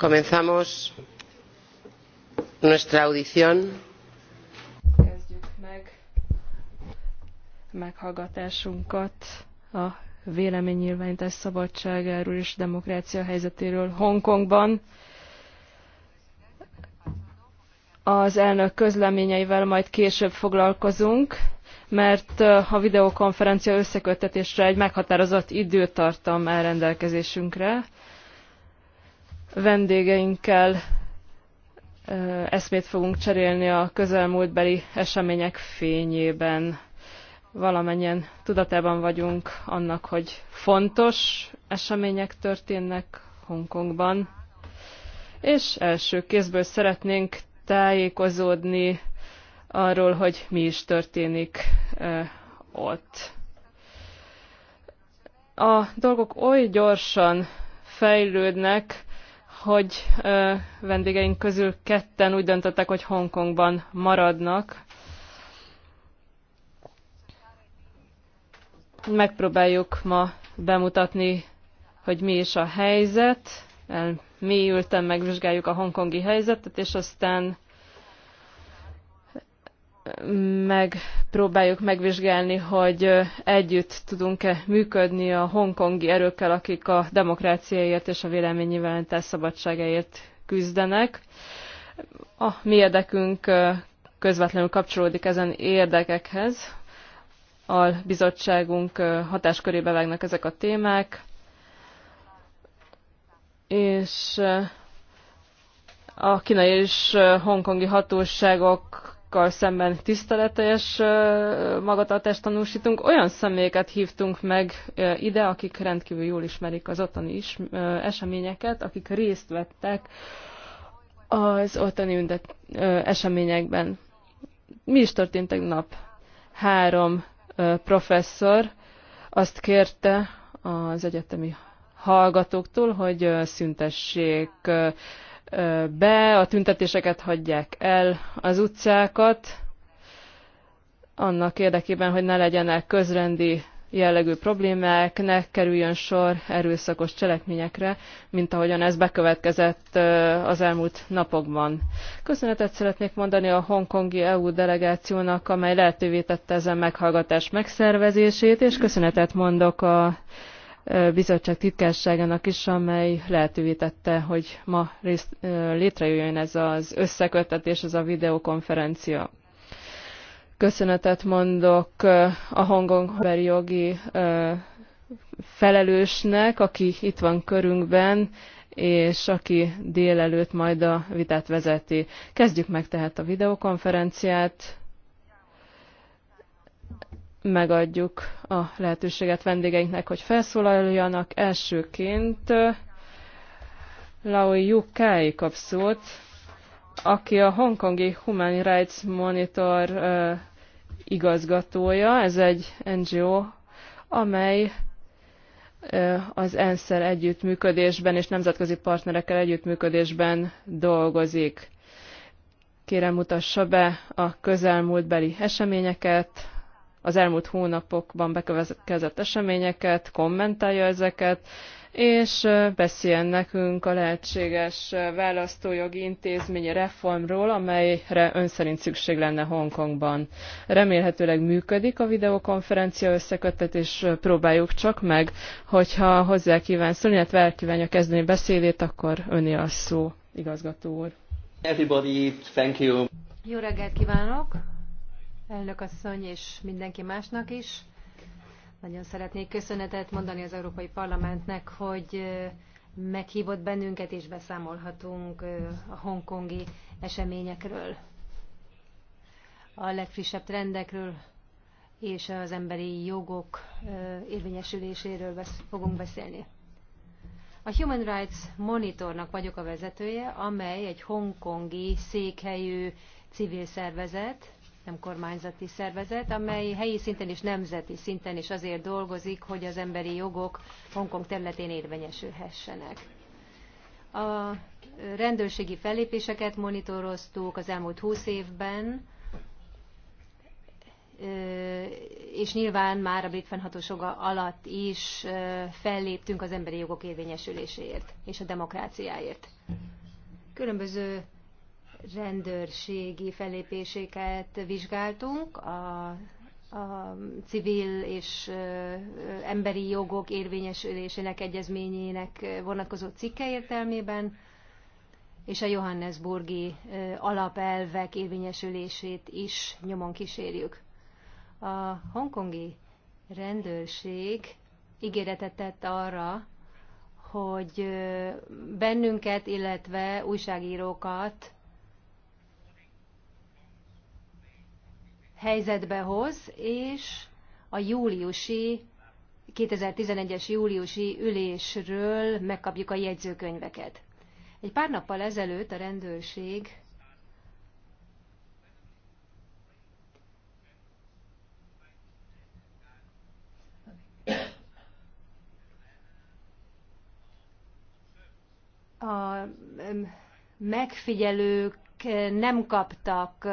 comenzamos nuestra audición. Kezdjük meg meghallgatásunkat a véleménynyilvánítás szabadságáról és demokrácia helyzetéről Hongkongban. Az elnök közleményeivel majd később foglalkozunk, mert a videokonferencia összeköttetésre egy meghatározott időtartam elrendelkezésünkre. rendelkezésünkre vendégeinkkel eszmét fogunk cserélni a közelmúltbeli események fényében. Valamennyien tudatában vagyunk annak, hogy fontos események történnek Hongkongban, és első kézből szeretnénk tájékozódni arról, hogy mi is történik ott. A dolgok oly gyorsan fejlődnek, hogy ö, vendégeink közül ketten úgy döntöttek, hogy Hongkongban maradnak. Megpróbáljuk ma bemutatni, hogy mi is a helyzet. ültem, megvizsgáljuk a hongkongi helyzetet, és aztán megpróbáljuk megvizsgálni, hogy együtt tudunk-e működni a hongkongi erőkkel, akik a demokráciáért és a véleménynyilvánítás szabadságáért küzdenek. A mi érdekünk közvetlenül kapcsolódik ezen érdekekhez. A bizottságunk hatáskörébe vágnak ezek a témák, és a kínai és hongkongi hatóságok másokkal szemben tiszteletes magatartást tanúsítunk. Olyan személyeket hívtunk meg ide, akik rendkívül jól ismerik az ottani is, eseményeket, akik részt vettek az ottani ündet, eseményekben. Mi is történt tegnap? Három professzor azt kérte az egyetemi hallgatóktól, hogy szüntessék be, a tüntetéseket hagyják el az utcákat, annak érdekében, hogy ne legyenek közrendi jellegű problémák, ne kerüljön sor erőszakos cselekményekre, mint ahogyan ez bekövetkezett az elmúlt napokban. Köszönetet szeretnék mondani a hongkongi EU delegációnak, amely lehetővé tette ezen meghallgatás megszervezését, és köszönetet mondok a bizottság titkárságának is, amely lehetővé tette, hogy ma részt, létrejöjjön ez az összeköttetés, ez a videokonferencia. Köszönetet mondok a hongongberi jogi felelősnek, aki itt van körünkben, és aki délelőtt majd a vitát vezeti. Kezdjük meg tehát a videokonferenciát megadjuk a lehetőséget vendégeinknek, hogy felszólaljanak. Elsőként Lao Yukai kap szót, aki a hongkongi Human Rights Monitor igazgatója. Ez egy NGO, amely az ensz együttműködésben és nemzetközi partnerekkel együttműködésben dolgozik. Kérem mutassa be a közelmúltbeli eseményeket, az elmúlt hónapokban bekövetkezett eseményeket, kommentálja ezeket, és beszéljen nekünk a lehetséges választójogi intézményi reformról, amelyre ön szerint szükség lenne Hongkongban. Remélhetőleg működik a videokonferencia összekötet, és próbáljuk csak meg, hogyha hozzá kíván szólni, illetve elkívánja kívánja kezdeni beszédét, akkor öné a szó, igazgató úr. Everybody, thank you. Jó reggelt kívánok! elnök asszony és mindenki másnak is. Nagyon szeretnék köszönetet mondani az Európai Parlamentnek, hogy meghívott bennünket és beszámolhatunk a hongkongi eseményekről, a legfrissebb trendekről és az emberi jogok érvényesüléséről fogunk beszélni. A Human Rights Monitornak vagyok a vezetője, amely egy hongkongi székhelyű civil szervezet, nem kormányzati szervezet, amely helyi szinten és nemzeti szinten is azért dolgozik, hogy az emberi jogok Hongkong területén érvényesülhessenek. A rendőrségi fellépéseket monitoroztuk az elmúlt húsz évben, és nyilván már a brit fennhatósága alatt is felléptünk az emberi jogok érvényesüléséért és a demokráciáért. Különböző rendőrségi felépéséket vizsgáltunk, a, a civil és emberi jogok érvényesülésének egyezményének vonatkozó cikke értelmében, és a Johannesburgi alapelvek érvényesülését is nyomon kísérjük. A hongkongi rendőrség ígéretet tett arra, hogy bennünket, illetve újságírókat helyzetbe hoz, és a júliusi 2011-es júliusi ülésről megkapjuk a jegyzőkönyveket. Egy pár nappal ezelőtt a rendőrség a megfigyelők nem kaptak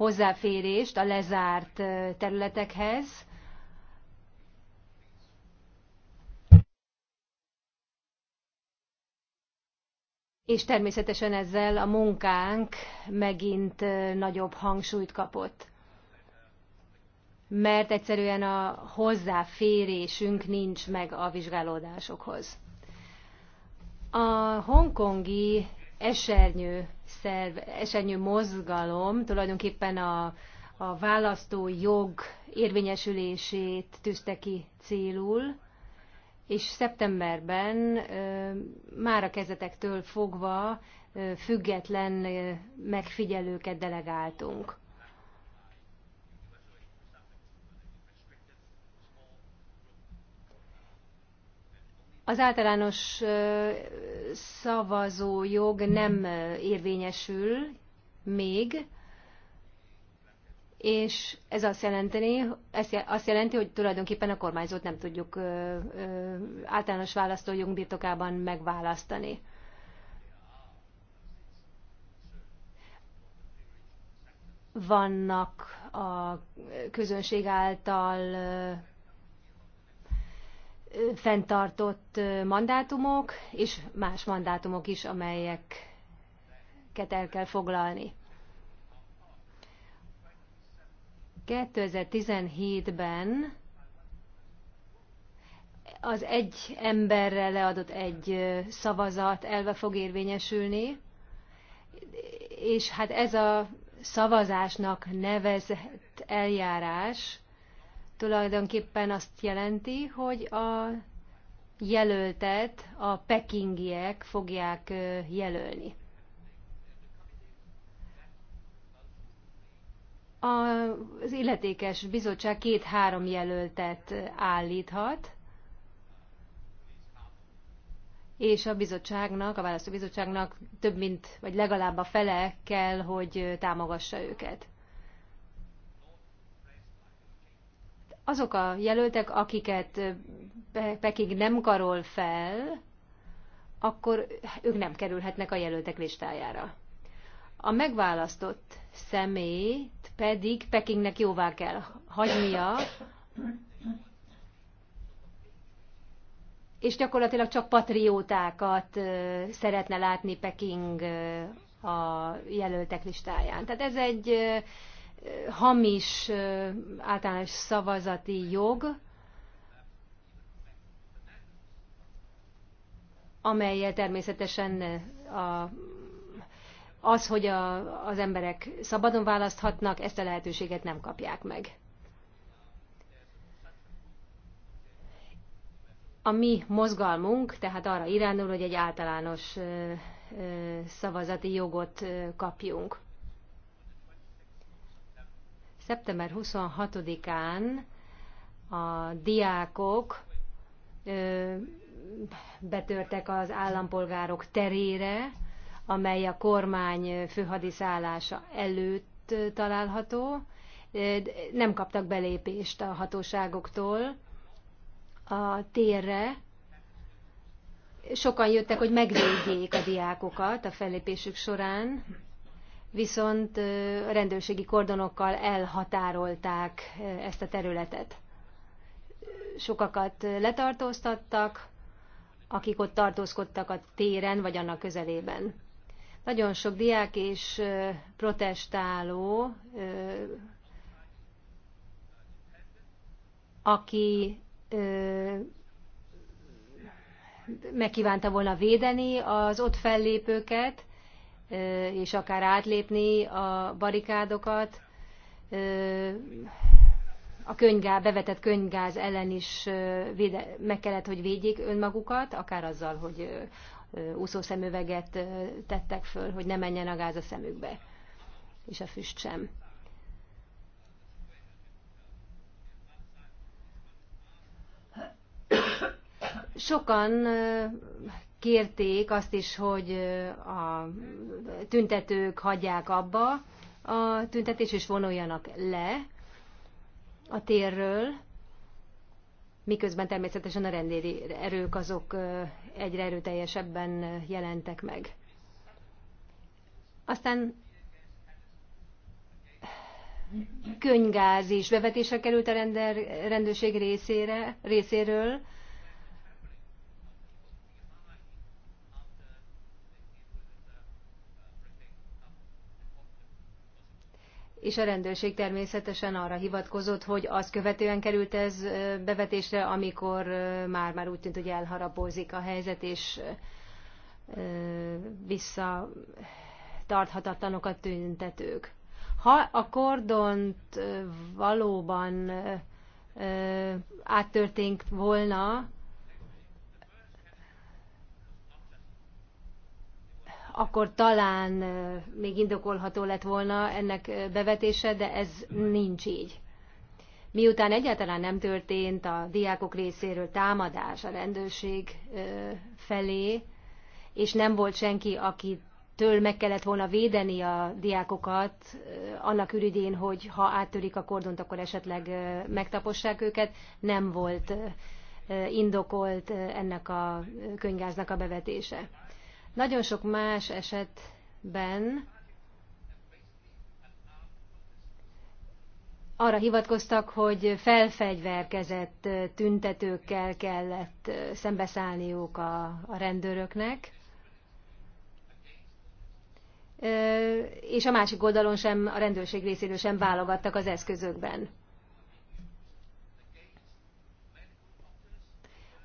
hozzáférést a lezárt területekhez. És természetesen ezzel a munkánk megint nagyobb hangsúlyt kapott. Mert egyszerűen a hozzáférésünk nincs meg a vizsgálódásokhoz. A hongkongi esernyő szerv, esernyő mozgalom tulajdonképpen a, a választó jog érvényesülését tűzte ki célul, és szeptemberben már a kezetektől fogva független megfigyelőket delegáltunk. az általános szavazójog nem érvényesül még, és ez azt jelenti, ez azt jelenti, hogy tulajdonképpen a kormányzót nem tudjuk általános választójog birtokában megválasztani. Vannak a közönség által fenntartott mandátumok, és más mandátumok is, amelyeket el kell foglalni. 2017-ben az egy emberre leadott egy szavazat elve fog érvényesülni, és hát ez a szavazásnak nevezett eljárás tulajdonképpen azt jelenti, hogy a jelöltet a pekingiek fogják jelölni. Az illetékes bizottság két-három jelöltet állíthat, és a bizottságnak, a választóbizottságnak több mint, vagy legalább a fele kell, hogy támogassa őket. azok a jelöltek, akiket Peking nem karol fel, akkor ők nem kerülhetnek a jelöltek listájára. A megválasztott személyt pedig Pekingnek jóvá kell hagynia, és gyakorlatilag csak patriótákat szeretne látni Peking a jelöltek listáján. Tehát ez egy hamis általános szavazati jog, amelyet természetesen a, az, hogy a, az emberek szabadon választhatnak, ezt a lehetőséget nem kapják meg. A mi mozgalmunk tehát arra irányul, hogy egy általános szavazati jogot kapjunk. Szeptember 26-án a diákok betörtek az állampolgárok terére, amely a kormány főhadiszállása előtt található. Nem kaptak belépést a hatóságoktól a térre. Sokan jöttek, hogy megvédjék a diákokat a fellépésük során viszont a rendőrségi kordonokkal elhatárolták ezt a területet. Sokakat letartóztattak, akik ott tartózkodtak a téren vagy annak közelében. Nagyon sok diák és protestáló, aki megkívánta volna védeni az ott fellépőket, és akár átlépni a barikádokat. A könygáz, bevetett könygáz ellen is véde, meg kellett, hogy védjék önmagukat, akár azzal, hogy úszószemüveget tettek föl, hogy ne menjen a gáz a szemükbe, és a füst sem. Sokan kérték azt is, hogy a tüntetők hagyják abba a tüntetés, és vonuljanak le a térről, miközben természetesen a rendéri erők azok egyre erőteljesebben jelentek meg. Aztán könygáz is bevetésre került a rendőrség részére, részéről, és a rendőrség természetesen arra hivatkozott, hogy az követően került ez bevetésre, amikor már-már úgy tűnt, hogy elharapózik a helyzet, és vissza a tüntetők. Ha a kordont valóban áttörtént volna, akkor talán még indokolható lett volna ennek bevetése, de ez nincs így. Miután egyáltalán nem történt a diákok részéről támadás a rendőrség felé, és nem volt senki, aki től meg kellett volna védeni a diákokat annak ürügyén, hogy ha áttörik a kordont, akkor esetleg megtapossák őket, nem volt indokolt ennek a könyvgáznak a bevetése. Nagyon sok más esetben arra hivatkoztak, hogy felfegyverkezett tüntetőkkel kellett szembeszállniuk a, a rendőröknek. És a másik oldalon sem, a rendőrség részéről sem válogattak az eszközökben.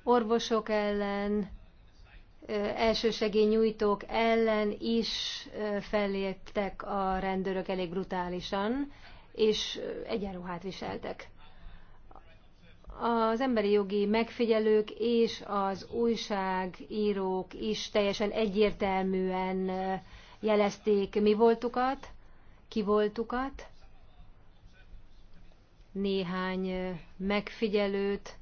Orvosok ellen, elsősegélynyújtók ellen is felléptek a rendőrök elég brutálisan, és egyenruhát viseltek. Az emberi jogi megfigyelők és az újságírók is teljesen egyértelműen jelezték mi voltukat, ki voltukat, néhány megfigyelőt,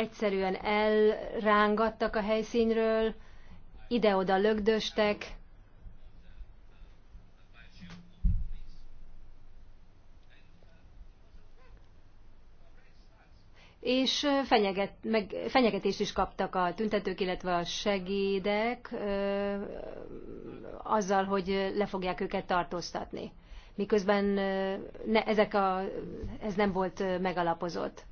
egyszerűen elrángattak a helyszínről, ide-oda lögdöstek, és fenyeget, meg, fenyegetést is kaptak a tüntetők, illetve a segédek ö, azzal, hogy le fogják őket tartóztatni. Miközben ö, ne, ezek a, ez nem volt megalapozott.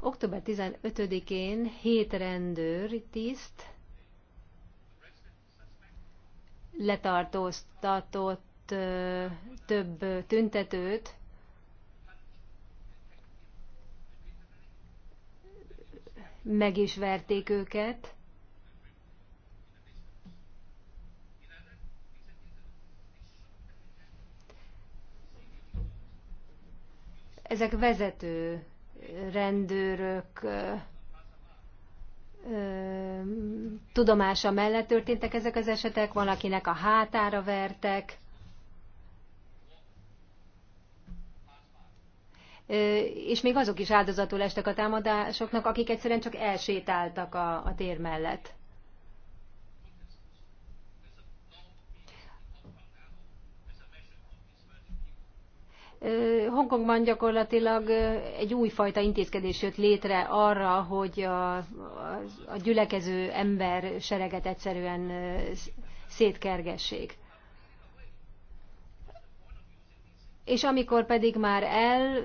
Október 15-én hét rendőr tiszt letartóztatott több tüntetőt, meg is verték őket. Ezek vezető rendőrök tudomása mellett történtek ezek az esetek, van akinek a hátára vertek. És még azok is áldozatul estek a támadásoknak, akik egyszerűen csak elsétáltak a, a tér mellett. Hongkongban gyakorlatilag egy újfajta intézkedés jött létre arra, hogy a, a gyülekező ember sereget egyszerűen szétkergessék. És amikor pedig már el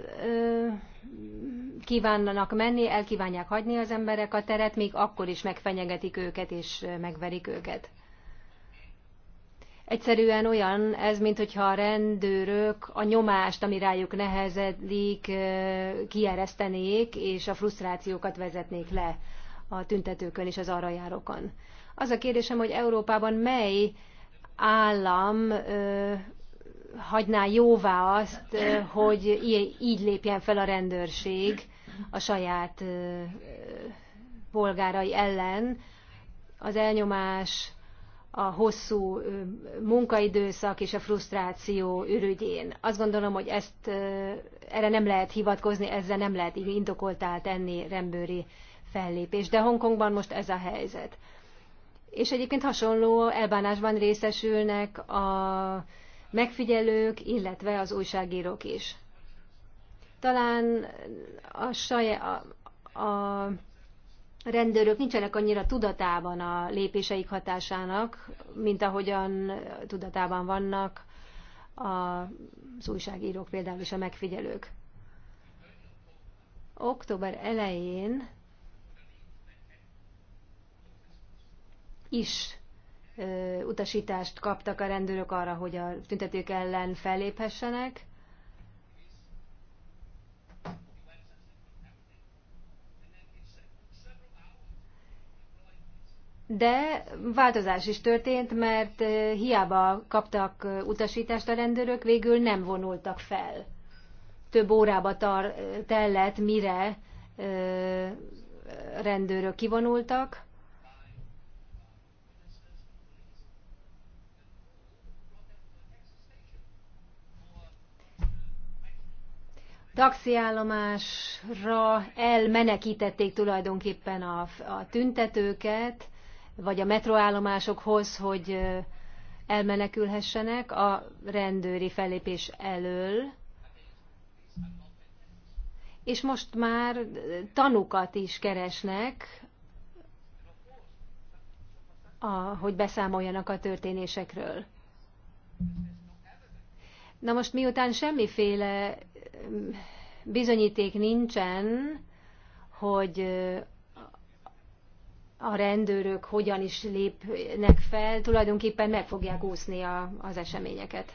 kívánnak menni, elkívánják hagyni az emberek a teret, még akkor is megfenyegetik őket és megverik őket. Egyszerűen olyan ez, mint hogyha a rendőrök a nyomást, ami rájuk nehezedik, kieresztenék, és a frusztrációkat vezetnék le a tüntetőkön és az arra járókon. Az a kérdésem, hogy Európában mely állam ö, hagyná jóvá azt, ö, hogy így lépjen fel a rendőrség a saját ö, polgárai ellen. Az elnyomás a hosszú munkaidőszak és a frusztráció ürügyén. Azt gondolom, hogy ezt, erre nem lehet hivatkozni, ezzel nem lehet így indokoltá tenni rendőri fellépés. De Hongkongban most ez a helyzet. És egyébként hasonló elbánásban részesülnek a megfigyelők, illetve az újságírók is. Talán a, saját. a, a rendőrök nincsenek annyira tudatában a lépéseik hatásának, mint ahogyan tudatában vannak az újságírók például és a megfigyelők. Október elején is utasítást kaptak a rendőrök arra, hogy a tüntetők ellen felléphessenek, De változás is történt, mert hiába kaptak utasítást a rendőrök, végül nem vonultak fel. Több órába tar- tellett, mire rendőrök kivonultak. Taxiállomásra elmenekítették tulajdonképpen a, a tüntetőket, vagy a metroállomásokhoz, hogy elmenekülhessenek a rendőri fellépés elől. És most már tanukat is keresnek, a, hogy beszámoljanak a történésekről. Na most miután semmiféle bizonyíték nincsen, hogy a rendőrök hogyan is lépnek fel, tulajdonképpen meg fogják úszni a, az eseményeket.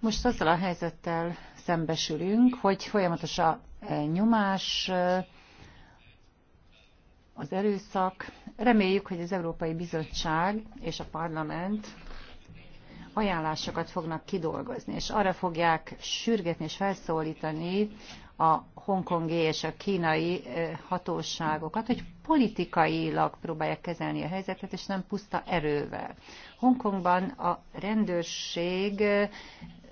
Most azzal a helyzettel szembesülünk, hogy folyamatos a e, nyomás, e, az erőszak. Reméljük, hogy az Európai Bizottság és a Parlament ajánlásokat fognak kidolgozni, és arra fogják sürgetni és felszólítani a hongkongi és a kínai hatóságokat, hogy politikailag próbálják kezelni a helyzetet, és nem puszta erővel. Hongkongban a rendőrség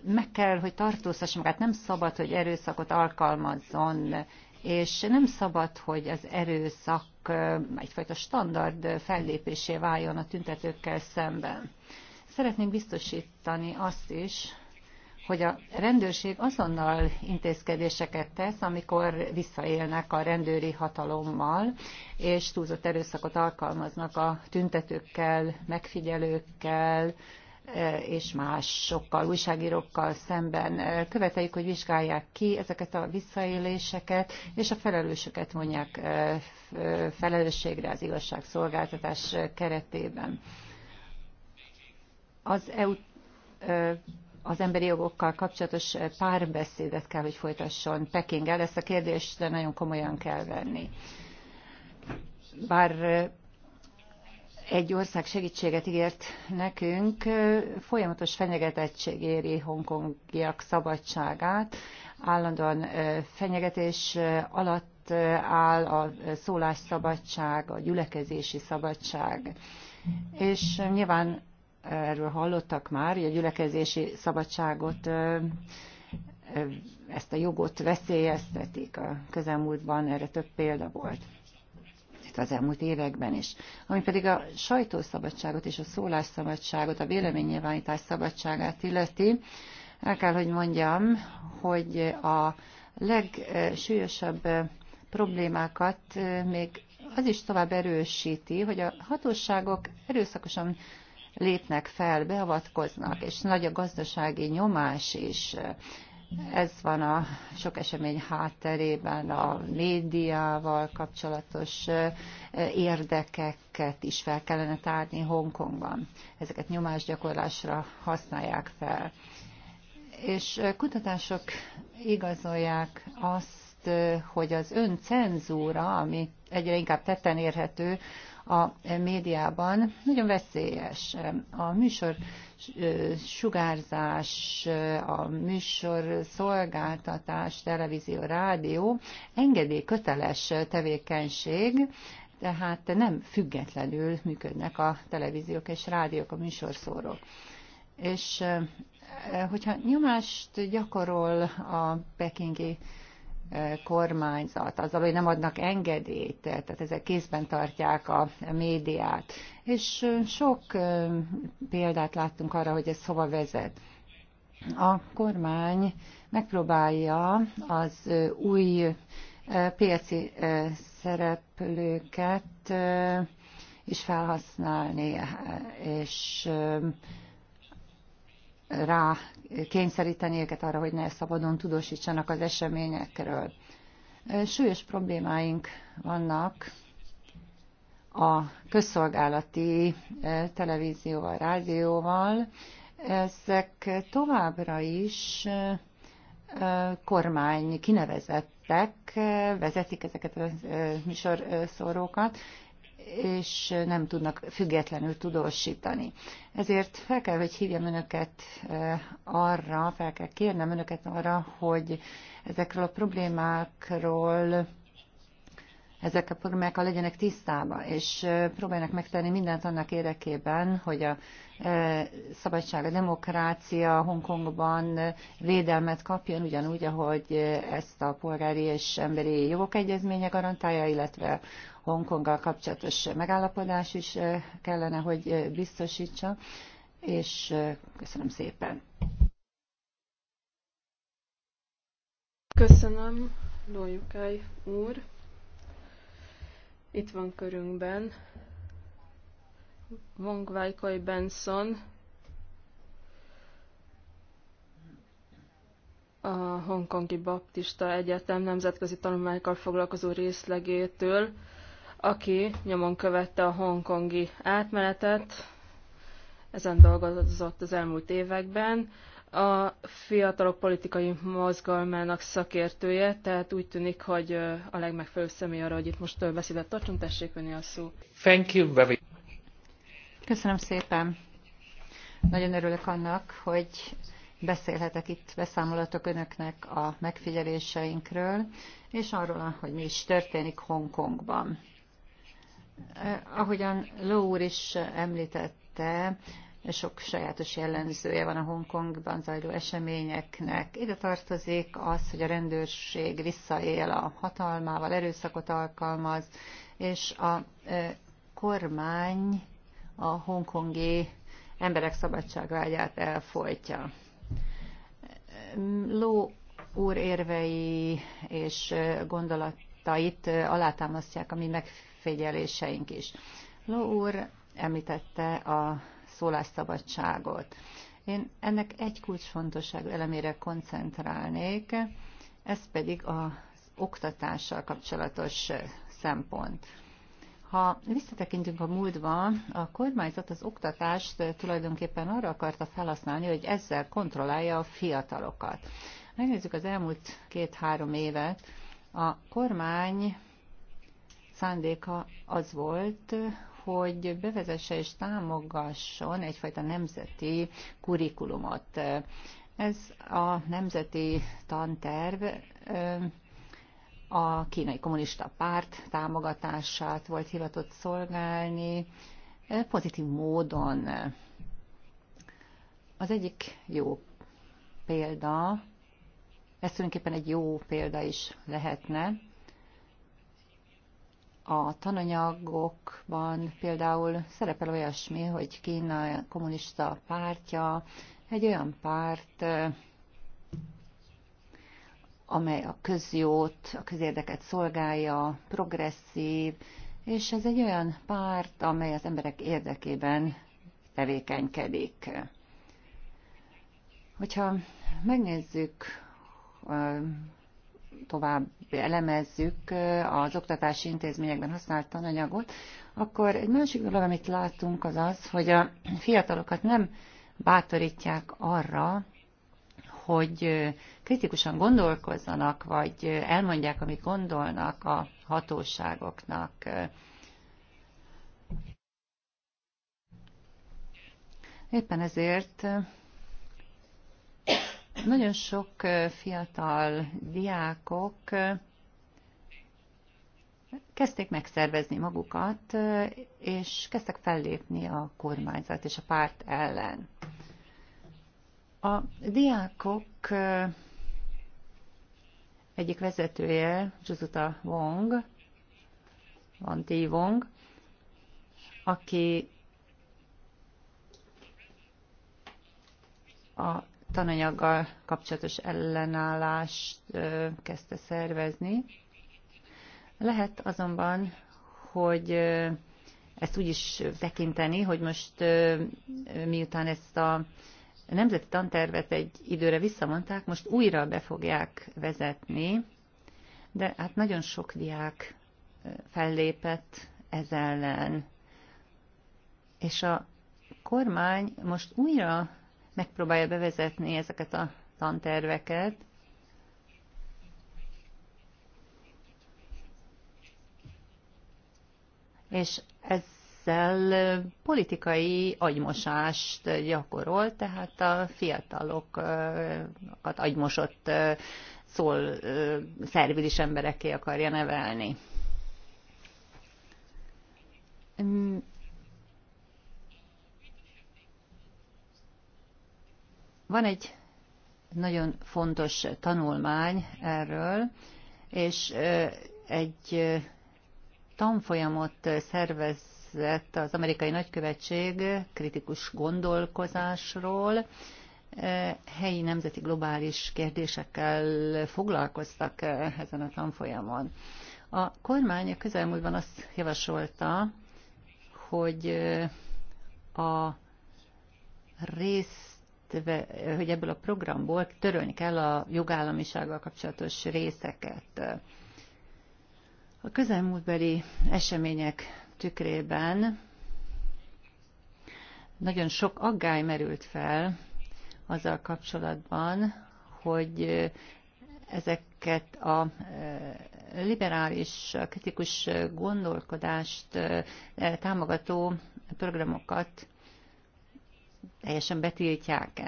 meg kell, hogy tartóztassa magát, nem szabad, hogy erőszakot alkalmazzon, és nem szabad, hogy az erőszak egyfajta standard fellépésé váljon a tüntetőkkel szemben. Szeretnénk biztosítani azt is, hogy a rendőrség azonnal intézkedéseket tesz, amikor visszaélnek a rendőri hatalommal, és túlzott erőszakot alkalmaznak a tüntetőkkel, megfigyelőkkel, e, és másokkal, újságírókkal szemben e, követeljük, hogy vizsgálják ki ezeket a visszaéléseket, és a felelősöket mondják e, felelősségre az igazságszolgáltatás keretében. Az EU az emberi jogokkal kapcsolatos párbeszédet kell, hogy folytasson Pekinggel. Ezt a kérdést nagyon komolyan kell venni. Bár egy ország segítséget ígért nekünk, folyamatos fenyegetettség éri hongkongiak szabadságát, állandóan fenyegetés alatt áll a szólásszabadság, a gyülekezési szabadság. És nyilván erről hallottak már, hogy a gyülekezési szabadságot ezt a jogot veszélyeztetik. A közelmúltban erre több példa volt itt az elmúlt években is. Ami pedig a sajtószabadságot és a szólásszabadságot, a véleménynyilvánítás szabadságát illeti, el kell, hogy mondjam, hogy a legsúlyosabb problémákat még az is tovább erősíti, hogy a hatóságok erőszakosan lépnek fel, beavatkoznak, és nagy a gazdasági nyomás is. Ez van a sok esemény hátterében, a médiával kapcsolatos érdekeket is fel kellene tárni Hongkongban. Ezeket nyomásgyakorlásra használják fel. És kutatások igazolják azt, hogy az öncenzúra, ami egyre inkább tetten érhető, a médiában nagyon veszélyes. A műsor sugárzás, a műsor szolgáltatás, televízió, rádió engedélyköteles tevékenység, tehát nem függetlenül működnek a televíziók és rádiók, a műsorszórók. És hogyha nyomást gyakorol a pekingi kormányzat, azzal, hogy nem adnak engedélyt, tehát ezek kézben tartják a médiát. És sok példát láttunk arra, hogy ez hova vezet. A kormány megpróbálja az új piaci szereplőket is felhasználni, és rá kényszeríteni őket arra, hogy ne szabadon tudósítsanak az eseményekről. Súlyos problémáink vannak a közszolgálati televízióval, rádióval. Ezek továbbra is kormány kinevezettek, vezetik ezeket a műsorszórókat, és nem tudnak függetlenül tudósítani. Ezért fel kell, hogy hívjam önöket arra, fel kell kérnem önöket arra, hogy ezekről a problémákról ezek a problémákkal legyenek tisztában, és próbálnak megtenni mindent annak érdekében, hogy a szabadság, a demokrácia Hongkongban védelmet kapjon, ugyanúgy, ahogy ezt a polgári és emberi jogok egyezménye garantálja, illetve Hongkonggal kapcsolatos megállapodás is kellene, hogy biztosítsa, és köszönöm szépen. Köszönöm, Lójukály úr itt van körünkben Wong Vajkoi Benson, a Hongkongi Baptista Egyetem nemzetközi tanulmányokkal foglalkozó részlegétől, aki nyomon követte a hongkongi átmenetet, ezen dolgozott az elmúlt években a fiatalok politikai mozgalmának szakértője, tehát úgy tűnik, hogy a legmegfelelőbb személy arra, hogy itt most beszédet tartsunk, tessék venni a szó. Thank you very Köszönöm szépen. Nagyon örülök annak, hogy beszélhetek itt, beszámolatok önöknek a megfigyeléseinkről, és arról, hogy mi is történik Hongkongban. Ahogyan Ló úr is említette, sok sajátos jellemzője van a Hongkongban zajló eseményeknek. Ide tartozik az, hogy a rendőrség visszaél a hatalmával, erőszakot alkalmaz, és a e, kormány a hongkongi emberek szabadságvágyát elfolytja. Ló úr érvei és gondolatait alátámasztják a mi megfigyeléseink is. Ló úr említette a szólásszabadságot. Én ennek egy kulcsfontosságú elemére koncentrálnék, ez pedig az oktatással kapcsolatos szempont. Ha visszatekintünk a múltba, a kormányzat az oktatást tulajdonképpen arra akarta felhasználni, hogy ezzel kontrollálja a fiatalokat. Megnézzük az elmúlt két-három évet. A kormány szándéka az volt, hogy bevezesse és támogasson egyfajta nemzeti kurikulumot. Ez a nemzeti tanterv a kínai kommunista párt támogatását volt hivatott szolgálni pozitív módon. Az egyik jó példa, ez tulajdonképpen egy jó példa is lehetne, a tananyagokban például szerepel olyasmi, hogy Kína kommunista pártja egy olyan párt, amely a közjót, a közérdeket szolgálja, progresszív, és ez egy olyan párt, amely az emberek érdekében tevékenykedik. Hogyha megnézzük tovább elemezzük az oktatási intézményekben használt tananyagot, akkor egy másik dolog, amit látunk, az az, hogy a fiatalokat nem bátorítják arra, hogy kritikusan gondolkozzanak, vagy elmondják, amit gondolnak a hatóságoknak. Éppen ezért nagyon sok fiatal diákok kezdték megszervezni magukat, és kezdtek fellépni a kormányzat és a párt ellen. A diákok egyik vezetője, Zsuzuta Wong, Van T. Wong, aki a tananyaggal kapcsolatos ellenállást kezdte szervezni. Lehet azonban, hogy ezt úgy is tekinteni, hogy most miután ezt a nemzeti tantervet egy időre visszamondták, most újra be fogják vezetni, de hát nagyon sok diák fellépett ez ellen. És a kormány most újra megpróbálja bevezetni ezeket a tanterveket. És ezzel politikai agymosást gyakorol, tehát a fiatalokat agymosott szól szervilis embereké akarja nevelni Van egy nagyon fontos tanulmány erről, és egy tanfolyamot szervezett az amerikai nagykövetség kritikus gondolkozásról, helyi nemzeti globális kérdésekkel foglalkoztak ezen a tanfolyamon. A kormány a közelmúltban azt javasolta, hogy a rész illetve eh, hogy ebből a programból törölni kell a jogállamisággal kapcsolatos részeket. A közelmúltbeli események tükrében nagyon sok aggály merült fel azzal kapcsolatban, hogy eh, ezeket a eh, liberális, kritikus gondolkodást támogató programokat teljesen betiltják.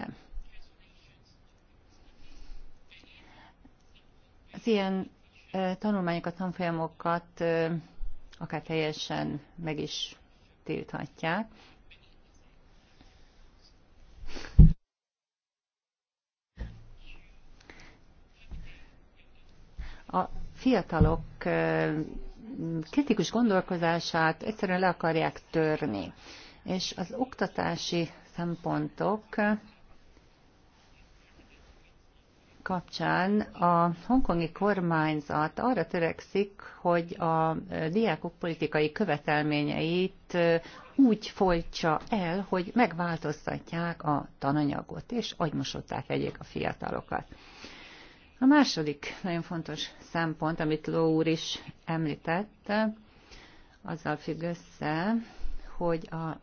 Az ilyen tanulmányokat, tanfolyamokat akár teljesen meg is tilthatják. a fiatalok kritikus gondolkozását egyszerűen le akarják törni. És az oktatási szempontok kapcsán a hongkongi kormányzat arra törekszik, hogy a diákok politikai követelményeit úgy folytsa el, hogy megváltoztatják a tananyagot, és agymosották egyék a fiatalokat. A második nagyon fontos szempont, amit Ló úr is említett, azzal függ össze, hogy a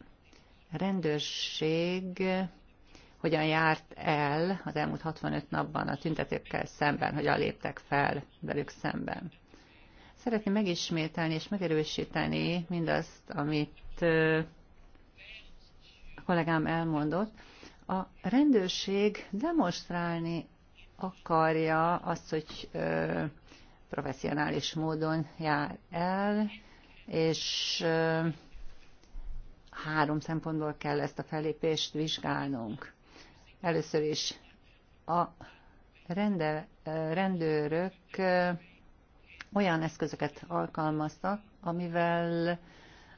rendőrség hogyan járt el az elmúlt 65 napban a tüntetőkkel szemben, hogyan léptek fel velük szemben. Szeretném megismételni és megerősíteni mindazt, amit a kollégám elmondott. A rendőrség demonstrálni akarja azt, hogy professzionális módon jár el, és három szempontból kell ezt a felépést vizsgálnunk. Először is a rendel, rendőrök olyan eszközöket alkalmaztak, amivel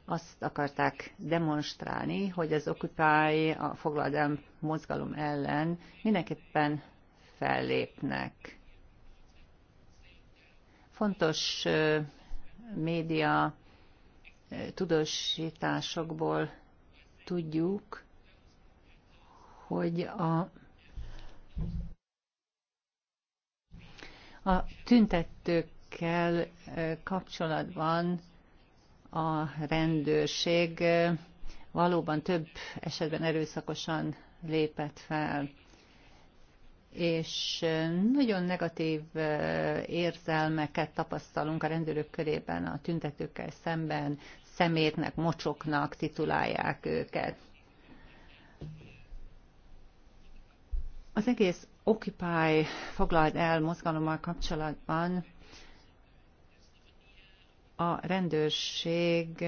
azt akarták demonstrálni, hogy az Occupy, a foglaldem mozgalom ellen mindenképpen fellépnek. Fontos média tudósításokból tudjuk, hogy a a tüntetőkkel kapcsolatban a rendőrség valóban több esetben erőszakosan lépett fel, és nagyon negatív érzelmeket tapasztalunk a rendőrök körében a tüntetőkkel szemben, szemétnek, mocsoknak titulálják őket. Az egész Occupy foglalt el mozgalommal kapcsolatban a rendőrség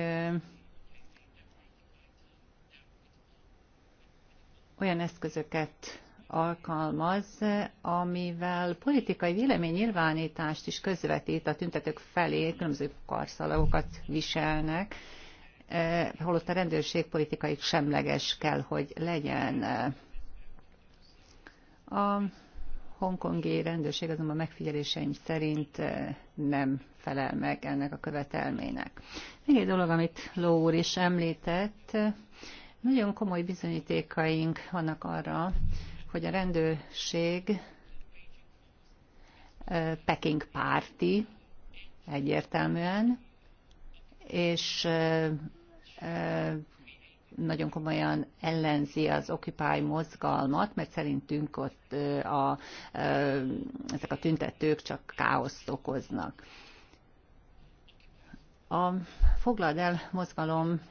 olyan eszközöket alkalmaz, amivel politikai véleménynyilvánítást is közvetít a tüntetők felé, különböző karszalagokat viselnek, e, holott a rendőrség politikai semleges kell, hogy legyen. A hongkongi rendőrség azonban megfigyeléseim szerint e, nem felel meg ennek a követelménynek. Még egy dolog, amit Ló úr is említett, nagyon komoly bizonyítékaink vannak arra, hogy a rendőrség Peking párti egyértelműen, és nagyon komolyan ellenzi az Occupy mozgalmat, mert szerintünk ott a, a, ezek a tüntetők csak káoszt okoznak. A Foglald el mozgalom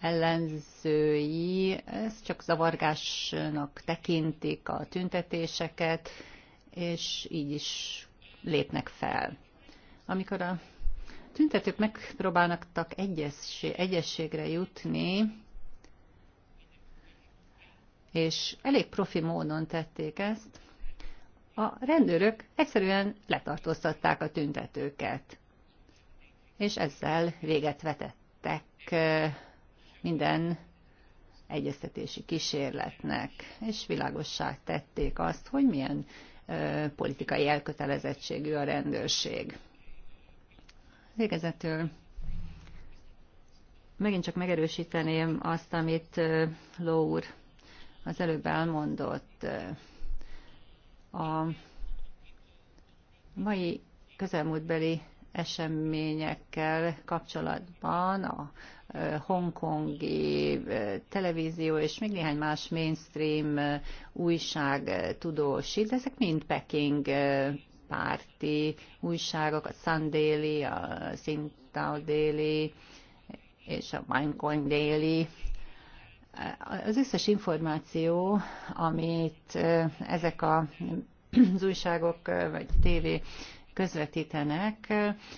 ellenzői ezt csak zavargásnak tekintik a tüntetéseket, és így is lépnek fel. Amikor a tüntetők megpróbálnak egyességre jutni, és elég profi módon tették ezt, a rendőrök egyszerűen letartóztatták a tüntetőket, és ezzel véget vetettek eh, minden egyeztetési kísérletnek, és világossá tették azt, hogy milyen politikai elkötelezettségű a rendőrség. Végezetül megint csak megerősíteném azt, amit Ló úr az előbb elmondott. A mai közelmúltbeli eseményekkel kapcsolatban a hongkongi televízió és még néhány más mainstream újság tudósít, ezek mind Peking párti újságok, a Sun Daily, a Sintao Daily és a Minecoin Daily. Az összes információ, amit ezek a az újságok vagy tévé közvetítenek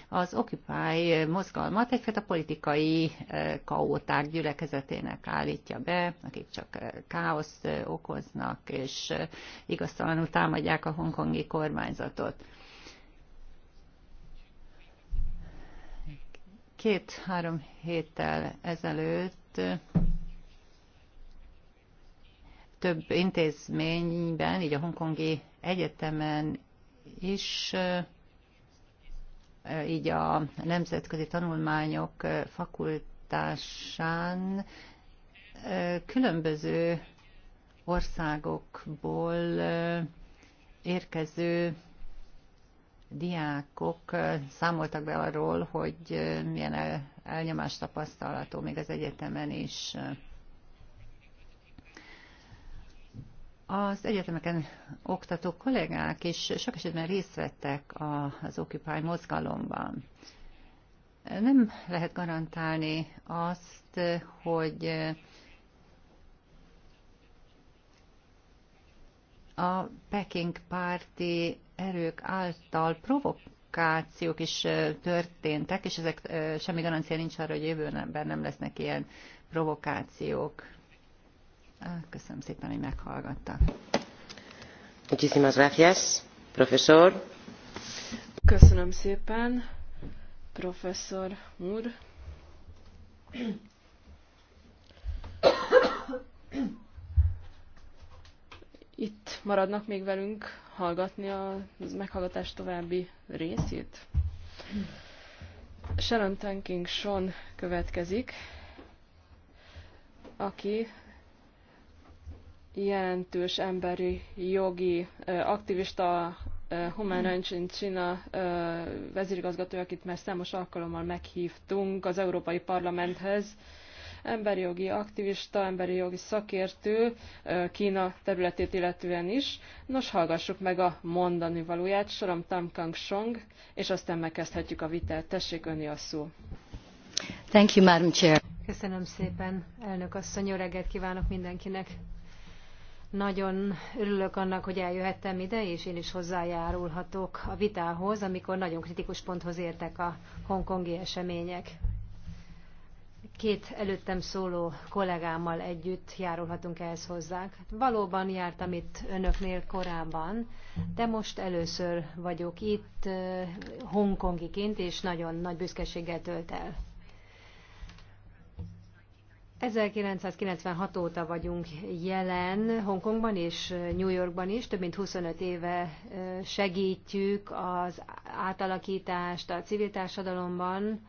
az Occupy mozgalmat egyfajta politikai eh, kaóták gyülekezetének állítja be, akik csak eh, káoszt eh, okoznak, és igaztalanul támadják a hongkongi kormányzatot. Két-három héttel ezelőtt több intézményben, így a hongkongi egyetemen is így a nemzetközi tanulmányok fakultásán különböző országokból érkező diákok számoltak be arról, hogy milyen elnyomás tapasztalható még az egyetemen is. Az egyetemeken oktató kollégák is sok esetben részt vettek az Occupy mozgalomban. Nem lehet garantálni azt, hogy a Peking párti erők által provokációk is történtek, és ezek semmi garancia nincs arra, hogy jövőben nem lesznek ilyen provokációk. Ah, köszönöm szépen, hogy meghallgatta. Muchísimas gracias, Köszönöm szépen, professzor úr. Itt maradnak még velünk hallgatni a meghallgatás további részét. Sharon Tanking Sean következik, aki jelentős emberi jogi aktivista, Human Rights in China vezérigazgatója, akit már számos alkalommal meghívtunk az Európai Parlamenthez, emberi jogi aktivista, emberi jogi szakértő Kína területét illetően is. Nos, hallgassuk meg a mondani valóját, Sorom Tam Kang Song, és aztán megkezdhetjük a vitát. Tessék önni a szó. Thank you, Madam Chair. Köszönöm szépen, elnök asszony, jó reggelt kívánok mindenkinek. Nagyon örülök annak, hogy eljöhettem ide, és én is hozzájárulhatok a vitához, amikor nagyon kritikus ponthoz értek a hongkongi események. Két előttem szóló kollégámmal együtt járulhatunk ehhez hozzá. Hát valóban jártam itt önöknél korábban, de most először vagyok itt eh, hongkongiként, és nagyon nagy büszkeséggel tölt el. 1996 óta vagyunk jelen Hongkongban és New Yorkban is, több mint 25 éve segítjük az átalakítást a civil társadalomban,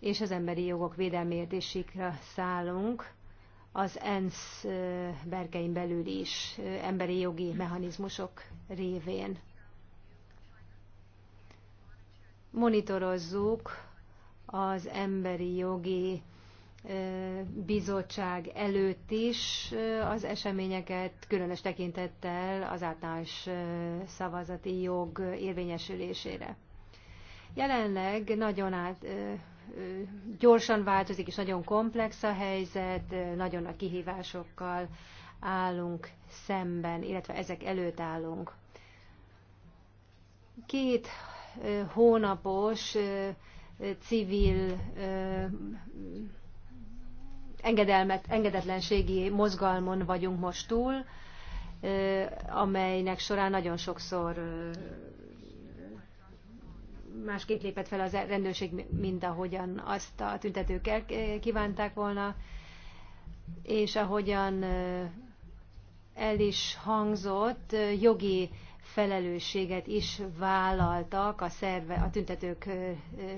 és az emberi jogok védelméért is sikra szállunk az ENSZ berkein belül is emberi jogi mechanizmusok révén. Monitorozzuk az emberi jogi bizottság előtt is az eseményeket, különös tekintettel az általános szavazati jog érvényesülésére. Jelenleg nagyon át, gyorsan változik, és nagyon komplex a helyzet, nagyon a kihívásokkal állunk szemben, illetve ezek előtt állunk. Két hónapos civil engedelmet, engedetlenségi mozgalmon vagyunk most túl, amelynek során nagyon sokszor másképp lépett fel az rendőrség, mint ahogyan azt a tüntetők kívánták volna, és ahogyan el is hangzott, jogi felelősséget is vállaltak a, szerve, a tüntetők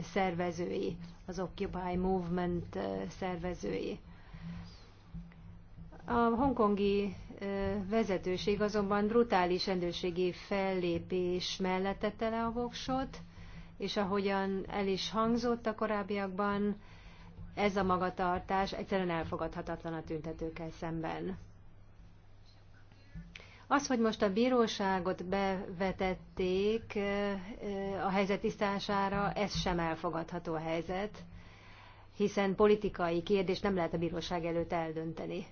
szervezői, az Occupy Movement szervezői. A hongkongi vezetőség azonban brutális rendőrségi fellépés mellett tette le a voksot, és ahogyan el is hangzott a korábbiakban, ez a magatartás egyszerűen elfogadhatatlan a tüntetőkkel szemben. Az, hogy most a bíróságot bevetették a helyzet tisztására, ez sem elfogadható a helyzet, hiszen politikai kérdést nem lehet a bíróság előtt eldönteni.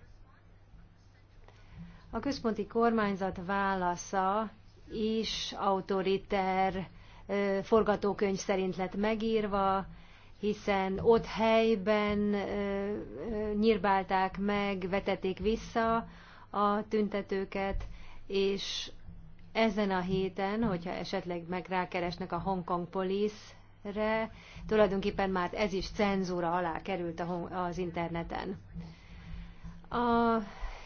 A központi kormányzat válasza is autoriter forgatókönyv szerint lett megírva, hiszen ott helyben nyírbálták meg, vetették vissza a tüntetőket, és ezen a héten, hogyha esetleg meg rákeresnek a Hong Kong Police-re, tulajdonképpen már ez is cenzúra alá került az interneten. A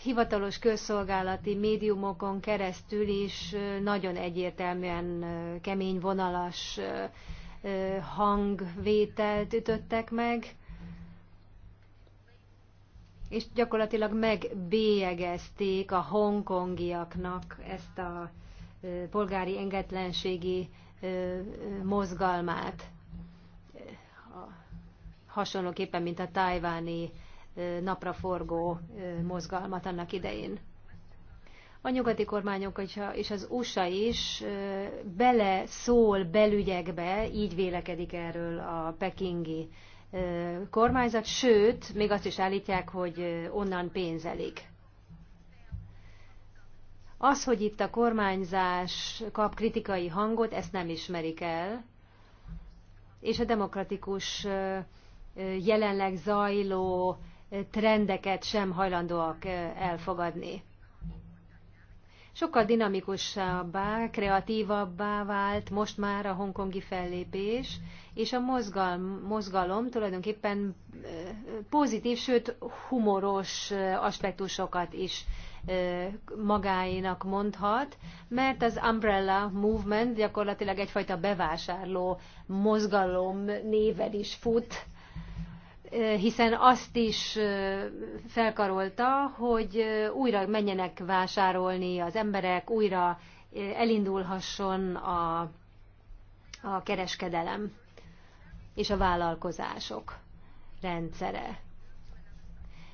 hivatalos közszolgálati médiumokon keresztül is nagyon egyértelműen kemény vonalas hangvételt ütöttek meg, és gyakorlatilag megbélyegezték a hongkongiaknak ezt a polgári engedlenségi mozgalmát, hasonlóképpen, mint a tájváni napraforgó mozgalmat annak idején. A nyugati kormányok és az USA is bele szól belügyekbe, így vélekedik erről a pekingi kormányzat, sőt, még azt is állítják, hogy onnan pénzelik. Az, hogy itt a kormányzás kap kritikai hangot, ezt nem ismerik el, és a demokratikus jelenleg zajló trendeket sem hajlandóak elfogadni. Sokkal dinamikusabbá, kreatívabbá vált most már a hongkongi fellépés, és a mozgalom, mozgalom tulajdonképpen pozitív, sőt humoros aspektusokat is magáénak mondhat, mert az Umbrella Movement gyakorlatilag egyfajta bevásárló mozgalom néven is fut, hiszen azt is felkarolta, hogy újra menjenek vásárolni az emberek, újra elindulhasson a, a kereskedelem és a vállalkozások rendszere.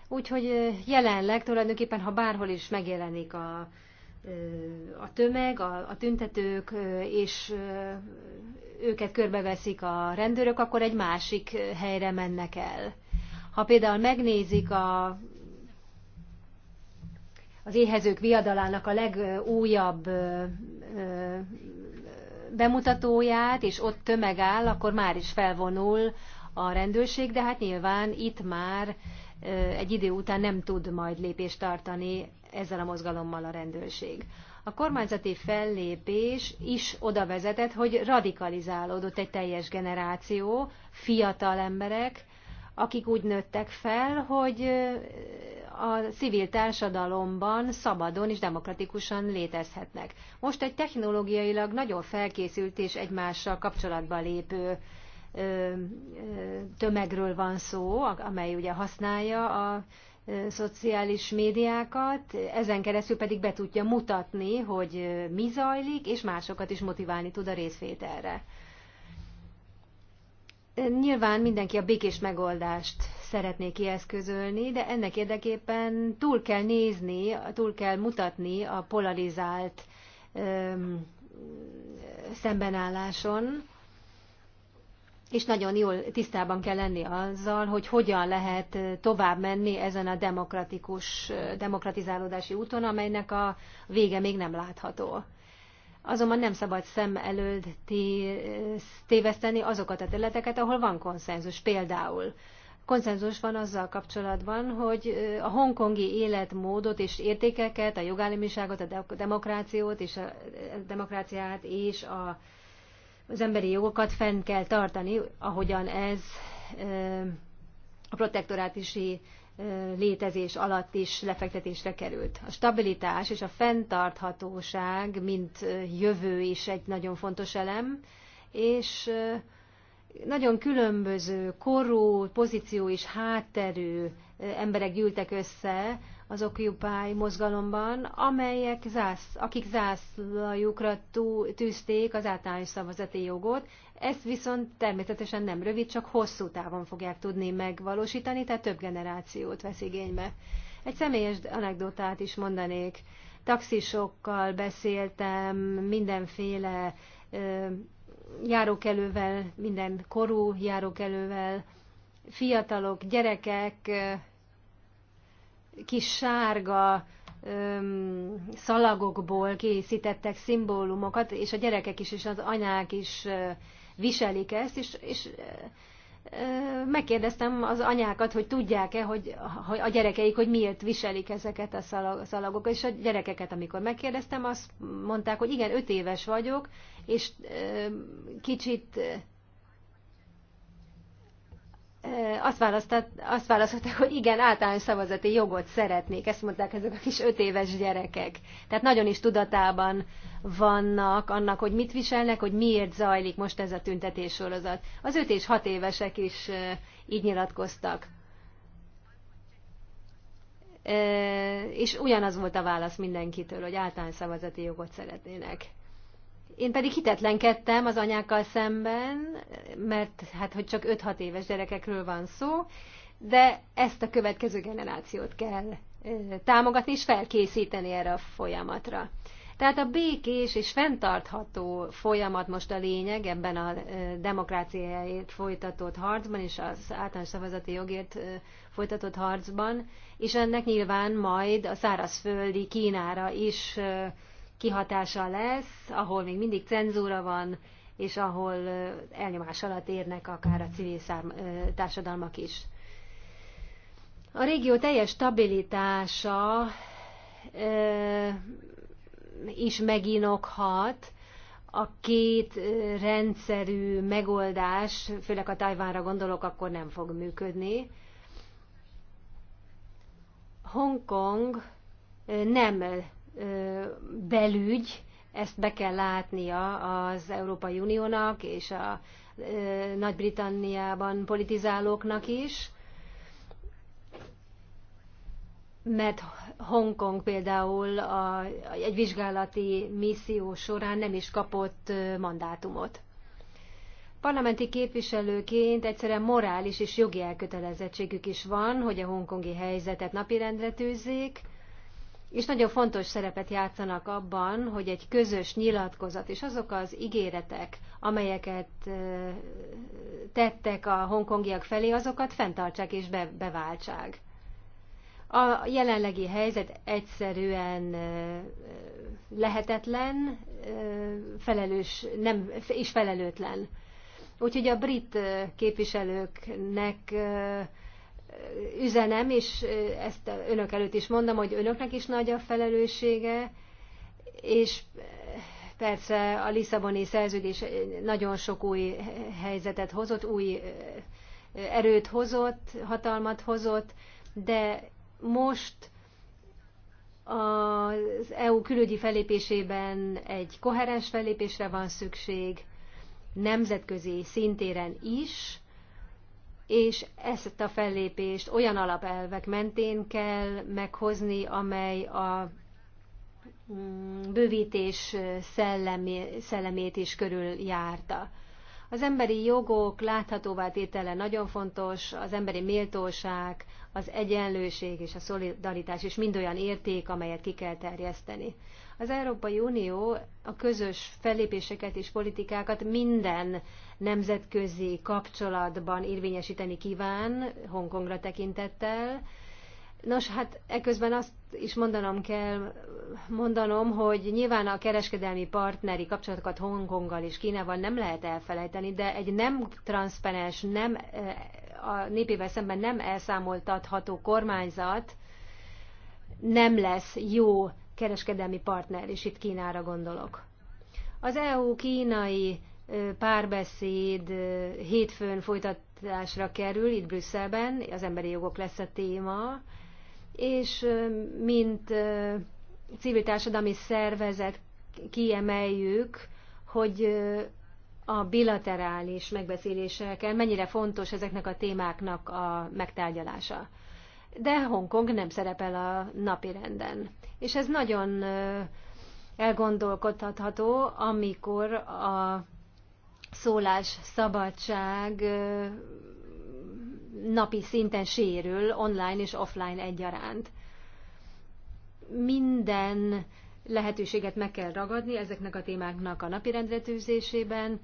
Úgyhogy jelenleg tulajdonképpen, ha bárhol is megjelenik a a tömeg, a, a tüntetők, és őket körbeveszik a rendőrök, akkor egy másik helyre mennek el. Ha például megnézik a, az éhezők viadalának a legújabb bemutatóját, és ott tömeg áll, akkor már is felvonul a rendőrség, de hát nyilván itt már egy idő után nem tud majd lépést tartani ezzel a mozgalommal a rendőrség. A kormányzati fellépés is oda vezetett, hogy radikalizálódott egy teljes generáció, fiatal emberek, akik úgy nőttek fel, hogy a civil társadalomban szabadon és demokratikusan létezhetnek. Most egy technológiailag nagyon felkészült és egymással kapcsolatba lépő tömegről van szó, amely ugye használja a szociális médiákat, ezen keresztül pedig be tudja mutatni, hogy mi zajlik, és másokat is motiválni tud a részvételre. Nyilván mindenki a békés megoldást szeretné kieszközölni, de ennek érdekében túl kell nézni, túl kell mutatni a polarizált öm, szembenálláson, és nagyon jól tisztában kell lenni azzal, hogy hogyan lehet tovább menni ezen a demokratikus, demokratizálódási úton, amelynek a vége még nem látható. Azonban nem szabad szem előtt téveszteni azokat a területeket, ahol van konszenzus. Például konszenzus van azzal kapcsolatban, hogy a hongkongi életmódot és értékeket, a jogállamiságot, a demokrációt és a, a demokráciát és a az emberi jogokat fenn kell tartani, ahogyan ez a protektorátusi létezés alatt is lefektetésre került. A stabilitás és a fenntarthatóság, mint jövő is egy nagyon fontos elem, és nagyon különböző korú, pozíció és hátterű emberek gyűltek össze, az Occupy mozgalomban, amelyek zász, akik zászlajukra tűzték az általános szavazati jogot, ezt viszont természetesen nem rövid, csak hosszú távon fogják tudni megvalósítani, tehát több generációt vesz igénybe. Egy személyes anekdotát is mondanék. Taxisokkal beszéltem, mindenféle ö, járókelővel, minden korú járókelővel, fiatalok, gyerekek, kis sárga öm, szalagokból készítettek szimbólumokat, és a gyerekek is, és az anyák is ö, viselik ezt, és, és ö, megkérdeztem az anyákat, hogy tudják-e, hogy, hogy a gyerekeik, hogy miért viselik ezeket a szalagokat, és a gyerekeket, amikor megkérdeztem, azt mondták, hogy igen, öt éves vagyok, és ö, kicsit azt, azt választották, hogy igen, általános szavazati jogot szeretnék. Ezt mondták ezek a kis öt éves gyerekek. Tehát nagyon is tudatában vannak annak, hogy mit viselnek, hogy miért zajlik most ez a tüntetés sorozat. Az öt és hat évesek is így nyilatkoztak. És ugyanaz volt a válasz mindenkitől, hogy általános szavazati jogot szeretnének. Én pedig hitetlenkedtem az anyákkal szemben, mert hát, hogy csak 5-6 éves gyerekekről van szó, de ezt a következő generációt kell támogatni és felkészíteni erre a folyamatra. Tehát a békés és fenntartható folyamat most a lényeg ebben a demokráciáért folytatott harcban és az általános szavazati jogért folytatott harcban, és ennek nyilván majd a szárazföldi Kínára is kihatása lesz, ahol még mindig cenzúra van, és ahol elnyomás alatt érnek akár a civil szám, társadalmak is. A régió teljes stabilitása is meginokhat, a két rendszerű megoldás, főleg a Tajvánra gondolok, akkor nem fog működni. Hongkong nem belügy, ezt be kell látnia az Európai Uniónak és a Nagy-Britanniában politizálóknak is, mert Hongkong például a, egy vizsgálati misszió során nem is kapott mandátumot. Parlamenti képviselőként egyszerűen morális és jogi elkötelezettségük is van, hogy a hongkongi helyzetet napirendre tűzzék, és nagyon fontos szerepet játszanak abban, hogy egy közös nyilatkozat és azok az ígéretek, amelyeket tettek a hongkongiak felé, azokat fenntartsák és be, beváltsák. A jelenlegi helyzet egyszerűen lehetetlen, felelős, nem, és felelőtlen. Úgyhogy a brit képviselőknek üzenem, és ezt önök előtt is mondom, hogy önöknek is nagy a felelőssége, és persze a Lisszaboni szerződés nagyon sok új helyzetet hozott, új erőt hozott, hatalmat hozott, de most az EU külügyi felépésében egy koherens felépésre van szükség, nemzetközi szintéren is, és ezt a fellépést olyan alapelvek mentén kell meghozni, amely a mm, bővítés szellemi, szellemét is körül járta. Az emberi jogok láthatóvá tétele nagyon fontos, az emberi méltóság, az egyenlőség és a szolidaritás is mind olyan érték, amelyet ki kell terjeszteni. Az Európai Unió a közös fellépéseket és politikákat minden nemzetközi kapcsolatban érvényesíteni kíván, Hongkongra tekintettel. Nos, hát eközben azt is mondanom kell, mondanom, hogy nyilván a kereskedelmi partneri kapcsolatokat Hongkonggal és Kínával nem lehet elfelejteni, de egy nem transzpenes, nem eh, a népével szemben nem elszámoltatható kormányzat nem lesz jó kereskedelmi partner, és itt Kínára gondolok. Az EU-kínai párbeszéd hétfőn folytatásra kerül itt Brüsszelben, az emberi jogok lesz a téma, és mint civil társadalmi szervezet kiemeljük, hogy a bilaterális megbeszéléseken mennyire fontos ezeknek a témáknak a megtárgyalása de Hongkong nem szerepel a napi renden. És ez nagyon elgondolkodható, amikor a szólás szabadság napi szinten sérül, online és offline egyaránt. Minden lehetőséget meg kell ragadni ezeknek a témáknak a rendre tűzésében,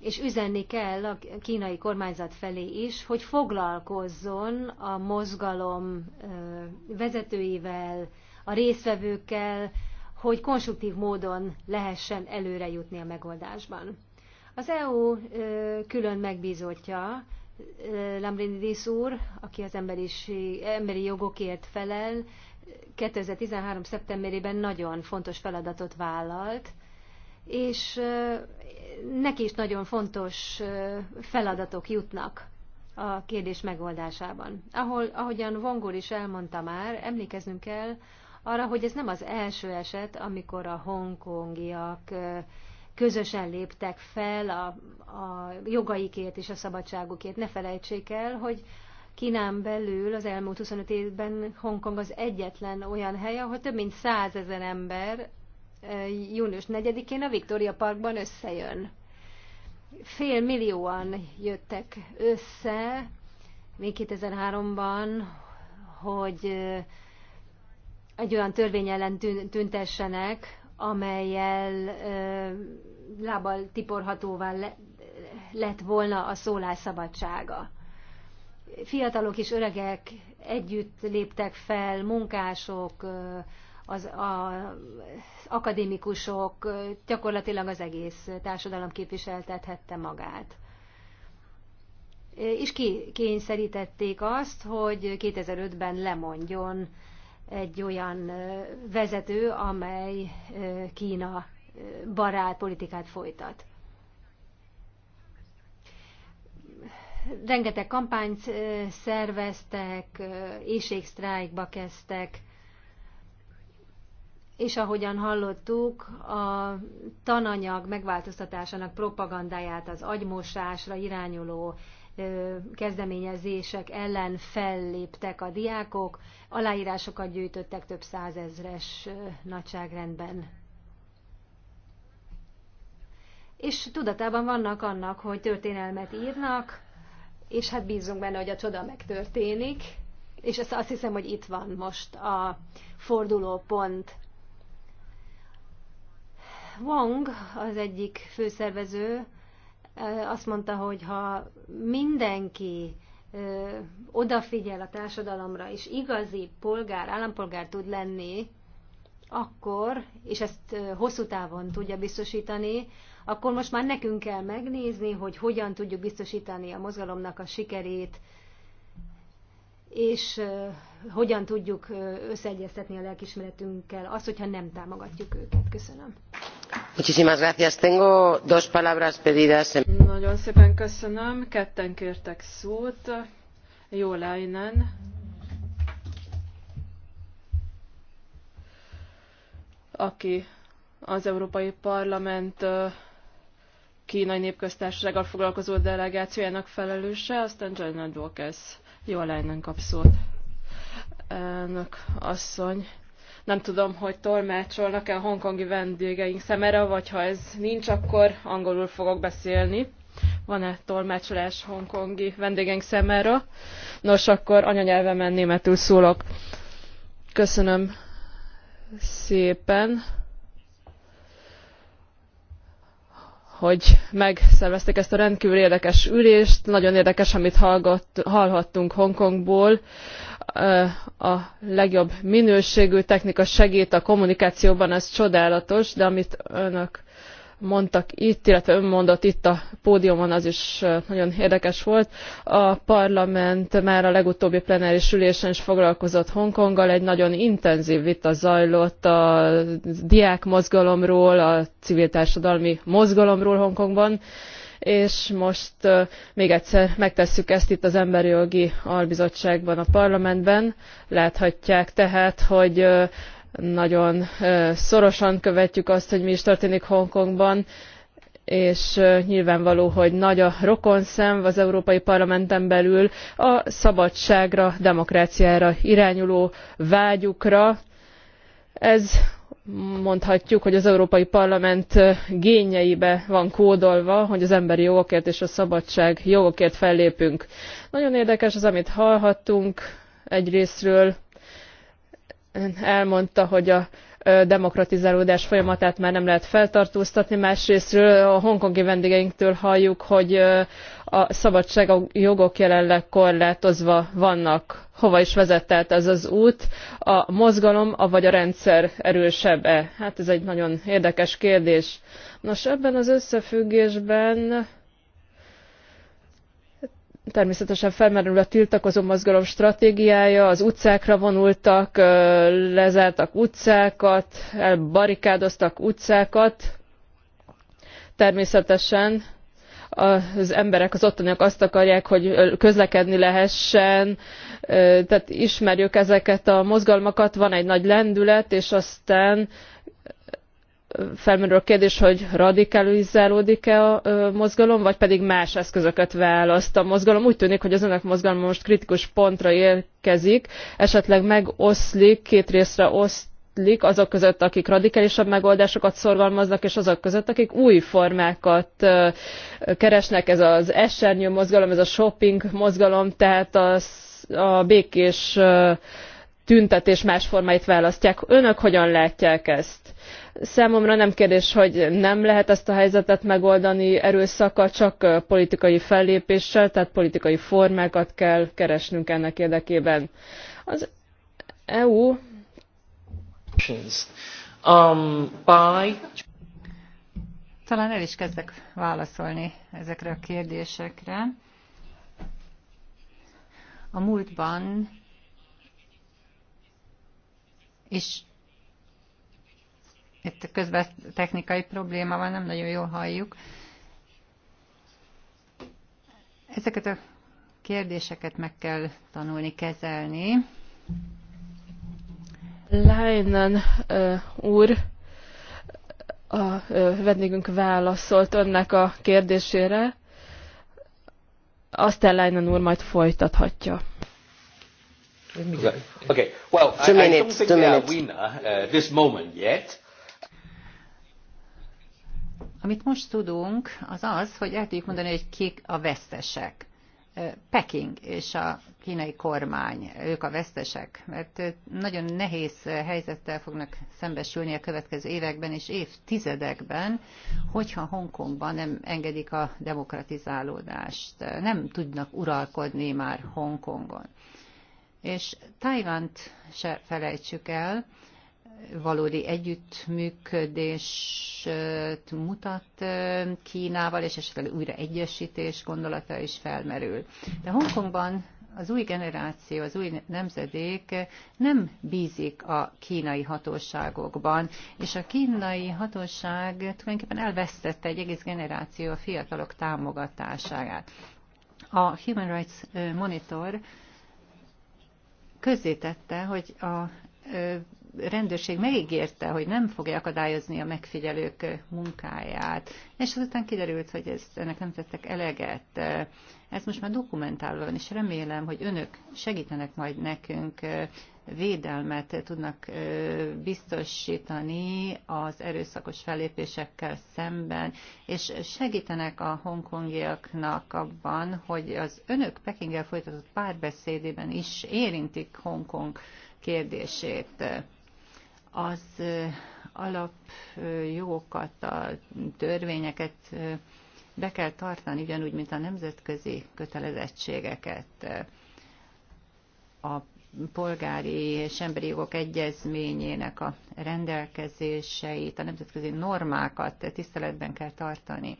és üzenni kell a kínai kormányzat felé is, hogy foglalkozzon a mozgalom vezetőivel, a résztvevőkkel, hogy konstruktív módon lehessen előre jutni a megoldásban. Az EU külön megbízottja, Lambrinidis úr, aki az emberi jogokért felel, 2013. szeptemberében nagyon fontos feladatot vállalt, és neki is nagyon fontos feladatok jutnak a kérdés megoldásában. Ahol, ahogyan Vongor is elmondta már, emlékeznünk kell arra, hogy ez nem az első eset, amikor a hongkongiak közösen léptek fel a, a jogaikért és a szabadságukért. Ne felejtsék el, hogy Kínán belül az elmúlt 25 évben Hongkong az egyetlen olyan hely, ahol több mint százezer ember június 4-én a Victoria Parkban összejön. Fél millióan jöttek össze még 2003-ban, hogy egy olyan törvény ellen tüntessenek, amelyel lábbal tiporhatóvá lett volna a szólás szabadsága. Fiatalok és öregek együtt léptek fel, munkások, az, a, akadémikusok, gyakorlatilag az egész társadalom képviseltethette magát. És kényszerítették azt, hogy 2005-ben lemondjon egy olyan vezető, amely Kína barát politikát folytat. Rengeteg kampányt szerveztek, éjségsztrájkba kezdtek, és ahogyan hallottuk, a tananyag megváltoztatásának propagandáját az agymosásra irányuló kezdeményezések ellen felléptek a diákok, aláírásokat gyűjtöttek több százezres nagyságrendben. És tudatában vannak annak, hogy történelmet írnak, és hát bízunk benne, hogy a csoda megtörténik, és ezt azt hiszem, hogy itt van most a fordulópont Wang, az egyik főszervező, azt mondta, hogy ha mindenki odafigyel a társadalomra, és igazi polgár, állampolgár tud lenni, akkor, és ezt hosszú távon tudja biztosítani, akkor most már nekünk kell megnézni, hogy hogyan tudjuk biztosítani a mozgalomnak a sikerét, és hogyan tudjuk összeegyeztetni a lelkismeretünkkel azt, hogyha nem támogatjuk őket. Köszönöm. Nagyon szépen köszönöm. Ketten kértek szót. jo Leinen. aki az Európai Parlament kínai népköztársasággal foglalkozó delegációjának felelőse, aztán Jenna Dawkins. jo Leinen kap szót. Elnök asszony, nem tudom, hogy tolmácsolnak-e a hongkongi vendégeink szemére, vagy ha ez nincs, akkor angolul fogok beszélni. Van-e tolmácsolás hongkongi vendégeink szemére? Nos, akkor anyanyelvemen németül szólok. Köszönöm szépen. hogy megszervezték ezt a rendkívül érdekes ülést. Nagyon érdekes, amit hallgott, hallhattunk Hongkongból. A legjobb minőségű technika segít a kommunikációban, ez csodálatos, de amit önök mondtak itt, illetve önmondott itt a pódiumon, az is nagyon érdekes volt. A parlament már a legutóbbi plenáris ülésen is foglalkozott Hongkonggal, egy nagyon intenzív vita zajlott a diák mozgalomról, a civil társadalmi mozgalomról Hongkongban, és most még egyszer megtesszük ezt itt az Emberi Jogi Albizottságban, a parlamentben. Láthatják tehát, hogy nagyon szorosan követjük azt, hogy mi is történik Hongkongban, és nyilvánvaló, hogy nagy a szem az Európai Parlamenten belül a szabadságra, demokráciára irányuló vágyukra. Ez mondhatjuk, hogy az Európai Parlament génjeibe van kódolva, hogy az emberi jogokért és a szabadság jogokért fellépünk. Nagyon érdekes az, amit hallhattunk egyrésztről, elmondta, hogy a demokratizálódás folyamatát már nem lehet feltartóztatni. Másrésztről a hongkongi vendégeinktől halljuk, hogy a szabadságjogok jelenleg korlátozva vannak. Hova is vezetett ez az út? A mozgalom, vagy a rendszer erősebb-e? Hát ez egy nagyon érdekes kérdés. Nos, ebben az összefüggésben természetesen felmerül a tiltakozó mozgalom stratégiája, az utcákra vonultak, lezártak utcákat, elbarikádoztak utcákat. Természetesen az emberek, az ottaniak azt akarják, hogy közlekedni lehessen, tehát ismerjük ezeket a mozgalmakat, van egy nagy lendület, és aztán felmerül a kérdés, hogy radikalizálódik-e a mozgalom, vagy pedig más eszközöket választ a mozgalom. Úgy tűnik, hogy az önök mozgalom most kritikus pontra érkezik, esetleg megoszlik, két részre oszlik azok között, akik radikálisabb megoldásokat szorgalmaznak, és azok között, akik új formákat keresnek. Ez az esernyő mozgalom, ez a shopping mozgalom, tehát a, a békés tüntetés más formáit választják. Önök hogyan látják ezt? Számomra nem kérdés, hogy nem lehet ezt a helyzetet megoldani erőszakkal, csak politikai fellépéssel, tehát politikai formákat kell keresnünk ennek érdekében. Az EU um, by... Talán el is kezdek válaszolni ezekre a kérdésekre. A múltban és itt közben technikai probléma van, nem nagyon jól halljuk. Ezeket a kérdéseket meg kell tanulni kezelni. Leinen uh, úr, a vendégünk válaszolt önnek a kérdésére. Aztán Leinen úr majd folytathatja. Okay. Well, I, I don't think they're a winner uh, this moment yet. Amit most tudunk, az az, hogy el tudjuk mondani, hogy kik a vesztesek. Peking és a kínai kormány, ők a vesztesek, mert nagyon nehéz helyzettel fognak szembesülni a következő években és évtizedekben, hogyha Hongkongban nem engedik a demokratizálódást, nem tudnak uralkodni már Hongkongon. És Tajvant se felejtsük el, valódi együttműködést mutat Kínával, és esetleg újra egyesítés gondolata is felmerül. De Hongkongban az új generáció, az új nemzedék nem bízik a kínai hatóságokban, és a kínai hatóság tulajdonképpen elvesztette egy egész generáció a fiatalok támogatását. A Human Rights Monitor közzétette, hogy a rendőrség megígérte, hogy nem fogja akadályozni a megfigyelők munkáját, és azután kiderült, hogy ez, ennek nem tettek eleget. Ez most már dokumentálva van, és remélem, hogy önök segítenek majd nekünk, védelmet tudnak biztosítani az erőszakos fellépésekkel szemben, és segítenek a hongkongiaknak abban, hogy az önök Pekinggel folytatott párbeszédében is érintik Hongkong kérdését az alapjogokat, a törvényeket be kell tartani, ugyanúgy, mint a nemzetközi kötelezettségeket. A polgári és emberi jogok egyezményének a rendelkezéseit, a nemzetközi normákat tiszteletben kell tartani.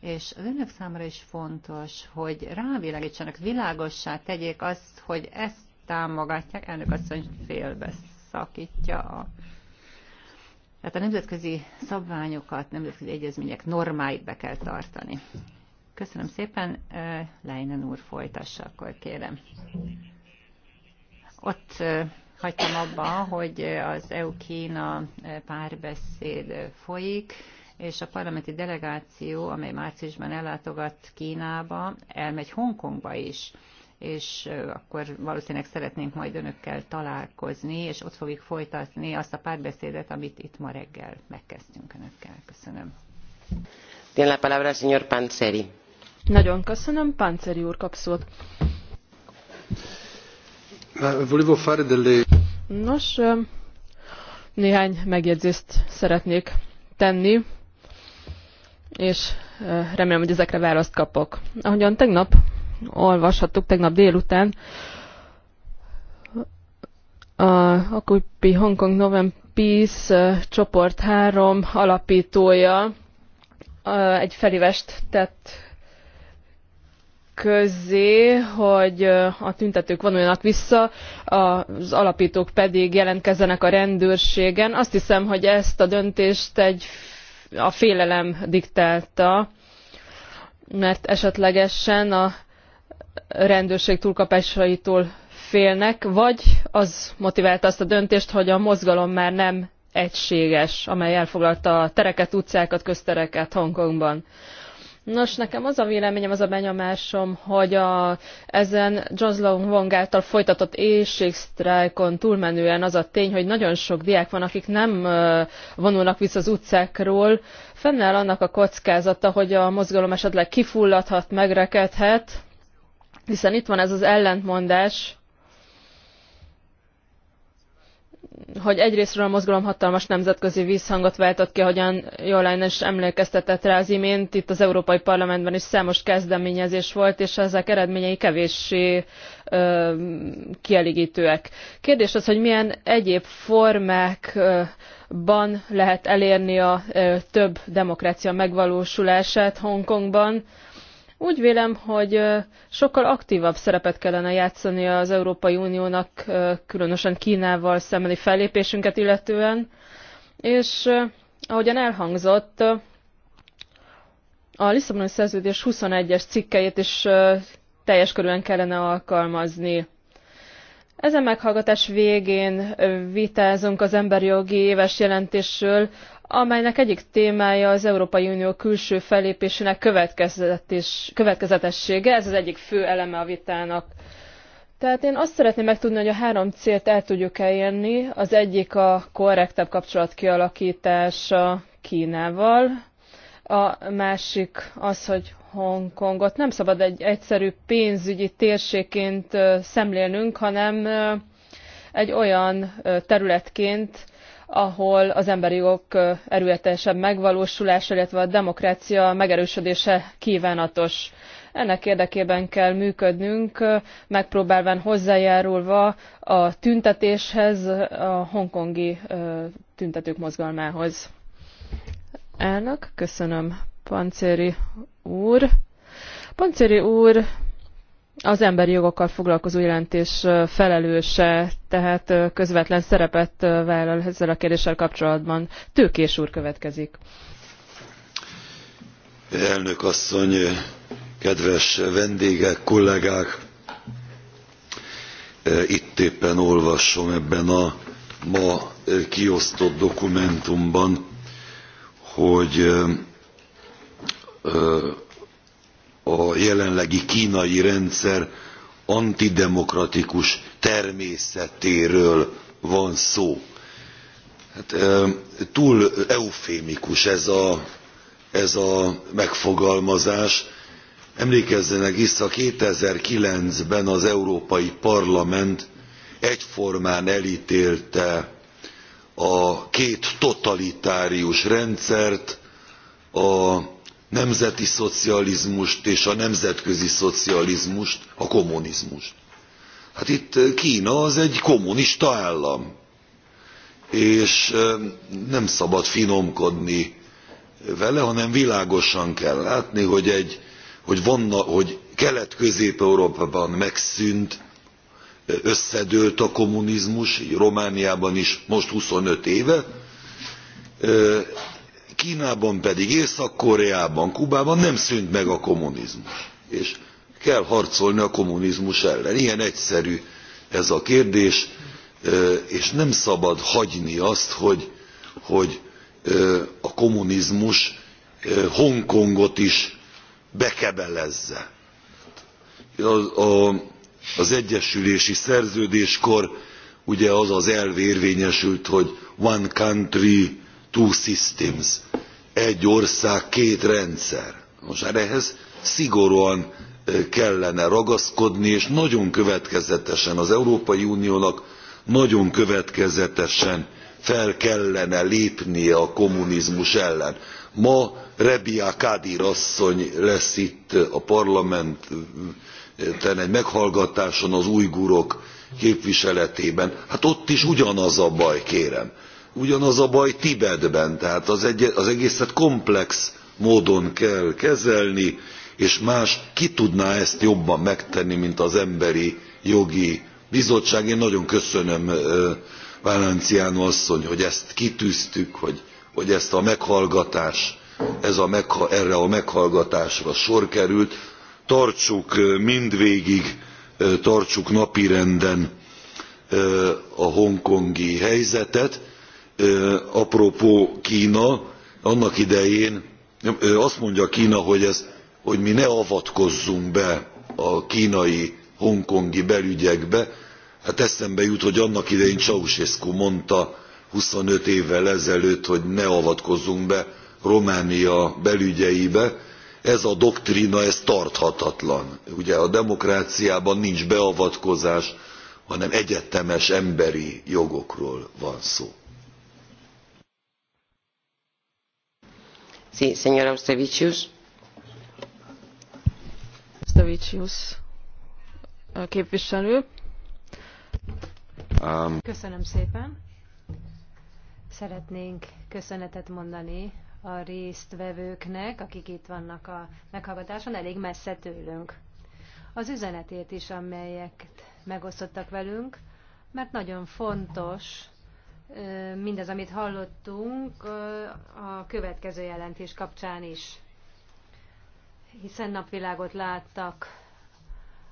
És az önök számára is fontos, hogy rávilágítsanak, világossá tegyék azt, hogy ezt támogatják. Elnök asszony félbesz szakítja a tehát a nemzetközi szabványokat, nemzetközi egyezmények normáit be kell tartani. Köszönöm szépen, Leinen úr folytassa, akkor kérem. Ott hagytam abba, hogy az EU-Kína párbeszéd folyik, és a parlamenti delegáció, amely márciusban ellátogat Kínába, elmegy Hongkongba is és akkor valószínűleg szeretnénk majd önökkel találkozni, és ott fogjuk folytatni azt a párbeszédet, amit itt ma reggel megkezdtünk önökkel. Köszönöm. Tiene la palabra señor Panseri. Nagyon köszönöm, Panzeri úr kap szót. Nos, néhány megjegyzést szeretnék tenni, és remélem, hogy ezekre választ kapok. Ahogyan tegnap olvashattuk tegnap délután. A Akupi Hong Kong November Peace csoport három alapítója egy felivest tett közzé, hogy a tüntetők vonuljanak vissza, az alapítók pedig jelentkezzenek a rendőrségen. Azt hiszem, hogy ezt a döntést egy, a félelem diktálta, mert esetlegesen a rendőrség túlkapásaitól félnek, vagy az motiválta azt a döntést, hogy a mozgalom már nem egységes, amely elfoglalta a tereket, utcákat, köztereket Hongkongban. Nos, nekem az a véleményem, az a benyomásom, hogy a, ezen John Long Wong által folytatott éjségsztrájkon túlmenően az a tény, hogy nagyon sok diák van, akik nem vonulnak vissza az utcákról, fennáll annak a kockázata, hogy a mozgalom esetleg kifulladhat, megrekedhet, hiszen itt van ez az ellentmondás, hogy egyrésztről a mozgalom hatalmas nemzetközi visszhangot váltott ki, ahogyan Jolán is emlékeztetett rá az imént, itt az Európai Parlamentben is számos kezdeményezés volt, és ezek eredményei kevéssé ö, kielégítőek. Kérdés az, hogy milyen egyéb formákban lehet elérni a ö, több demokrácia megvalósulását Hongkongban, ö, úgy vélem, hogy sokkal aktívabb szerepet kellene játszani az Európai Uniónak, különösen Kínával szembeni fellépésünket illetően, és ahogyan elhangzott, a Lisszaboni Szerződés 21-es cikkejét is teljes körülön kellene alkalmazni. Ezen meghallgatás végén vitázunk az emberi jogi éves jelentésről, amelynek egyik témája az Európai Unió külső fellépésének következetessége, ez az egyik fő eleme a vitának. Tehát én azt szeretném megtudni, hogy a három célt el tudjuk elérni. Az egyik a korrektebb kapcsolat kialakítása Kínával, a másik az, hogy Hongkongot nem szabad egy egyszerű pénzügyi térségként szemlélnünk, hanem egy olyan területként, ahol az emberi jogok erőteljesebb megvalósulása, illetve a demokrácia megerősödése kívánatos. Ennek érdekében kell működnünk, megpróbálván hozzájárulva a tüntetéshez, a hongkongi tüntetők mozgalmához. Elnök, köszönöm, Pancéri úr. Pancéri úr, az emberi jogokkal foglalkozó jelentés felelőse, tehát közvetlen szerepet vállal ezzel a kérdéssel kapcsolatban. Tőkés úr következik. Elnök asszony, kedves vendégek, kollégák! Itt éppen olvasom ebben a ma kiosztott dokumentumban, hogy a jelenlegi knai rendszer antidemokratikus természetéről van szó. Hát, túl eufémikus ez a, ez a megfogalmazás. Emlékezzenek vissza, 2009-ben az Európai Parlament egyformán elítélte a két totalitárius rendszert, a nemzeti szocializmust és a nemzetközi szocializmust, a kommunizmust. Hát itt eh, Kína az egy kommunista állam, és eh, nem szabad finomkodni vele, hanem világosan kell látni, hogy, egy, hogy, vanna, hogy kelet-közép-európában megszűnt, eh, összedőlt a kommunizmus, így Romániában is most 25 éve, knában pedig észak koreában kubában nem szűnt meg a kommunizmus és kell harcolni a kommunizmus ellen. ilyen egyszerű ez a kérdés és nem szabad hagyni azt hogy, hogy a kommunizmus hongkongot is bekebelezze. A, a, az egyesülési szerződéskor ugye az az elv érvényesült hogy one country two systems egy ország két rendszer. Most hát ehhez szigorúan kellene ragaszkodni, és nagyon következetesen az Európai Uniónak nagyon következetesen fel kellene lépnie a kommunizmus ellen. Ma Rebia Kádir asszony lesz itt a parlamenten egy meghallgatáson az ujgurok képviseletében. Hát ott is ugyanaz a baj, kérem ugyanaz a baj tibetben tehát az, egy, az egészet komplex módon kell kezelni és más ki tudná ezt jobban megtenni mint az emberi jogi bizottság. én nagyon köszönöm valenciano asszony hogy ezt kitűztük hogy, hogy ezt a meghallgatás ez a megha, erre a meghallgatásra sor került tartsuk mindvégig tartsuk napirenden a hongkongi helyzetet apropó kna annak idején azt mondja kna hogy, ez, hogy mi ne avatkozzunk be a knai hongkongi belügyekbe hát eszembe jut hogy annak idején ceausescu mondta twenty five évvel ezelőtt hogy ne avatkozzunk be románia belügyeibe ez a doktrna ez tarthatatlan. ugye a demokráciában nincs beavatkozás hanem egyetemes emberi jogokról van szó. Sí, képviselő. Um, Köszönöm szépen. Szeretnénk köszönetet mondani a résztvevőknek, akik itt vannak a meghallgatáson, elég messze tőlünk. Az üzenetét is, amelyeket megosztottak velünk, mert nagyon fontos mindaz, amit hallottunk a következő jelentés kapcsán is, hiszen napvilágot láttak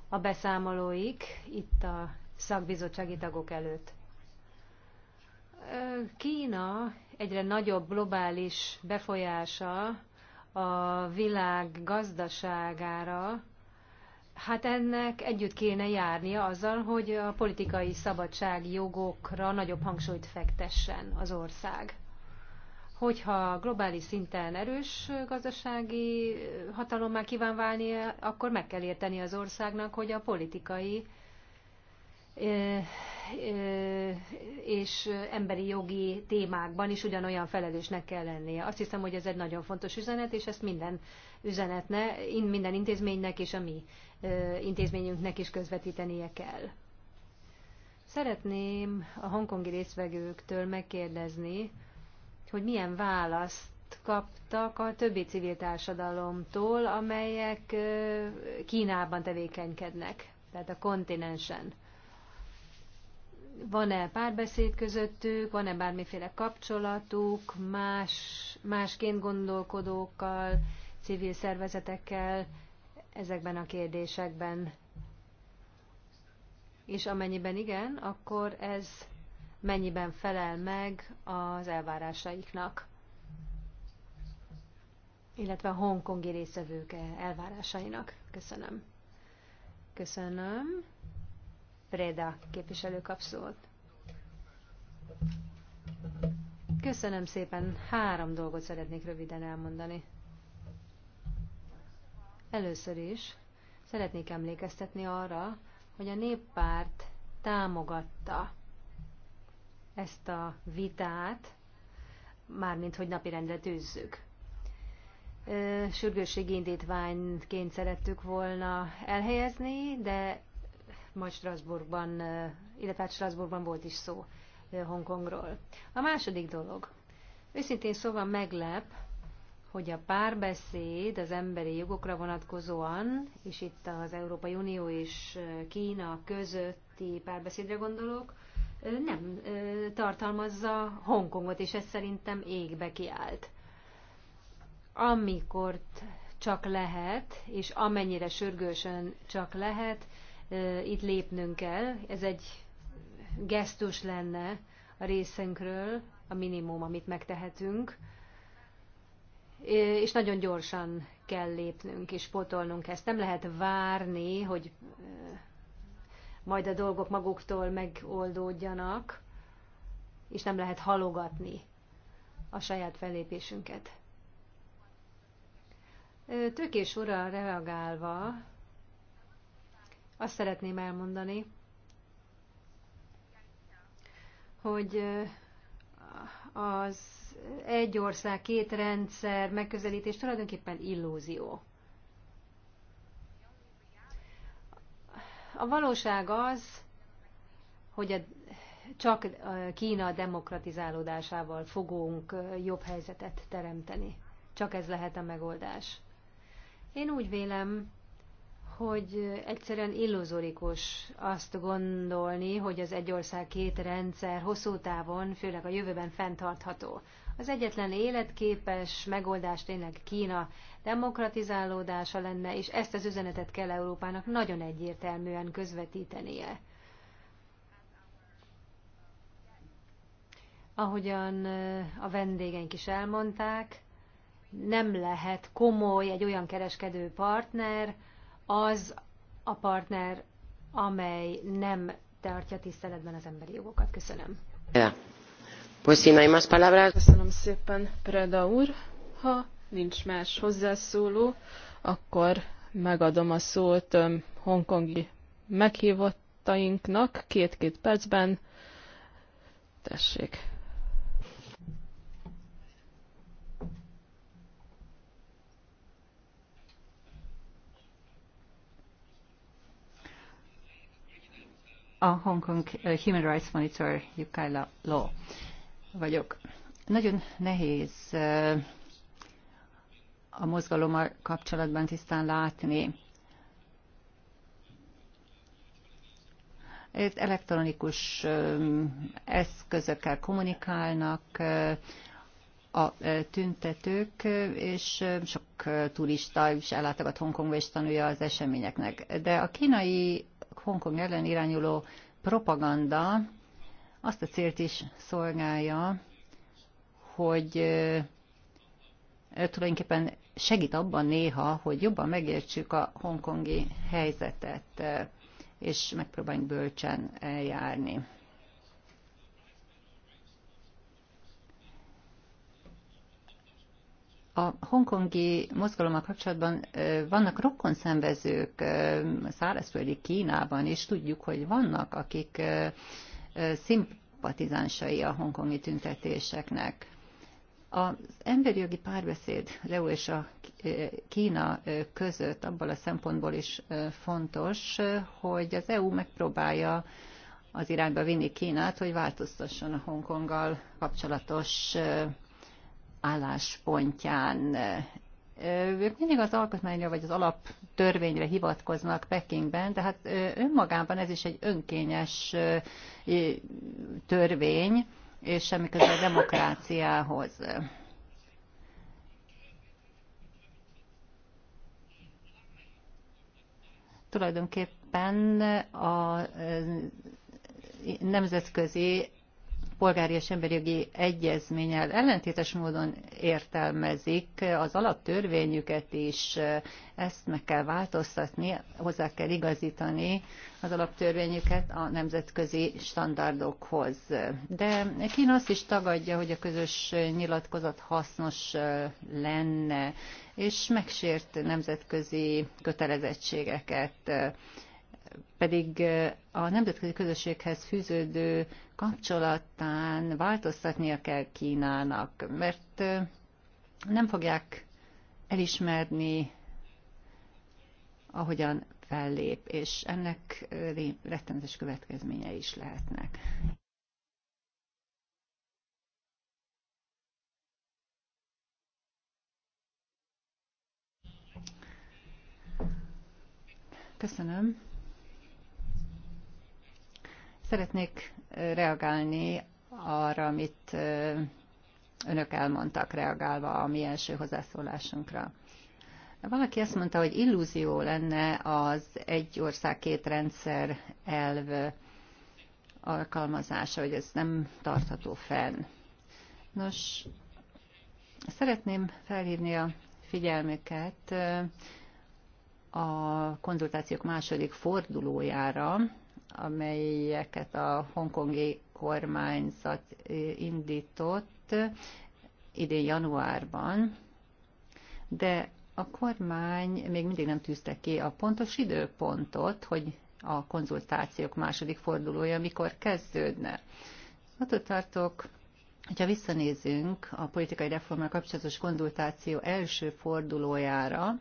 a beszámolóik itt a szakbizottsági tagok előtt. Kína egyre nagyobb globális befolyása a világ gazdaságára Hát ennek együtt kéne járnia azzal, hogy a politikai szabadság jogokra nagyobb hangsúlyt fektessen az ország. Hogyha globális szinten erős gazdasági már kíván válni, akkor meg kell érteni az országnak, hogy a politikai és emberi jogi témákban is ugyanolyan felelősnek kell lennie. Azt hiszem, hogy ez egy nagyon fontos üzenet, és ezt minden üzenetne, minden intézménynek és a mi intézményünknek is közvetítenie kell. Szeretném a hongkongi részvegőktől megkérdezni, hogy milyen választ kaptak a többi civil társadalomtól, amelyek Kínában tevékenykednek, tehát a kontinensen. Van-e párbeszéd közöttük, van-e bármiféle kapcsolatuk más, másként gondolkodókkal, civil szervezetekkel, ezekben a kérdésekben. És amennyiben igen, akkor ez mennyiben felel meg az elvárásaiknak, illetve a hongkongi részevők elvárásainak. Köszönöm. Köszönöm. Preda képviselő kap Köszönöm szépen. Három dolgot szeretnék röviden elmondani. Először is szeretnék emlékeztetni arra, hogy a néppárt támogatta ezt a vitát, mármint hogy napirendre tűzzük. Sürgősségi indítványként szerettük volna elhelyezni, de majd Strasbourgban, illetve hát Strasbourgban volt is szó Hongkongról. A második dolog. Őszintén szóval meglep, hogy a párbeszéd az emberi jogokra vonatkozóan, és itt az Európai Unió és Kína közötti párbeszédre gondolok, nem tartalmazza Hongkongot, és ez szerintem égbe kiállt. Amikor csak lehet, és amennyire sürgősen csak lehet, itt lépnünk kell. Ez egy gesztus lenne a részünkről, a minimum, amit megtehetünk és nagyon gyorsan kell lépnünk és potolnunk ezt. Nem lehet várni, hogy majd a dolgok maguktól megoldódjanak, és nem lehet halogatni a saját fellépésünket. Tökés ura reagálva azt szeretném elmondani, hogy az egy ország, két rendszer megközelítés tulajdonképpen illúzió. A valóság az, hogy a, csak a Kína demokratizálódásával fogunk jobb helyzetet teremteni. Csak ez lehet a megoldás. Én úgy vélem, hogy egyszerűen illuzorikus azt gondolni, hogy az egy ország két rendszer hosszú távon, főleg a jövőben fenntartható. Az egyetlen életképes megoldás tényleg Kína demokratizálódása lenne, és ezt az üzenetet kell Európának nagyon egyértelműen közvetítenie. Ahogyan eh, a vendégeink is elmondták, nem lehet komoly egy olyan kereskedő partner, az a partner, amely nem tartja tiszteletben az emberi jogokat. Köszönöm. Yeah más Köszönöm szépen, Preda úr. Ha nincs más hozzászóló, akkor megadom a szót hongkongi meghívottainknak két-két percben. Tessék. a Hong Kong Human Rights Monitor Yukaila Law vagyok. Nagyon nehéz eh, a mozgalommal kapcsolatban tisztán látni. Elektronikus eh, eszközökkel kommunikálnak eh, a tüntetők, és sok turista is ellátogat Hongkongba és tanulja az eseményeknek. De a kínai Hongkong ellen irányuló propaganda azt a célt is szolgálja, hogy tulajdonképpen segít abban néha, hogy jobban megértsük a hongkongi helyzetet, és megpróbáljunk bölcsen eljárni. A hongkongi mozgalommal kapcsolatban vannak rokon szenvezők szárazföldi Kínában, és tudjuk, hogy vannak, akik szimpatizánsai a hongkongi tüntetéseknek. Az emberi jogi párbeszéd Leo és a Kína között abból a szempontból is fontos, hogy az EU megpróbálja az irányba vinni Kínát, hogy változtasson a Hongkonggal kapcsolatos álláspontján ők mindig az alkotmányra vagy az alaptörvényre hivatkoznak Pekingben, de hát önmagában ez is egy önkényes törvény, és semmi köze a demokráciához. Tulajdonképpen a nemzetközi polgári és emberjogi egyezménnyel ellentétes módon értelmezik az alaptörvényüket is. Ezt meg kell változtatni, hozzá kell igazítani az alaptörvényüket a nemzetközi standardokhoz. De Kína azt is tagadja, hogy a közös nyilatkozat hasznos lenne, és megsért nemzetközi kötelezettségeket pedig a nemzetközi közösséghez fűződő kapcsolatán változtatnia kell Kínának, mert nem fogják elismerni, ahogyan fellép, és ennek rettenetes következményei is lehetnek. Köszönöm. Szeretnék reagálni arra, amit önök elmondtak reagálva a mi első hozzászólásunkra. Valaki azt mondta, hogy illúzió lenne az egy ország két rendszer elv alkalmazása, hogy ez nem tartható fenn. Nos, szeretném felhívni a figyelmüket a konzultációk második fordulójára, amelyeket a hongkongi kormányzat indított idén januárban, de a kormány még mindig nem tűzte ki a pontos időpontot, hogy a konzultációk második fordulója mikor kezdődne. Attól tartok, hogyha visszanézünk a politikai reformmal kapcsolatos konzultáció első fordulójára,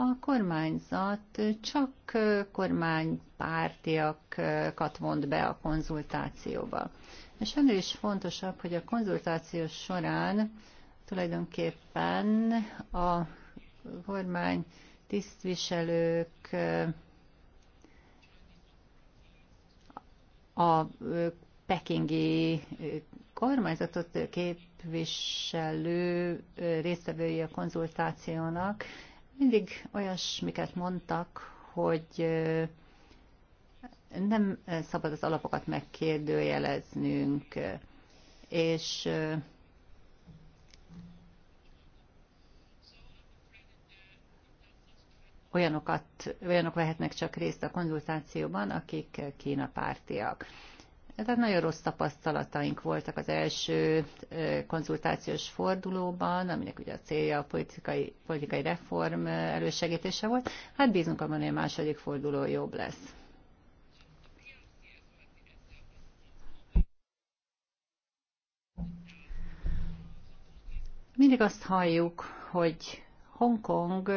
a kormányzat csak kormánypártiakat vont be a konzultációba. És ennél is fontosabb, hogy a konzultáció során tulajdonképpen a kormány tisztviselők a pekingi kormányzatot képviselő résztvevői a konzultációnak mindig olyasmiket mondtak, hogy nem szabad az alapokat megkérdőjeleznünk, és olyanokat, olyanok vehetnek csak részt a konzultációban, akik Kína pártiak. Tehát nagyon rossz tapasztalataink voltak az első konzultációs fordulóban, aminek ugye a célja a politikai, politikai reform elősegítése volt. Hát bízunk abban, hogy a második forduló jobb lesz. Mindig azt halljuk, hogy Hongkong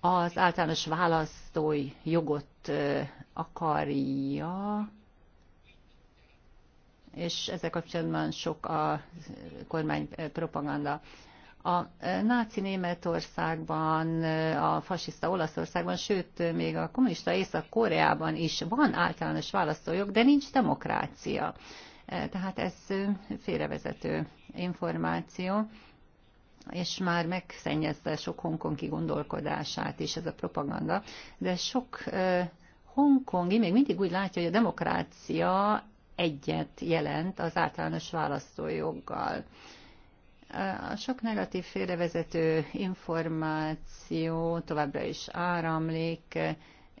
az általános választói jogot akarja és ezzel kapcsolatban sok a kormány propaganda. A náci Németországban, a fasiszta Olaszországban, sőt, még a kommunista Észak-Koreában is van általános választójog, de nincs demokrácia. Tehát ez félrevezető információ, és már megszennyezte sok hongkongi gondolkodását is ez a propaganda, de sok eh, hongkongi még mindig úgy látja, hogy a demokrácia egyet jelent az általános választójoggal. A sok negatív félrevezető információ továbbra is áramlik,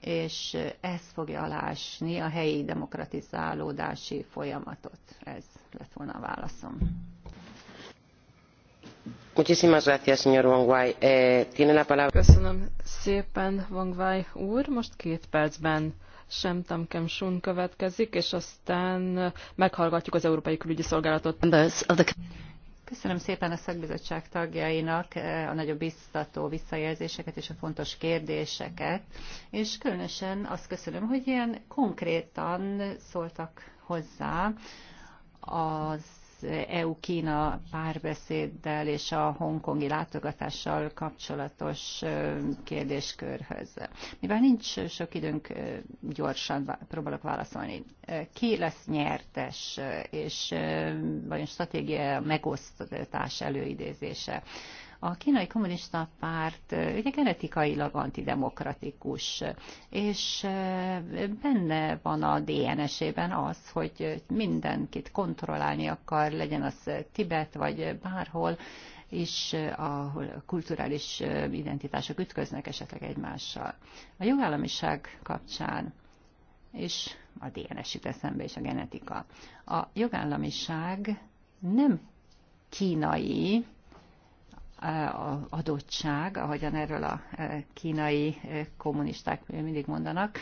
és ez fogja alásni a helyi demokratizálódási folyamatot. Ez lett volna a válaszom. Eh, Köszönöm szépen, Wangwai úr. Most két percben sem Tamkem Sun következik, és aztán meghallgatjuk az Európai Külügyi Szolgálatot. Köszönöm szépen a szakbizottság tagjainak eh, a nagyon biztató visszajelzéseket és a fontos kérdéseket, és különösen azt köszönöm, hogy ilyen konkrétan szóltak hozzá az EU-Kína párbeszéddel és a hongkongi látogatással kapcsolatos kérdéskörhöz. Mivel nincs sok időnk, gyorsan próbálok válaszolni. Ki lesz nyertes, és vajon stratégia megosztás előidézése? A kínai kommunista párt ugye genetikailag antidemokratikus, és benne van a DNS-ében az, hogy mindenkit kontrollálni akar, legyen az Tibet vagy bárhol, és a kulturális identitások ütköznek esetleg egymással. A jogállamiság kapcsán és a DNS jut eszembe, és a genetika. A jogállamiság nem kínai, adottság, ahogyan erről a e, kínai e, kommunisták mindig mondanak,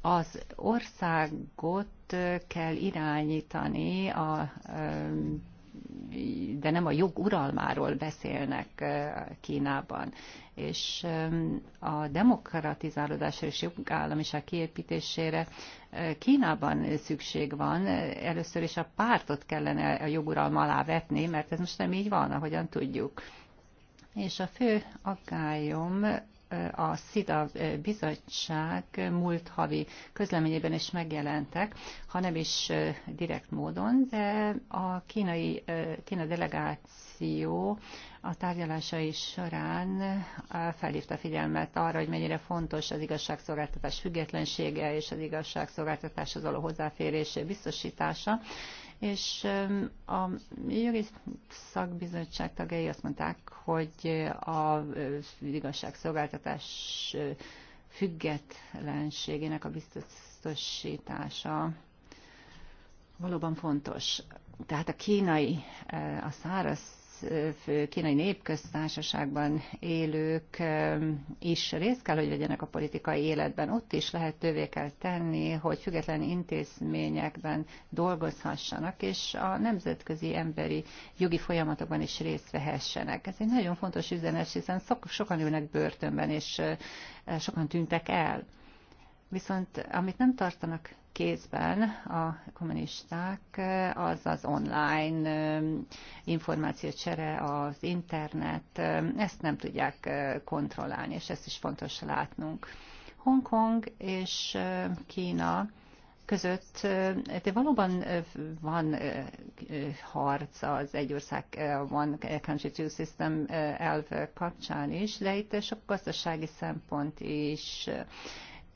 az országot e, kell irányítani a de nem a jog uralmáról beszélnek Kínában. És a demokratizálódásra és jogállamiság kiépítésére Kínában szükség van. Először is a pártot kellene a joguralma alá vetni, mert ez most nem így van, ahogyan tudjuk és a fő aggályom a SZIDA bizottság múlt havi közleményében is megjelentek, ha nem is direkt módon, de a kínai, kína delegáció a tárgyalásai során felhívta figyelmet arra, hogy mennyire fontos az igazságszolgáltatás függetlensége és az igazságszolgáltatáshoz való hozzáférés biztosítása, és a jogi szakbizottság tagjai azt mondták, hogy a igazságszolgáltatás függetlenségének a biztosítása valóban fontos. Tehát a kínai, a száraz fő kínai népköztársaságban élők um, is részt kell, hogy vegyenek a politikai életben. Ott is lehetővé kell tenni, hogy független intézményekben dolgozhassanak, és a nemzetközi emberi jogi folyamatokban is részt vehessenek. Ez egy nagyon fontos üzenet, hiszen sokan ülnek börtönben, és uh, sokan tűntek el. Viszont amit nem tartanak kézben a kommunisták, az az online információcsere, az internet, ezt nem tudják kontrollálni, és ezt is fontos látnunk. Hongkong és Kína között, de valóban van harc az egy ország van Country Two System elv kapcsán is, de itt sok gazdasági szempont is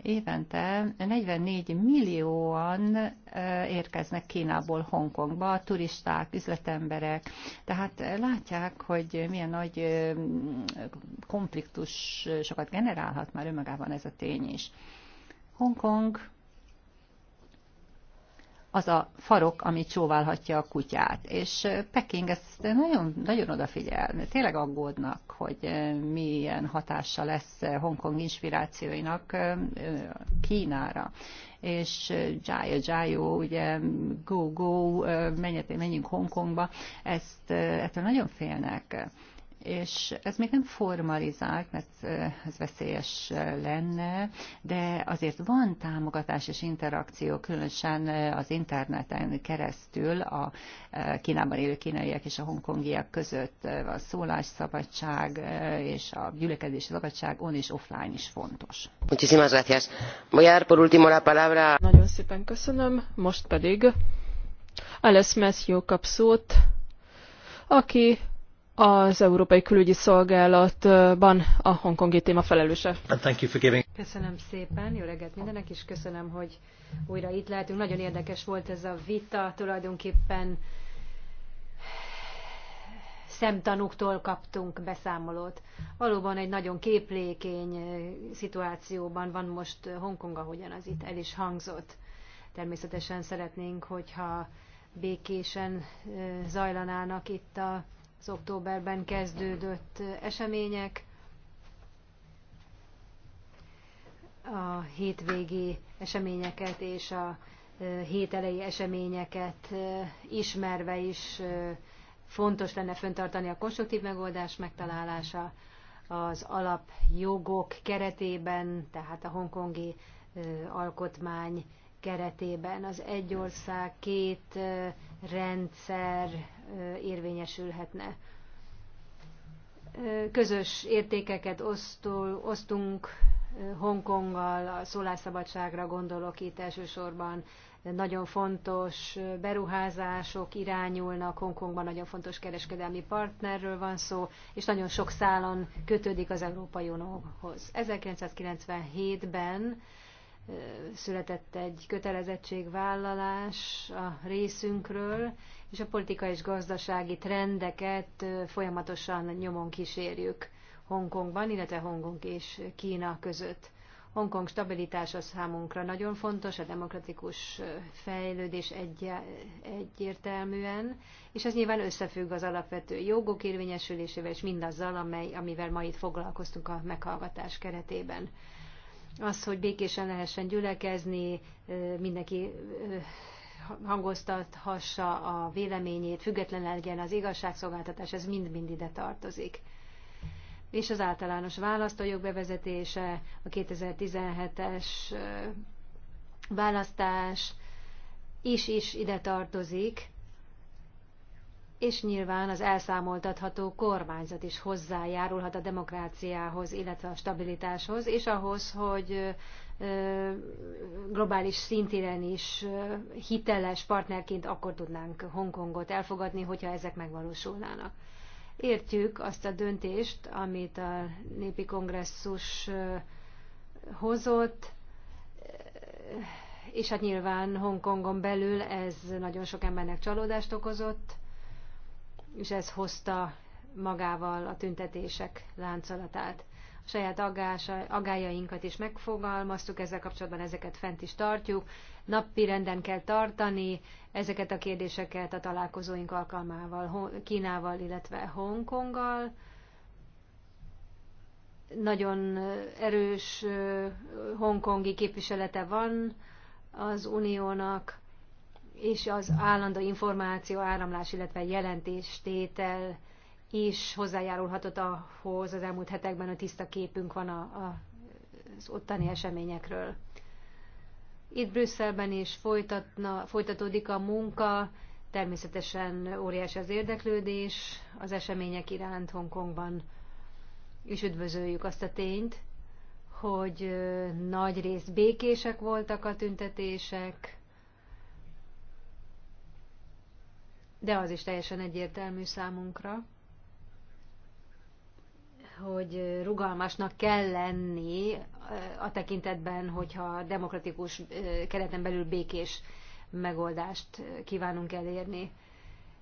évente 44 millióan érkeznek Kínából Hongkongba, turisták, üzletemberek. Tehát látják, hogy milyen nagy konfliktus sokat generálhat már önmagában ez a tény is. Hongkong az a farok, ami csóválhatja a kutyát. És Peking ezt nagyon, nagyon odafigyel. Tényleg aggódnak, hogy milyen hatása lesz Hongkong inspirációinak Kínára. És Jaya Jaya, ugye go, go, menjünk Hongkongba, ezt ettől nagyon félnek és ez még nem formalizált, mert ez veszélyes lenne, de azért van támogatás és interakció, különösen az interneten keresztül a Kínában élő kínaiak és a hongkongiak között a szólásszabadság és a gyülekezési szabadság on és offline is fontos. Muchísimas gracias. Voy a dar por último la palabra. Nagyon szépen köszönöm, most pedig Alice Messió kap szót, aki az Európai Külügyi Szolgálatban a hongkongi téma felelőse. Köszönöm szépen, jó reggelt mindenek, és köszönöm, hogy újra itt lehetünk. Nagyon érdekes volt ez a vita, tulajdonképpen szemtanúktól kaptunk beszámolót. Valóban egy nagyon képlékény eh, szituációban van most Hongkong, ahogyan az itt el is hangzott. Természetesen szeretnénk, hogyha békésen eh, zajlanának itt a az októberben kezdődött események, a hétvégi eseményeket és a hét elejé eseményeket ismerve is fontos lenne föntartani a konstruktív megoldás megtalálása az alapjogok keretében, tehát a hongkongi alkotmány keretében. Az egy ország, két rendszer érvényesülhetne. Közös értékeket osztul, osztunk Hongkonggal, a szólásszabadságra gondolok itt elsősorban. Nagyon fontos beruházások irányulnak, Hongkongban nagyon fontos kereskedelmi partnerről van szó, és nagyon sok szálon kötődik az Európai Unióhoz. 1997-ben született egy kötelezettségvállalás a részünkről, és a politikai és gazdasági trendeket folyamatosan nyomon kísérjük Hongkongban, illetve Hongkong és Kína között. Hongkong stabilitása számunkra nagyon fontos, a demokratikus fejlődés egy, egyértelműen, és ez nyilván összefügg az alapvető jogok érvényesülésével, és mindazzal, amely, amivel ma itt foglalkoztunk a meghallgatás keretében. Az, hogy békésen lehessen gyülekezni, mindenki hangoztathassa a véleményét, független legyen az igazságszolgáltatás, ez mind-mind ide tartozik. És az általános választójog bevezetése, a 2017-es választás is, is ide tartozik, és nyilván az elszámoltatható kormányzat is hozzájárulhat a demokráciához, illetve a stabilitáshoz, és ahhoz, hogy globális szintéren is hiteles partnerként akkor tudnánk Hongkongot elfogadni, hogyha ezek megvalósulnának. Értjük azt a döntést, amit a népi kongresszus hozott, és hát nyilván Hongkongon belül ez nagyon sok embernek csalódást okozott, és ez hozta magával a tüntetések láncolatát saját agájainkat is megfogalmaztuk, ezzel kapcsolatban ezeket fent is tartjuk. Napi renden kell tartani ezeket a kérdéseket a találkozóink alkalmával Kínával, illetve Hongkonggal. Nagyon erős hongkongi képviselete van az uniónak, és az állandó információ áramlás, illetve jelentéstétel is hozzájárulhatott ahhoz az elmúlt hetekben, a tiszta képünk van a, a, az ottani eseményekről. Itt Brüsszelben is folytatna, folytatódik a munka, természetesen óriási az érdeklődés az események iránt Hongkongban, és üdvözöljük azt a tényt, hogy nagy részt békések voltak a tüntetések, de az is teljesen egyértelmű számunkra, hogy rugalmasnak kell lenni eh, a tekintetben, hogyha demokratikus eh, kereten belül békés megoldást eh, kívánunk elérni.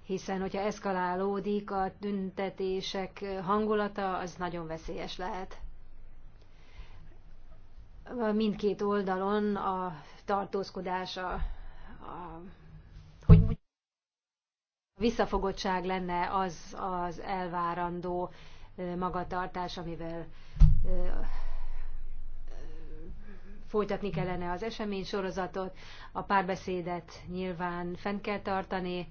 Hiszen, hogyha eszkalálódik a tüntetések hangulata, az nagyon veszélyes lehet. Mindkét oldalon a tartózkodás, a, a hogy mondjuk, visszafogottság lenne az az elvárandó, magatartás, amivel folytatni kellene az esemény sorozatot, a párbeszédet nyilván fenn kell tartani,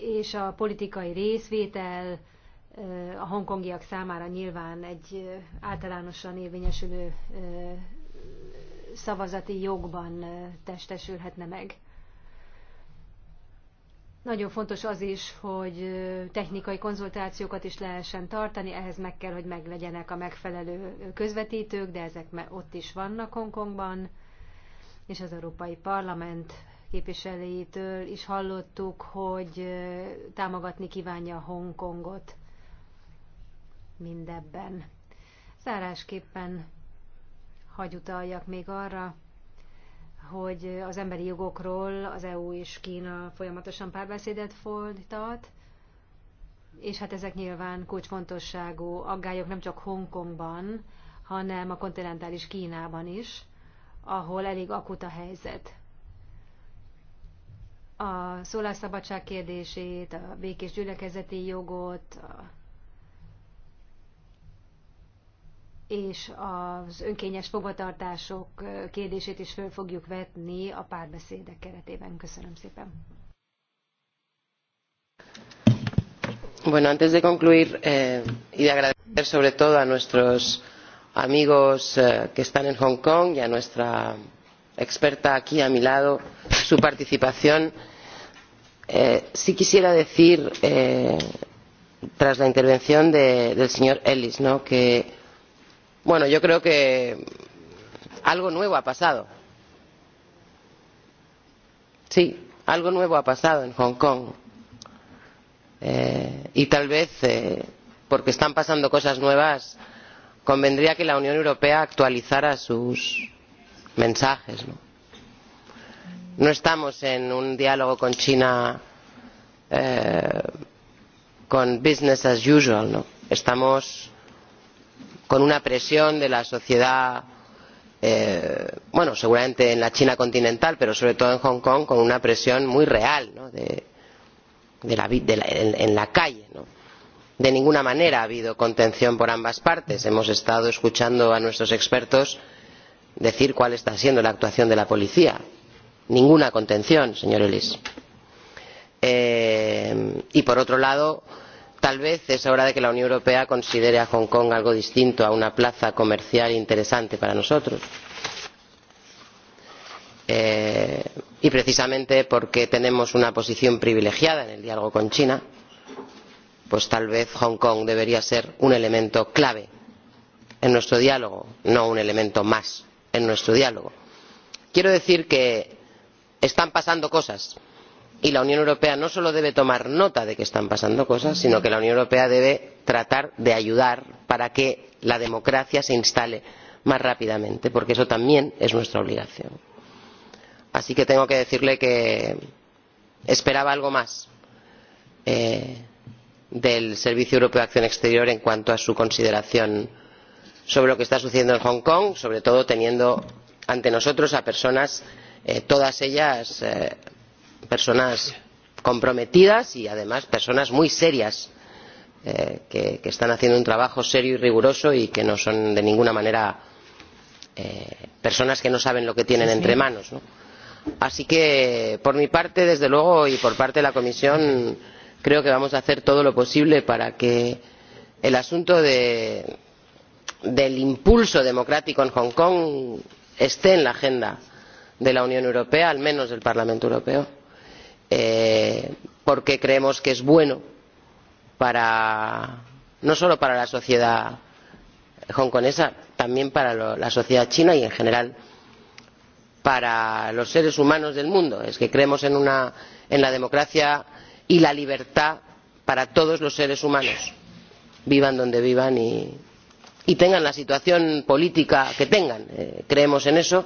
és a politikai részvétel a hongkongiak számára nyilván egy általánosan érvényesülő szavazati jogban testesülhetne meg. Nagyon fontos az is, hogy technikai konzultációkat is lehessen tartani, ehhez meg kell, hogy meglegyenek a megfelelő közvetítők, de ezek ott is vannak Hongkongban, és az Európai Parlament képviselőjétől is hallottuk, hogy támogatni kívánja Hongkongot mindebben. Zárásképpen hagy utaljak még arra, hogy az emberi jogokról az EU és Kína folyamatosan párbeszédet folytat, és hát ezek nyilván kulcsfontosságú aggályok nem csak Hongkongban, hanem a kontinentális Kínában is, ahol elég akut a helyzet. A szólásszabadság kérdését, a békés gyülekezeti jogot, a és az önkényes fogvatartások kérdését is föl fogjuk vetni a párbeszédek keretében. Köszönöm szépen. Bueno, antes de concluir eh, y de agradecer sobre todo a nuestros amigos eh, que están en Hong Kong y a nuestra experta aquí a mi lado su participación, eh, sí quisiera decir, eh, tras la intervención de, del señor Ellis, ¿no? que bueno yo creo que algo nuevo ha pasado sí algo nuevo ha pasado en hong kong eh, y tal vez eh, porque están pasando cosas nuevas convendría que la unión europea actualizara sus mensajes no, no estamos en un diálogo con china eh, con business as usual no estamos con una presión de la sociedad eh, bueno seguramente en la china continental pero sobre todo en hong kong con una presión muy real ¿no? de, de la, de la, en, en la calle. ¿no? de ninguna manera ha habido contención por ambas partes hemos estado escuchando a nuestros expertos decir cuál está siendo la actuación de la policía ninguna contención señor Ellis. Eh, y por otro lado tal vez es hora de que la unión europea considere a hong kong algo distinto a una plaza comercial interesante para nosotros. Eh, y precisamente porque tenemos una posición privilegiada en el diálogo con china pues tal vez hong kong debería ser un elemento clave en nuestro diálogo no un elemento más en nuestro diálogo. quiero decir que están pasando cosas y la unión europea no solo debe tomar nota de que están pasando cosas sino que la unión europea debe tratar de ayudar para que la democracia se instale más rápidamente porque eso también es nuestra obligación. así que tengo que decirle que esperaba algo más eh, del servicio europeo de acción exterior en cuanto a su consideración sobre lo que está sucediendo en hong kong sobre todo teniendo ante nosotros a personas eh, todas ellas eh, personas comprometidas y además personas muy serias eh, que, están haciendo un trabajo serio y riguroso y que no son de ninguna manera eh, personas que no saben lo que tienen sí, entre manos. ¿no? Así que, por mi parte, desde luego, y por parte de la Comisión, creo que vamos a hacer todo lo posible para que el asunto de, del impulso democrático en Hong Kong esté en la agenda de la Unión Europea, al menos del Parlamento Europeo Eh, porque creemos que es bueno no solo para la sociedad hongkonesa, también para la sociedad china y en general para los seres humanos del mundo. Es que creemos en, una, en la democracia y la libertad para todos los seres humanos, vivan donde vivan y, y tengan la situación política que tengan. Eh, creemos en eso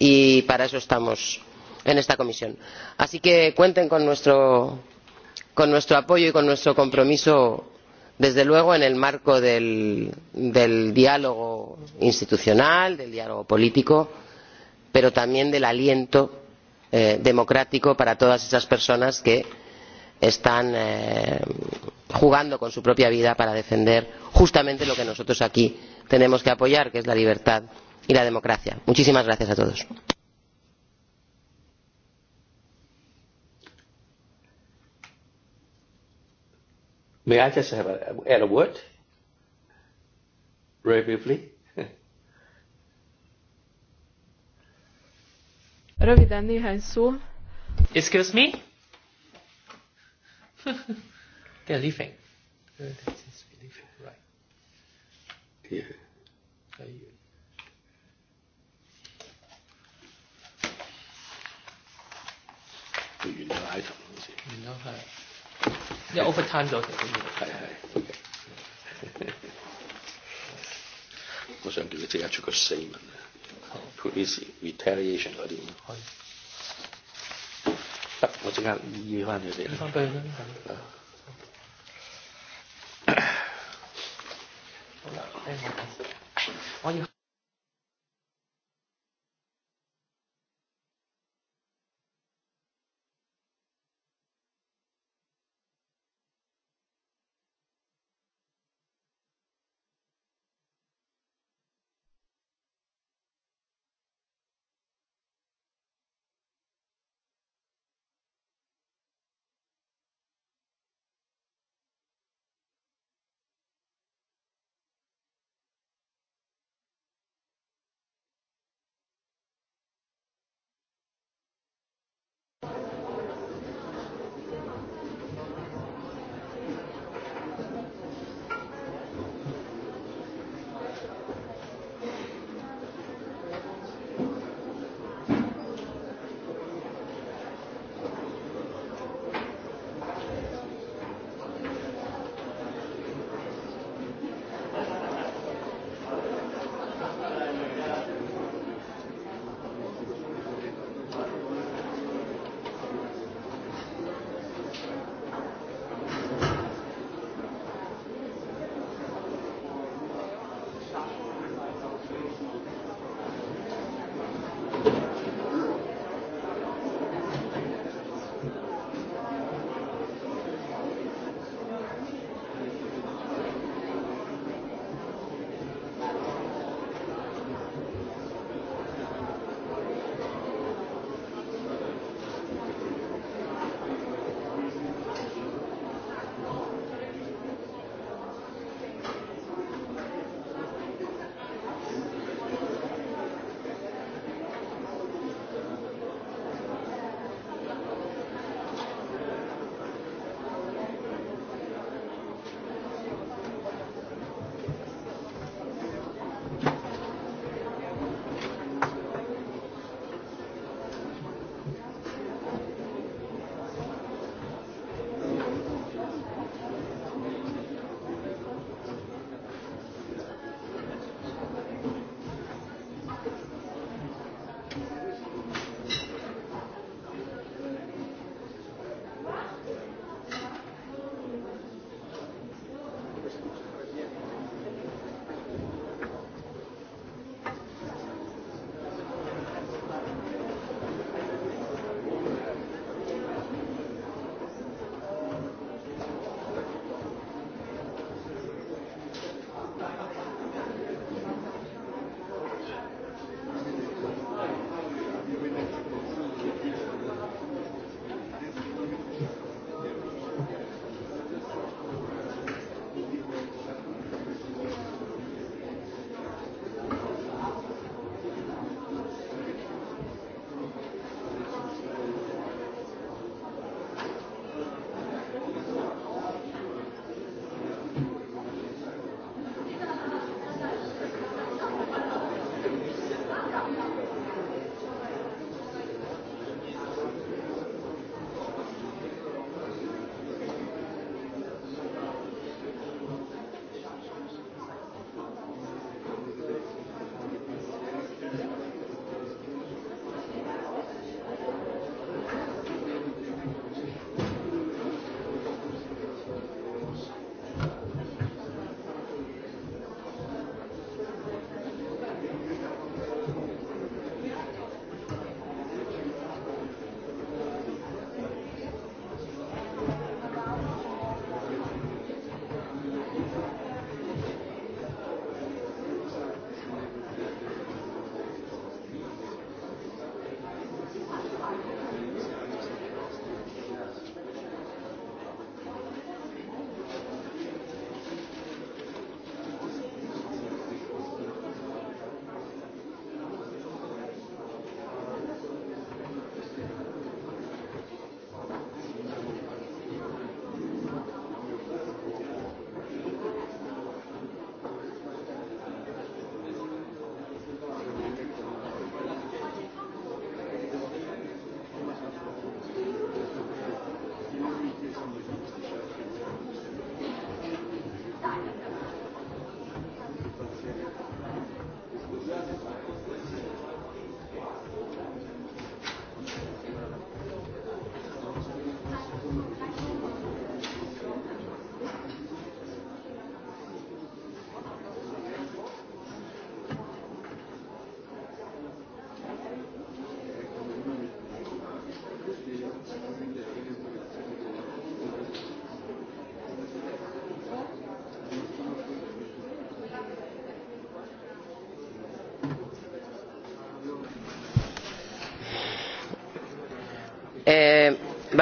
y para eso estamos en esta comisión. así que cuenten con nuestro, con nuestro apoyo y con nuestro compromiso desde luego en el marco del, del diálogo institucional del diálogo político pero también del aliento eh, democrático para todas esas personas que están eh, jugando con su propia vida para defender justamente lo que nosotros aquí tenemos que apoyar que es la libertad y la democracia. muchísimas gracias a todos. May I just have a, add a word? Very briefly. Röviden néhány szó. Excuse me? They're leaving. Uh, that's Yeah. You know, I don't know. You know how. じゃあ、オフ誕生ということで。はいはい。我想叫佢即刻出個 statement 啊，police retaliation 嗰啲。係。得，我即刻醫翻佢哋。醫翻俾佢啦。好啦，我要。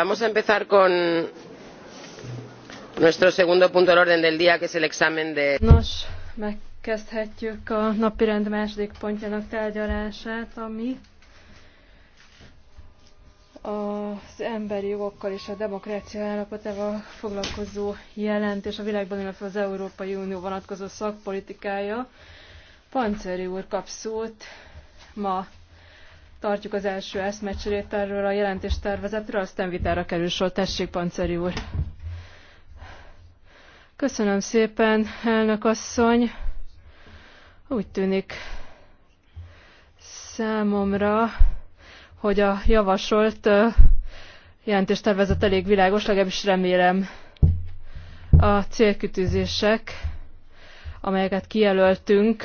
vamos a empezar con nuestro segundo punto del orden del día, que es el examen de. Nos megkezdhetjük a napirend második pontjának tárgyalását, ami az emberi jogokkal és a demokrácia állapotával foglalkozó jelentés a világban, illetve az Európai Unió vonatkozó szakpolitikája. Pancéri úr kap szót ma tartjuk az első eszmecserét erről a jelentéstervezetről, aztán vitára kerül sor. Tessék, Panceri úr! Köszönöm szépen, elnök asszony! Úgy tűnik számomra, hogy a javasolt jelentéstervezet elég világos, legalábbis remélem a célkütőzések, amelyeket kijelöltünk,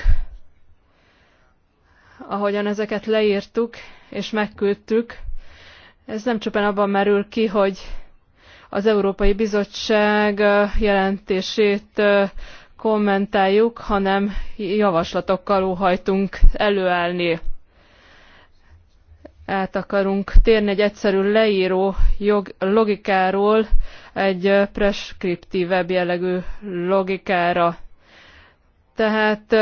ahogyan ezeket leírtuk és megküldtük, ez nem csupán abban merül ki, hogy az Európai Bizottság jelentését kommentáljuk, hanem javaslatokkal óhajtunk előállni. Át akarunk térni egy egyszerű leíró jog, logikáról egy preskriptívebb jellegű logikára. Tehát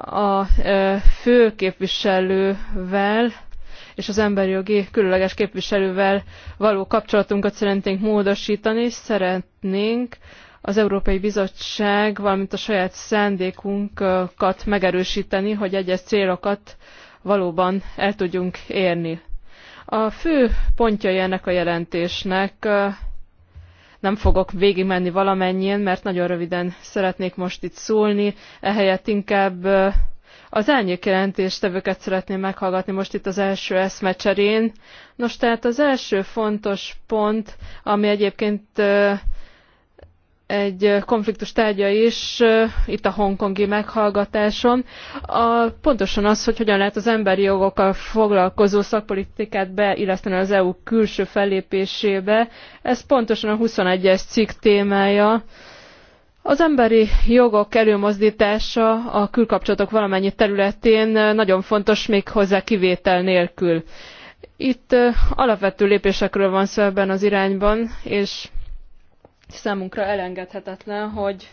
a fő képviselővel és az emberi jogi különleges képviselővel való kapcsolatunkat szeretnénk módosítani, szeretnénk az Európai Bizottság, valamint a saját szándékunkat megerősíteni, hogy egyes célokat valóban el tudjunk érni. A fő pontjai ennek a jelentésnek nem fogok végigmenni valamennyien, mert nagyon röviden szeretnék most itt szólni, ehelyett inkább az elnyék jelentéstevőket szeretném meghallgatni most itt az első eszmecserén. Nos, tehát az első fontos pont, ami egyébként egy konfliktus tárgya is itt a hongkongi meghallgatáson. A, pontosan az, hogy hogyan lehet az emberi jogokkal foglalkozó szakpolitikát beilleszteni az EU külső fellépésébe, ez pontosan a 21-es cikk témája. Az emberi jogok előmozdítása a külkapcsolatok valamennyi területén nagyon fontos, még hozzá kivétel nélkül. Itt alapvető lépésekről van szó ebben az irányban, és Számunkra elengedhetetlen, hogy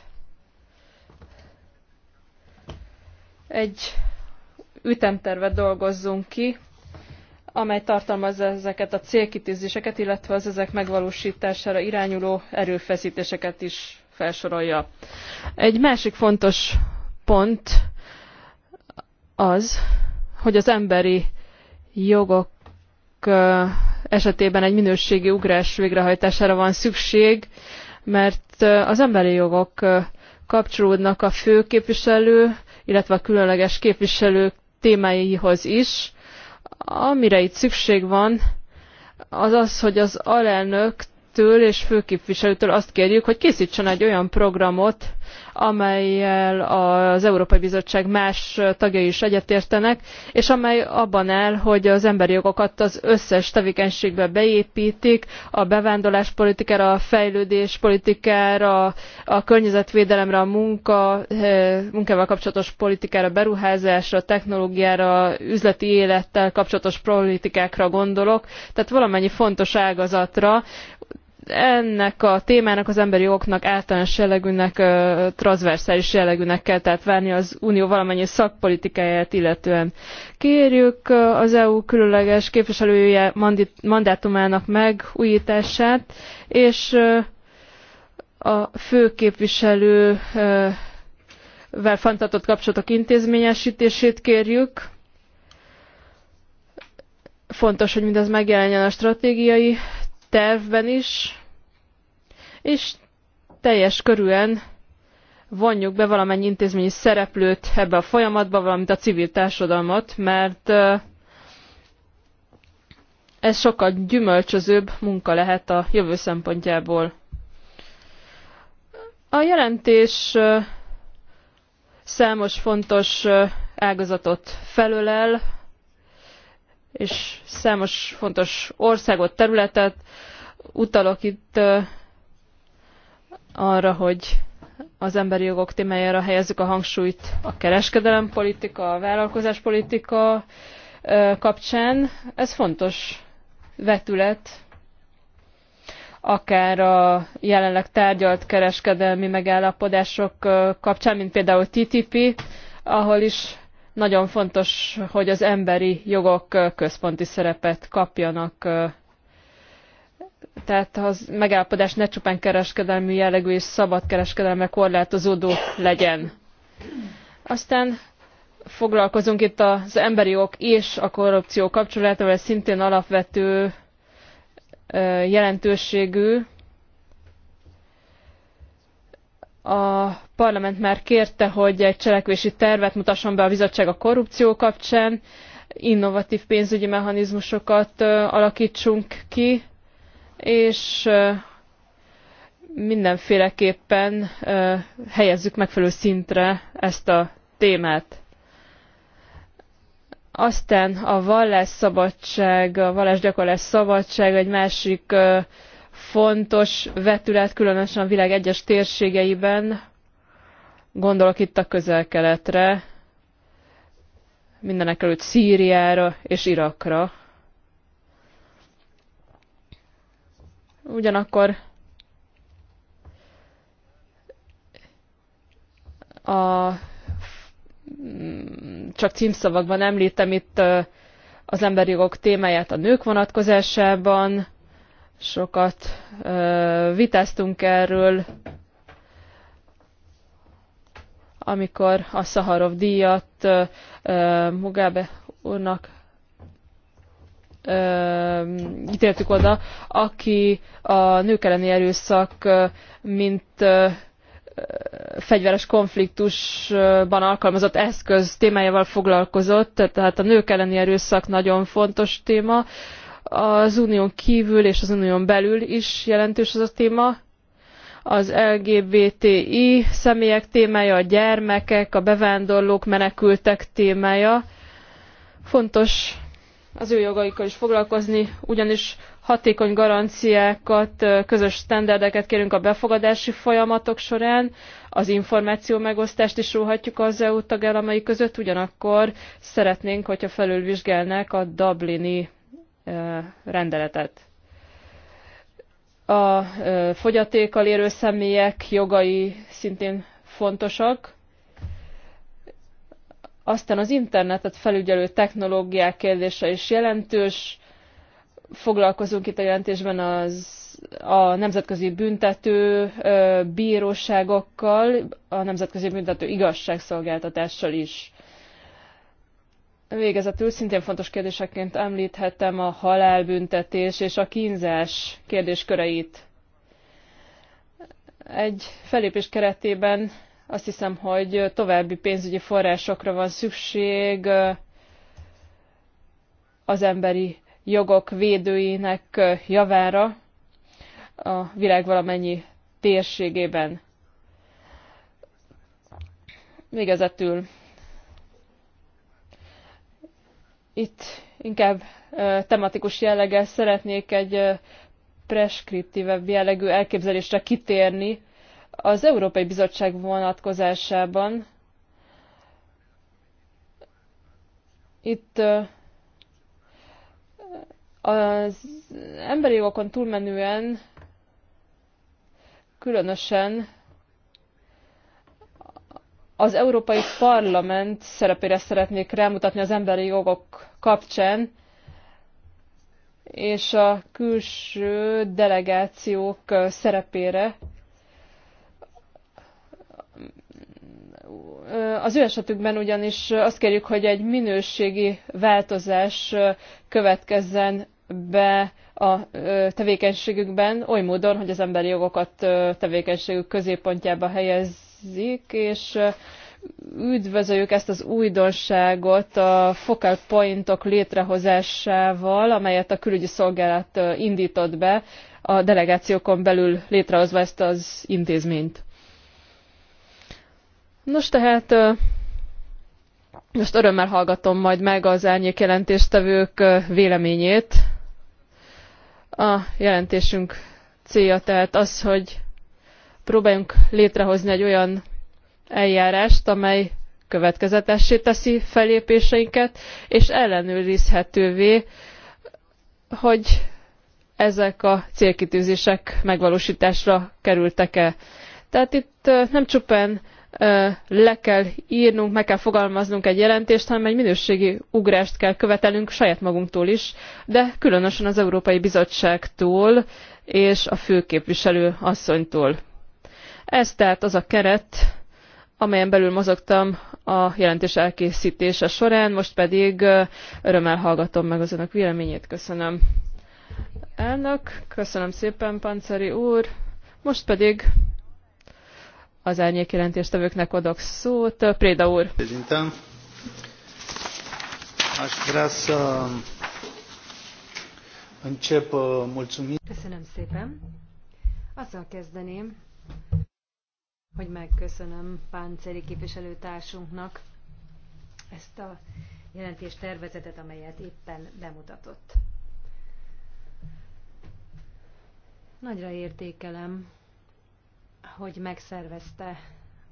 egy ütemtervet dolgozzunk ki, amely tartalmazza ezeket a célkitűzéseket, illetve az ezek megvalósítására irányuló erőfeszítéseket is felsorolja. Egy másik fontos pont az, hogy az emberi jogok esetében egy minőségi ugrás végrehajtására van szükség, mert az emberi jogok kapcsolódnak a fő képviselő, illetve a különleges képviselők témáihoz is. Amire itt szükség van, az az, hogy az alelnök től és főképviselőtől azt kérjük, hogy készítsen egy olyan programot, amelyel az Európai Bizottság más tagjai is egyetértenek, és amely abban áll, hogy az emberi jogokat az összes tevékenységbe beépítik, a bevándorláspolitikára, a fejlődéspolitikára, a környezetvédelemre, a munka, eh, munkával kapcsolatos politikára, beruházásra, technológiára, üzleti élettel kapcsolatos politikákra gondolok, tehát valamennyi fontos ágazatra, ennek a témának, az emberi jogoknak általános jellegűnek, transzverszális jellegűnek kell tehát várni az unió valamennyi szakpolitikáját illetően. Kérjük az EU különleges képviselője mandátumának megújítását, és a főképviselővel fenntartott kapcsolatok intézményesítését kérjük. Fontos, hogy mindez megjelenjen a stratégiai tervben is, és teljes körűen vonjuk be valamennyi intézményi szereplőt ebbe a folyamatba, valamint a civil társadalmat, mert ez sokkal gyümölcsözőbb munka lehet a jövő szempontjából. A jelentés számos fontos ágazatot felölel, és számos fontos országot, területet. Utalok itt arra, hogy az emberi jogok témájára helyezzük a hangsúlyt a kereskedelempolitika, a vállalkozáspolitika kapcsán. Ez fontos vetület, akár a jelenleg tárgyalt kereskedelmi megállapodások kapcsán, mint például TTP, ahol is nagyon fontos, hogy az emberi jogok központi szerepet kapjanak tehát az megállapodás ne csupán kereskedelmi jellegű és szabad kereskedelme korlátozódó legyen. Aztán foglalkozunk itt az emberi jog és a korrupció kapcsolatával, ez szintén alapvető jelentőségű. A parlament már kérte, hogy egy cselekvési tervet mutasson be a bizottság a korrupció kapcsán, innovatív pénzügyi mechanizmusokat alakítsunk ki, és mindenféleképpen helyezzük megfelelő szintre ezt a témát. Aztán a vallásszabadság, a vallásgyakorlás szabadság egy másik fontos vetület, különösen a világ egyes térségeiben, gondolok itt a közel-keletre, mindenek előtt Szíriára és Irakra. Ugyanakkor a csak címszavakban említem itt az emberi jogok témáját a nők vonatkozásában. Sokat vitáztunk erről, amikor a Szaharov díjat Mugabe úrnak ítéltük oda, aki a nők elleni erőszak, mint fegyveres konfliktusban alkalmazott eszköz témájával foglalkozott, tehát a nők elleni erőszak nagyon fontos téma. Az unión kívül és az unión belül is jelentős az a téma. Az LGBTI személyek témája, a gyermekek, a bevándorlók, menekültek témája. Fontos az ő jogaikkal is foglalkozni, ugyanis hatékony garanciákat, közös standardeket kérünk a befogadási folyamatok során, az információ megosztást is róhatjuk az EU tagállamai között, ugyanakkor szeretnénk, hogyha felülvizsgálnák a Dublini rendeletet. A fogyatékkal érő személyek jogai szintén fontosak, aztán az internetet felügyelő technológiák kérdése is jelentős. Foglalkozunk itt a jelentésben az a nemzetközi büntető bíróságokkal, a nemzetközi büntető igazságszolgáltatással is. Végezetül szintén fontos kérdéseként említhetem a halálbüntetés és a kínzás kérdésköreit. Egy felépés keretében azt hiszem, hogy további pénzügyi forrásokra van szükség az emberi jogok védőinek javára a világ valamennyi térségében. Végezetül itt inkább tematikus jelleggel szeretnék egy preskriptívebb jellegű elképzelésre kitérni, az Európai Bizottság vonatkozásában itt az emberi jogokon túlmenően különösen az Európai Parlament szerepére szeretnék rámutatni az emberi jogok kapcsán, és a külső delegációk szerepére, az ő esetükben ugyanis azt kérjük, hogy egy minőségi változás következzen be a tevékenységükben, oly módon, hogy az emberi jogokat tevékenységük középpontjába helyezik, és üdvözöljük ezt az újdonságot a focal pointok létrehozásával, amelyet a külügyi szolgálat indított be, a delegációkon belül létrehozva ezt az intézményt. Nos, tehát most örömmel hallgatom majd meg az árnyék jelentéstevők véleményét. A jelentésünk célja tehát az, hogy próbáljunk létrehozni egy olyan eljárást, amely következetessé teszi felépéseinket, és ellenőrizhetővé, hogy ezek a célkitűzések megvalósításra kerültek-e. Tehát itt nem csupán le kell rnunk meg kell fogalmaznunk egy jelentést, hanem egy minőségi ugrást kell követelnünk saját magunktól is, de különösen az Európai Bizottságtól és a főképviselő asszonytól. Ez tehát az a keret, amelyen belül mozogtam a jelentés elkészítése során, most pedig örömmel hallgatom meg az önök véleményét. Köszönöm. Elnök, köszönöm szépen, Panceri úr. Most pedig az árnyék jelentéstevőknek adok szót. Préda úr. Uh, Köszönöm szépen. Azzal kezdeném, hogy megköszönöm Pánceri képviselőtársunknak ezt a jelentés tervezetet, amelyet éppen bemutatott. Nagyra értékelem hogy megszervezte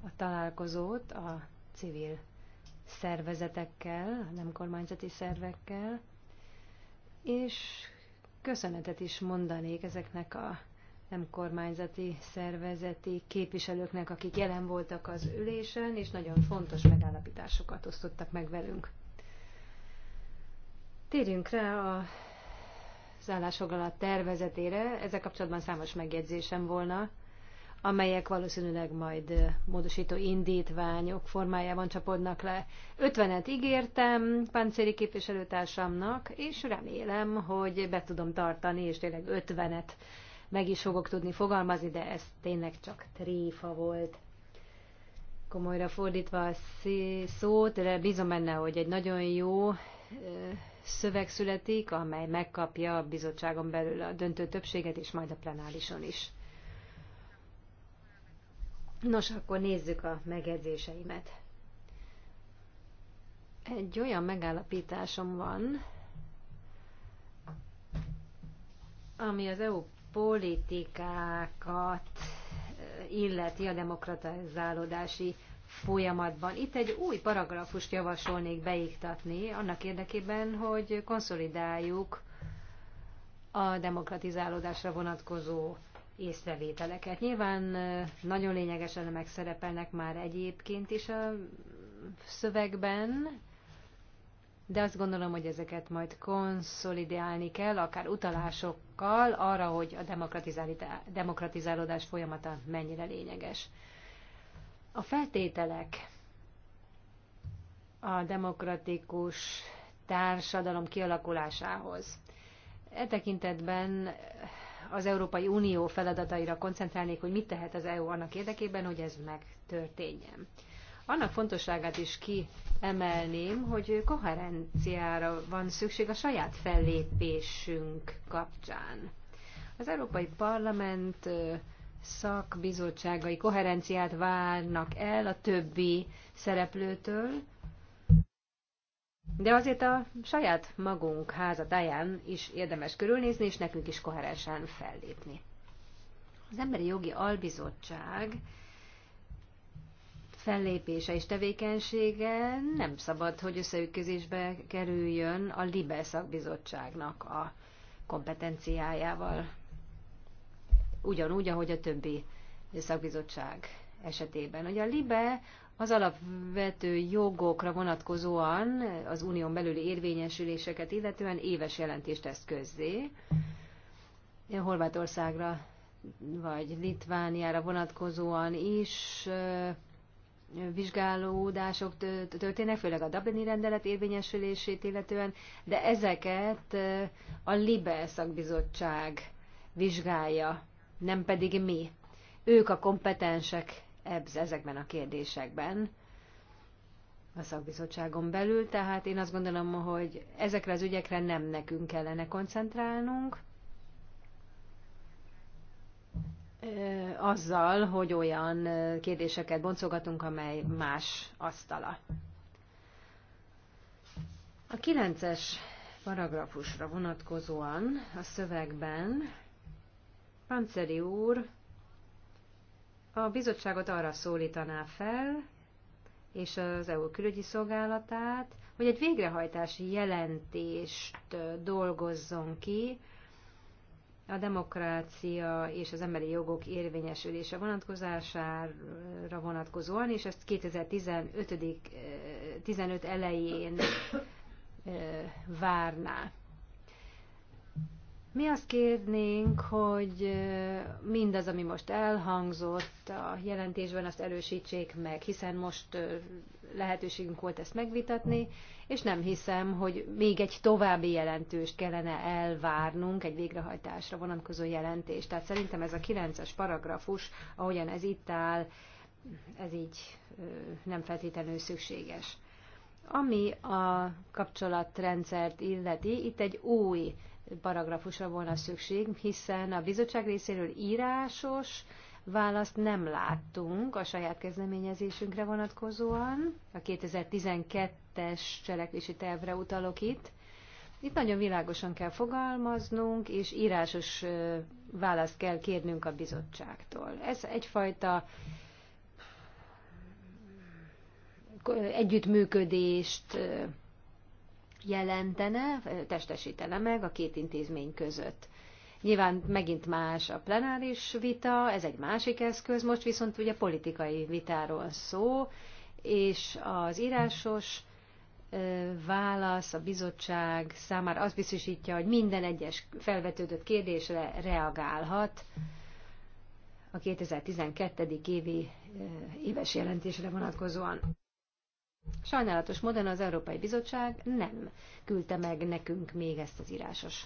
a találkozót a civil szervezetekkel, nem kormányzati szervekkel, és köszönetet is mondanék ezeknek a nem kormányzati szervezeti képviselőknek, akik jelen voltak az ülésen, és nagyon fontos megállapításokat osztottak meg velünk. Térjünk rá a az állásfoglalat tervezetére. Ezzel kapcsolatban számos megjegyzésem volna amelyek valószínűleg majd módosító indítványok formájában csapodnak le. 50-et ígértem páncéli képviselőtársamnak, és remélem, hogy be tudom tartani, és tényleg 50-et meg is fogok tudni fogalmazni, de ez tényleg csak tréfa volt. Komolyra fordítva a szót, de bízom benne, hogy egy nagyon jó szöveg születik, amely megkapja a bizottságon belül a döntő többséget, és majd a plenálison is. Nos, akkor nézzük a megjegyzéseimet. Egy olyan megállapításom van, ami az EU politikákat eh, illeti a demokratizálódási folyamatban. Itt egy új paragrafust javasolnék beiktatni, annak érdekében, hogy konszolidáljuk a demokratizálódásra vonatkozó észrevételeket. Nyilván nagyon lényeges elemek szerepelnek már egyébként is a szövegben, de azt gondolom, hogy ezeket majd konszolidálni kell, akár utalásokkal arra, hogy a demokratizálódás folyamata mennyire lényeges. A feltételek a demokratikus társadalom kialakulásához. E tekintetben az Európai Unió feladataira koncentrálnék, hogy mit tehet az EU annak érdekében, hogy ez megtörténjen. Annak fontosságát is kiemelném, hogy koherenciára van szükség a saját fellépésünk kapcsán. Az Európai Parlament szakbizottságai koherenciát várnak el a többi szereplőtől, de azért a saját magunk háza táján is érdemes körülnézni, és nekünk is koherensen fellépni. Az Emberi Jogi Albizottság fellépése és tevékenysége nem szabad, hogy összeütközésbe kerüljön a Libe szakbizottságnak a kompetenciájával. Ugyanúgy, ahogy a többi szakbizottság esetében. Ugye a LIBE az alapvető jogokra vonatkozóan az unión belüli érvényesüléseket illetően éves jelentést tesz közzé. Horvátországra vagy Litvániára vonatkozóan is vizsgálódások történnek, főleg a Dublini rendelet érvényesülését illetően, de ezeket a LIBE szakbizottság vizsgálja, nem pedig mi. Ők a kompetensek EBS ezekben a kérdésekben a szakbizottságon belül, tehát én azt gondolom, hogy ezekre az ügyekre nem nekünk kellene koncentrálnunk, azzal, hogy olyan kérdéseket boncolgatunk, amely más asztala. A 9-es paragrafusra vonatkozóan a szövegben Panceri úr a bizottságot arra szólítaná fel, és az EU külügyi szolgálatát, hogy egy végrehajtási jelentést dolgozzon ki a demokrácia és az emberi jogok érvényesülése vonatkozására vonatkozóan, és ezt 2015 15 elején várná. Mi azt kérnénk, hogy mindaz, ami most elhangzott a jelentésben, azt erősítsék meg, hiszen most lehetőségünk volt ezt megvitatni, és nem hiszem, hogy még egy további jelentőst kellene elvárnunk, egy végrehajtásra vonatkozó jelentést. Tehát szerintem ez a 9-es paragrafus, ahogyan ez itt áll, ez így nem feltétlenül szükséges. Ami a kapcsolatrendszert illeti, itt egy új paragrafusra volna szükség, hiszen a bizottság részéről írásos választ nem láttunk a saját kezdeményezésünkre vonatkozóan, a 2012-es cselekvési tervre utalok itt. Itt nagyon világosan kell fogalmaznunk, és írásos választ kell kérnünk a bizottságtól. Ez egyfajta együttműködést jelentene, testesítene meg a két intézmény között. Nyilván megint más a plenáris vita, ez egy másik eszköz, most viszont ugye politikai vitáról szó, és az írásos válasz a bizottság számára azt biztosítja, hogy minden egyes felvetődött kérdésre reagálhat a 2012. évi éves jelentésre vonatkozóan. Sajnálatos módon az Európai Bizottság nem küldte meg nekünk még ezt az írásos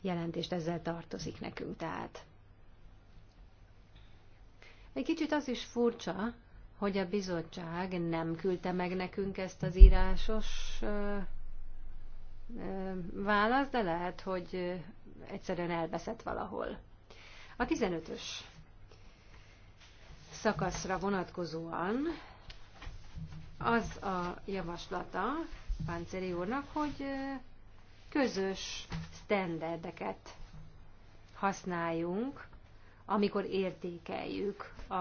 jelentést, ezzel tartozik nekünk tehát. Egy kicsit az is furcsa, hogy a bizottság nem küldte meg nekünk ezt az írásos ö, ö, választ, de lehet, hogy egyszerűen elveszett valahol. A 15-ös szakaszra vonatkozóan az a javaslata Pánceri úrnak, hogy közös standardeket használjunk, amikor értékeljük a,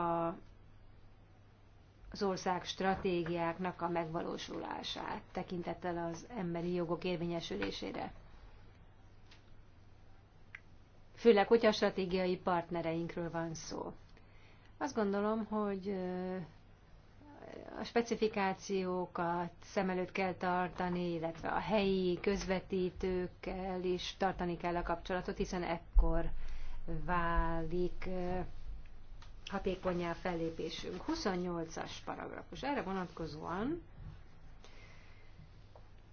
az ország stratégiáknak a megvalósulását, tekintettel az emberi jogok érvényesülésére. Főleg, hogyha stratégiai partnereinkről van szó. Azt gondolom, hogy a specifikációkat szem előtt kell tartani, illetve a helyi közvetítőkkel is tartani kell a kapcsolatot, hiszen ekkor válik hatékonyá fellépésünk. 28-as paragrafus. Erre vonatkozóan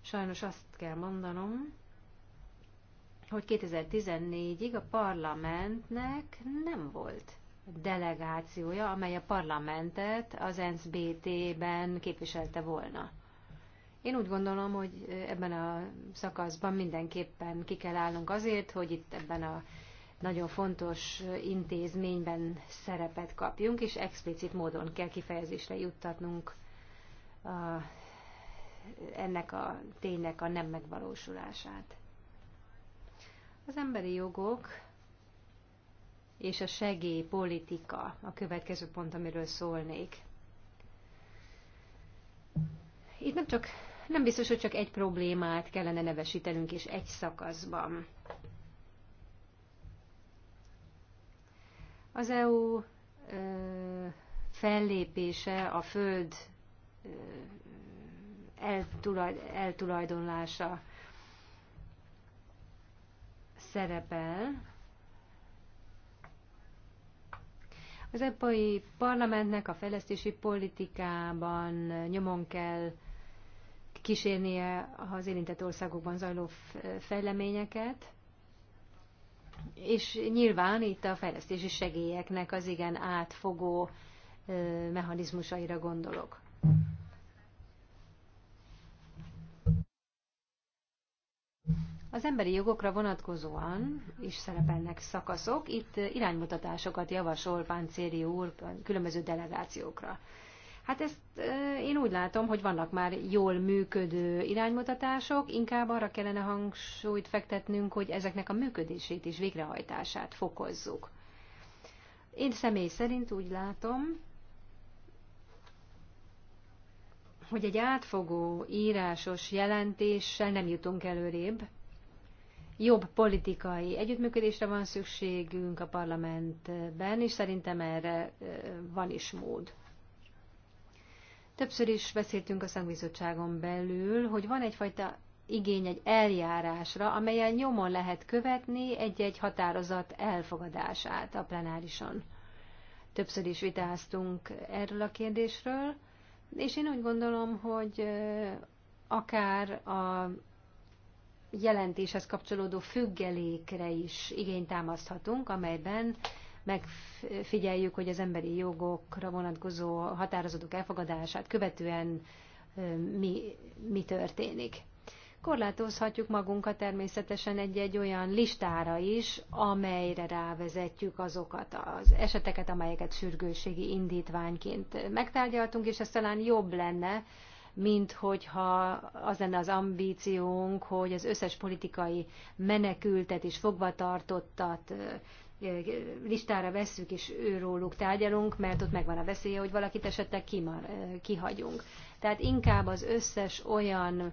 sajnos azt kell mondanom, hogy 2014-ig a parlamentnek nem volt delegációja, amely a parlamentet az ENSZ-BT-ben képviselte volna. Én úgy gondolom, hogy ebben a szakaszban mindenképpen ki kell állnunk azért, hogy itt ebben a nagyon fontos intézményben szerepet kapjunk, és explicit módon kell kifejezésre juttatnunk a, ennek a ténynek a nem megvalósulását. Az emberi jogok és a segélypolitika a következő pont, amiről szólnék. Itt nem csak nem biztos, hogy csak egy problémát kellene nevesítenünk, és egy szakaszban. Az EU ö, fellépése a föld eltulajdonlása szerepel, Az európai parlamentnek a fejlesztési politikában nyomon kell kísérnie az érintett országokban zajló fejleményeket, és nyilván itt a fejlesztési segélyeknek az igen átfogó mechanizmusaira gondolok. Az emberi jogokra vonatkozóan is szerepelnek szakaszok, itt iránymutatásokat javasol Páncéri úr különböző delegációkra. Hát ezt én úgy látom, hogy vannak már jól működő iránymutatások, inkább arra kellene hangsúlyt fektetnünk, hogy ezeknek a működését és végrehajtását fokozzuk. Én személy szerint úgy látom, hogy egy átfogó írásos jelentéssel nem jutunk előrébb, jobb politikai együttműködésre van szükségünk a parlamentben, és szerintem erre van is mód. Többször is beszéltünk a szakbizottságon belül, hogy van egyfajta igény egy eljárásra, amelyen nyomon lehet követni egy-egy határozat elfogadását a plenárison. Többször is vitáztunk erről a kérdésről, és én úgy gondolom, hogy akár a jelentéshez kapcsolódó függelékre is igényt támaszthatunk, amelyben megfigyeljük, hogy az emberi jogokra vonatkozó határozatok elfogadását követően mi, mi történik. Korlátozhatjuk magunkat természetesen egy-egy olyan listára is, amelyre rávezetjük azokat az eseteket, amelyeket sürgőségi indítványként megtárgyaltunk, és ez talán jobb lenne, mint hogyha az lenne az ambíciónk, hogy az összes politikai menekültet és fogvatartottat listára vesszük és őróluk tárgyalunk, mert ott megvan a veszélye, hogy valakit esetleg kimar, kihagyunk. Tehát inkább az összes olyan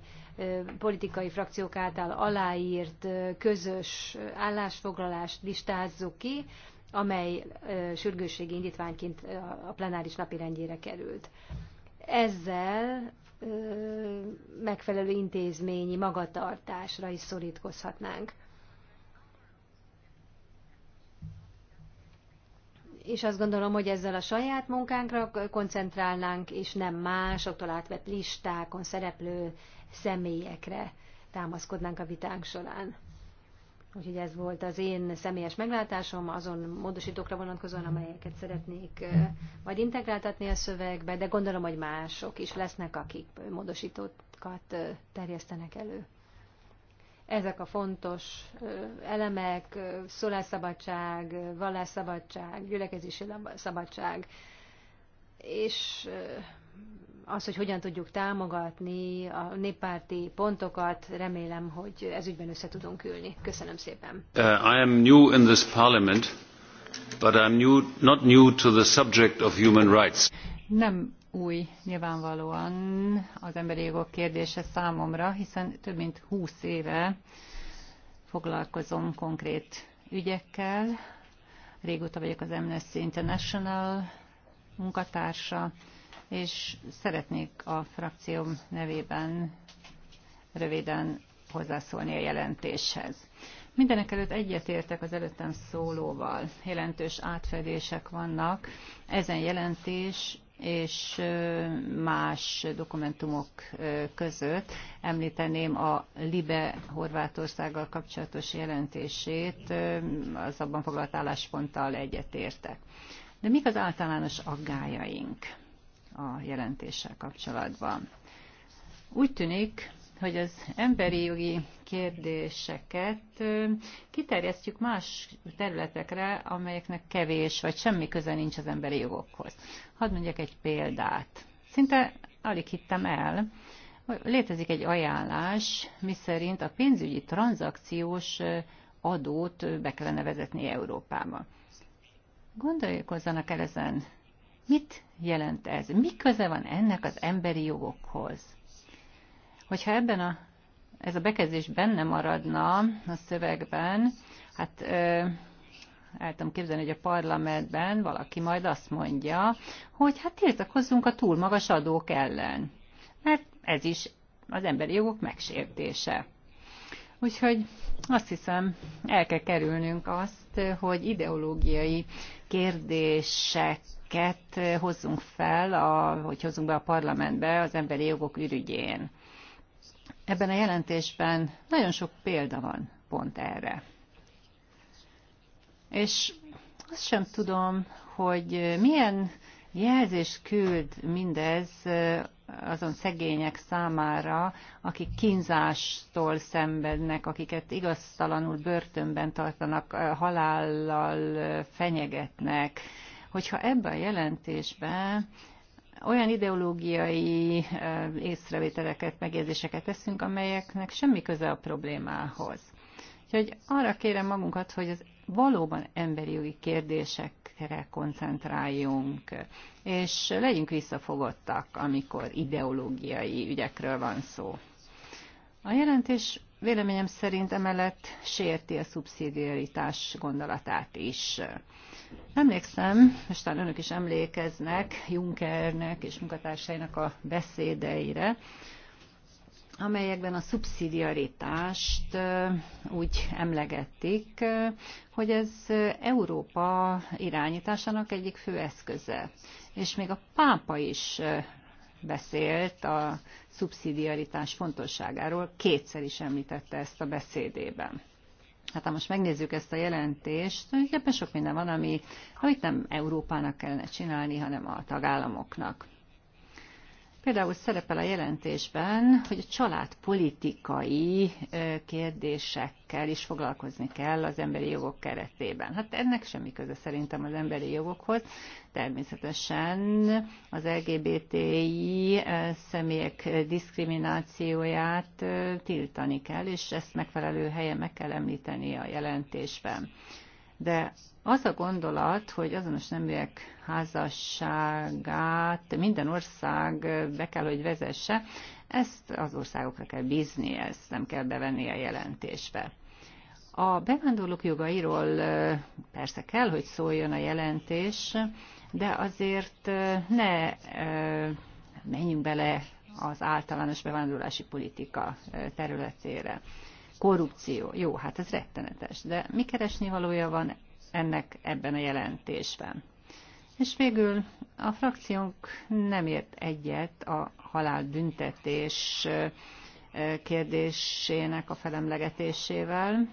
politikai frakciók által aláírt közös állásfoglalást listázzuk ki, amely sürgősségi indítványként a plenáris rendjére került. Ezzel megfelelő intézményi magatartásra is szorítkozhatnánk. és azt gondolom, hogy ezzel a saját munkánkra koncentrálnánk, és nem másoktól átvett listákon szereplő személyekre támaszkodnánk a vitánk során. Úgyhogy ez volt az én személyes meglátásom azon módosítókra vonatkozóan, amelyeket szeretnék majd integráltatni a szövegbe, de gondolom, hogy mások is lesznek, akik módosítókat terjesztenek elő. Ezek a fontos elemek, szólásszabadság, vallásszabadság, gyülekezési szabadság, és az, hogy hogyan tudjuk támogatni a néppárti pontokat, remélem, hogy ügyben össze tudunk ülni. Köszönöm szépen. Uh, I am new in this parliament, but I'm new, not new to the subject of human rights. Nem új nyilvánvalóan az emberi jogok kérdése számomra, hiszen több mint 20 éve foglalkozom konkrét ügyekkel. Régóta vagyok az Amnesty International munkatársa, és szeretnék a frakcióm nevében röviden hozzászólni a jelentéshez. Mindenek előtt egyetértek az előttem szólóval. Jelentős átfedések vannak. Ezen jelentés és más dokumentumok között említeném a LIBE Horvátországgal kapcsolatos jelentését, az abban foglalt állásponttal egyetértek. De mik az általános aggájaink? a jelentéssel kapcsolatban. Úgy tűnik, hogy az emberi jogi kérdéseket kiterjesztjük más területekre, amelyeknek kevés vagy semmi köze nincs az emberi jogokhoz. Hadd mondjak egy példát. Szinte alig hittem el, hogy létezik egy ajánlás, miszerint a pénzügyi tranzakciós adót be kellene vezetni Európába. Gondolkozzanak el ezen Mit jelent ez? Mi köze van ennek az emberi jogokhoz? Hogyha ebben a, ez a bekezdés benne maradna a szövegben, hát ö, el tudom képzelni, hogy a parlamentben valaki majd azt mondja, hogy hát tiltakozzunk a túl magas adók ellen, mert ez is az emberi jogok megsértése. Úgyhogy azt hiszem, el kell kerülnünk azt, hogy ideológiai kérdések amiket hozzunk fel, a, hogy hozzunk be a parlamentbe az emberi jogok ürügyén. Ebben a jelentésben nagyon sok példa van pont erre. És azt sem tudom, hogy milyen jelzés küld mindez azon szegények számára, akik kínzástól szenvednek, akiket igaztalanul börtönben tartanak, halállal fenyegetnek, hogyha ebben a jelentésben olyan ideológiai eh, észrevételeket, megjegyzéseket teszünk, amelyeknek semmi köze a problémához. Úgyhogy arra kérem magunkat, hogy az valóban emberi jogi kérdésekre koncentráljunk, és legyünk visszafogottak, amikor ideológiai ügyekről van szó. A jelentés véleményem szerint emellett sérti a szubszidiaritás gondolatát is. Emlékszem, és talán önök is emlékeznek Junckernek és munkatársainak a beszédeire, amelyekben a szubszidiaritást úgy emlegetik, hogy ez Európa irányításának egyik fő eszköze. És még a pápa is beszélt a szubszidiaritás fontosságáról, kétszer is említette ezt a beszédében. Hát ha most megnézzük ezt a jelentést, tulajdonképpen sok minden van, ami, amit nem Európának kellene csinálni, hanem a tagállamoknak. Például szerepel a jelentésben, hogy a családpolitikai kérdésekkel is foglalkozni kell az emberi jogok keretében. Hát ennek semmi köze szerintem az emberi jogokhoz. Természetesen az LGBTI személyek diszkriminációját tiltani kell, és ezt megfelelő helyen meg kell említeni a jelentésben de az a gondolat, hogy azonos neműek házasságát minden ország be kell, hogy vezesse, ezt az országokra kell bízni, ezt nem kell bevenni a jelentésbe. A bevándorlók jogairól persze kell, hogy szóljon a jelentés, de azért ne menjünk bele az általános bevándorlási politika területére korrupció. Jó, hát ez rettenetes, de mi keresni valója van ennek ebben a jelentésben? És végül a frakciónk nem ért egyet a halálbüntetés kérdésének a felemlegetésével.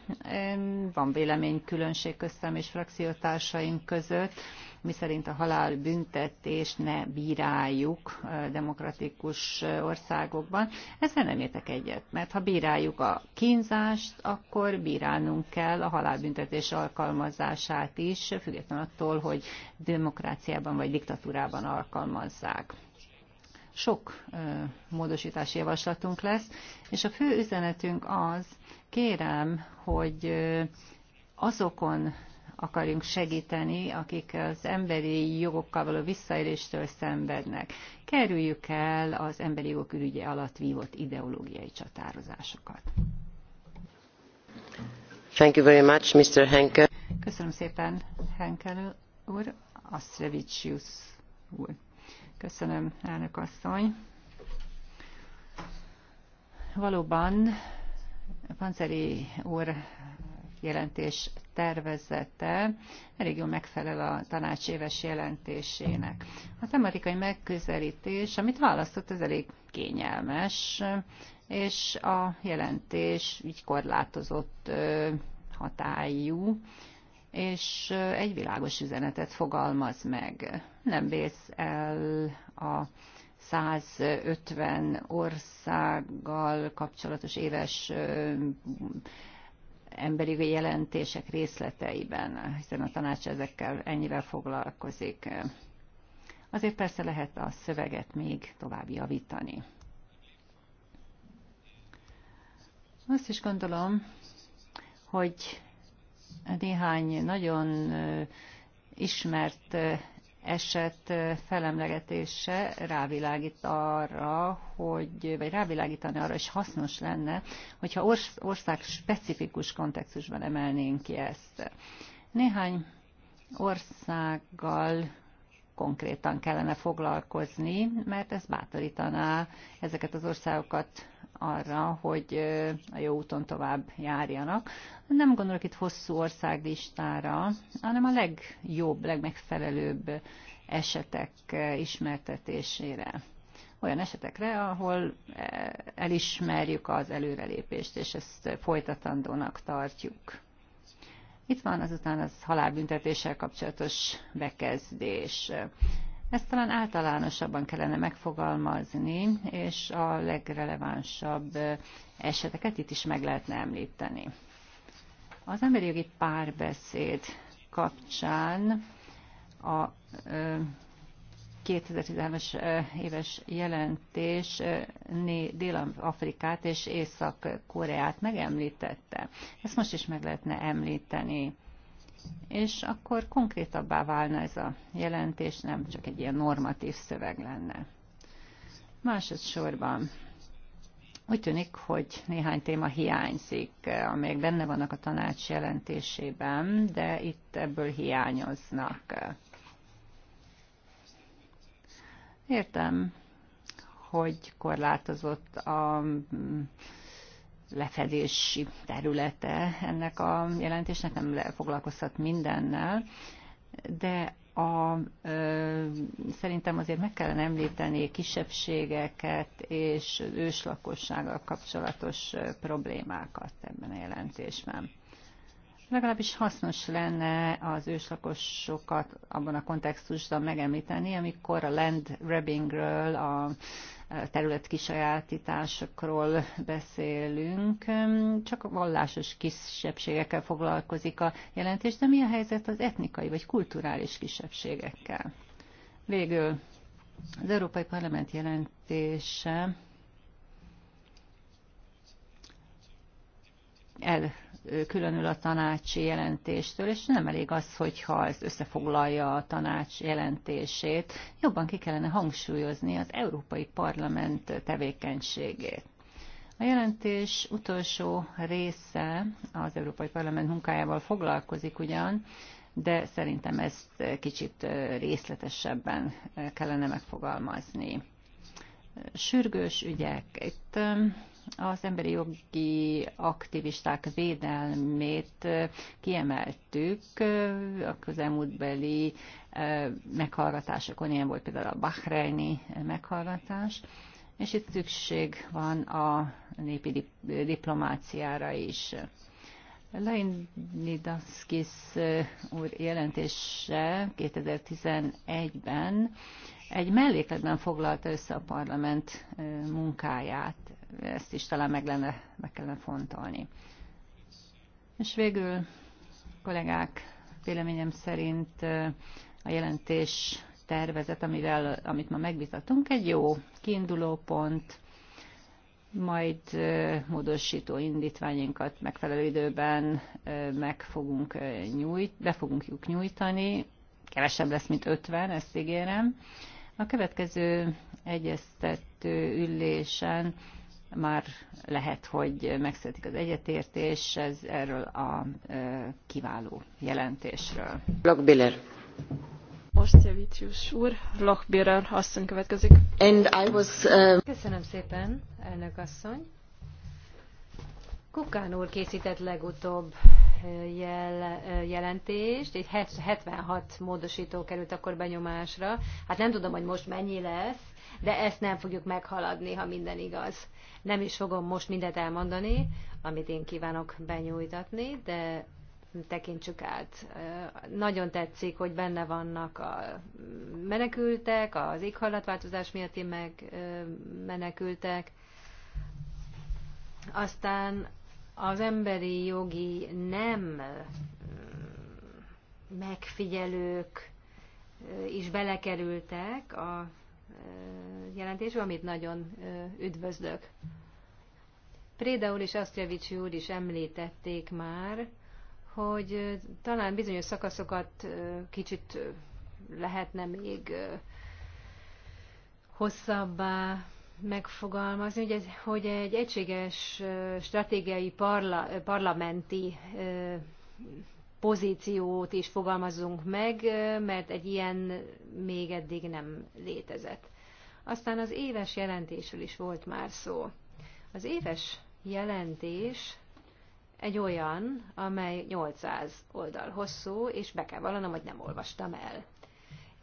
Van különbség köztem és frakciótársaim között, miszerint a halál büntetést ne bíráljuk demokratikus országokban. Ezzel nem értek egyet, mert ha bíráljuk a kínzást, akkor bírálnunk kell a halálbüntetés alkalmazását is, független attól, hogy demokráciában vagy diktatúrában alkalmazzák sok módosítási javaslatunk lesz, és a fő üzenetünk az, kérem, hogy azokon akarjunk segíteni, akik az emberi jogokkal való visszaéléstől szenvednek. Kerüljük el az emberi jogok ürügye alatt vívott ideológiai csatározásokat. Thank you very much, Mr. Henkel. Köszönöm szépen, Henkel úr. Astrevicius úr. Köszönöm, elnök asszony. Valóban Panzeri úr jelentés tervezete elég jól megfelel a tanács éves jelentésének. A tematikai megközelítés, amit választott, ez elég kényelmes, és a jelentés így korlátozott hatályú, és egy világos üzenetet fogalmaz meg. Nem vész el a 150 országgal kapcsolatos éves emberi jelentések részleteiben, hiszen a tanács ezekkel ennyivel foglalkozik. Azért persze lehet a szöveget még tovább javítani. Azt is gondolom, hogy néhány nagyon ismert eset felemlegetése rávilágít arra, hogy, vagy rávilágítani arra, is hasznos lenne, hogyha ország specifikus kontextusban emelnénk ki ezt. Néhány országgal konkrétan kellene foglalkozni, mert ez bátorítaná ezeket az országokat arra, hogy a jó úton tovább járjanak. Nem gondolok itt hosszú országlistára, hanem a legjobb, legmegfelelőbb esetek ismertetésére. Olyan esetekre, ahol elismerjük az előrelépést, és ezt folytatandónak tartjuk. Itt van azután az halálbüntetéssel kapcsolatos bekezdés. Ezt talán általánosabban kellene megfogalmazni, és a legrelevánsabb eseteket itt is meg lehetne említeni. Az emberi jogi párbeszéd kapcsán a 2013-as éves jelentés Dél-Afrikát és Észak-Koreát megemlítette. Ezt most is meg lehetne említeni. És akkor konkrétabbá válna ez a jelentés, nem csak egy ilyen normatív szöveg lenne. Másodszorban úgy tűnik, hogy néhány téma hiányzik, amelyek benne vannak a tanács jelentésében, de itt ebből hiányoznak. Értem, hogy korlátozott a mm, lefedési területe ennek a jelentésnek, nem foglalkozhat mindennel, de a, ö, szerintem azért meg kellene említeni kisebbségeket és őslakossággal kapcsolatos problémákat ebben a jelentésben legalábbis hasznos lenne az őslakosokat abban a kontextusban megemlíteni, amikor a land grabbingről, a terület kisajátításokról beszélünk. Csak a vallásos kisebbségekkel foglalkozik a jelentés, de mi a helyzet az etnikai vagy kulturális kisebbségekkel? Végül az Európai Parlament jelentése el különül a tanácsi jelentéstől, és nem elég az, hogyha ez összefoglalja a tanács jelentését. Jobban ki kellene hangsúlyozni az Európai Parlament tevékenységét. A jelentés utolsó része az Európai Parlament munkájával foglalkozik ugyan, de szerintem ezt kicsit részletesebben kellene megfogalmazni. Sürgős ügyek. Itt az emberi jogi aktivisták védelmét kiemeltük a közelmúltbeli meghallgatásokon, ilyen volt például a Bahreini meghallgatás, és itt szükség van a népi diplomáciára is. Nidaskis úr jelentése 2011-ben egy mellékletben foglalta össze a parlament munkáját ezt is talán meg, lenne, meg kellene fontolni. És végül, kollégák, véleményem szerint a jelentés tervezet, amivel, amit ma megvitatunk, egy jó kiinduló pont, majd módosító indítványinkat megfelelő időben meg fogunk nyújt, be fogunk nyújtani, kevesebb lesz, mint 50, ezt ígérem. A következő egyeztető ülésen már lehet, hogy megszületik az egyetértés ez erről a kiváló jelentésről. Lockbiller. Osztjevicius úr, Lochbiller asszony következik. And I was, uh... Köszönöm szépen, elnök asszony. Kukán úr készített legutóbb jel, jelentést, egy 76 módosító került akkor benyomásra. Hát nem tudom, hogy most mennyi lesz, de ezt nem fogjuk meghaladni, ha minden igaz. Nem is fogom most mindet elmondani, amit én kívánok benyújtatni, de tekintsük át. Nagyon tetszik, hogy benne vannak a menekültek, az éghajlatváltozás miatti meg menekültek. Aztán az emberi jogi nem megfigyelők is belekerültek a jelentésbe, amit nagyon üdvözlök. Préda úr és Asztrevics úr is említették már, hogy talán bizonyos szakaszokat kicsit lehetne még hosszabbá megfogalmazni, hogy, ez, hogy egy egységes stratégiai parla, parlamenti pozíciót is fogalmazzunk meg, mert egy ilyen még eddig nem létezett. Aztán az éves jelentésről is volt már szó. Az éves jelentés egy olyan, amely 800 oldal hosszú, és be kell vallanom, hogy nem olvastam el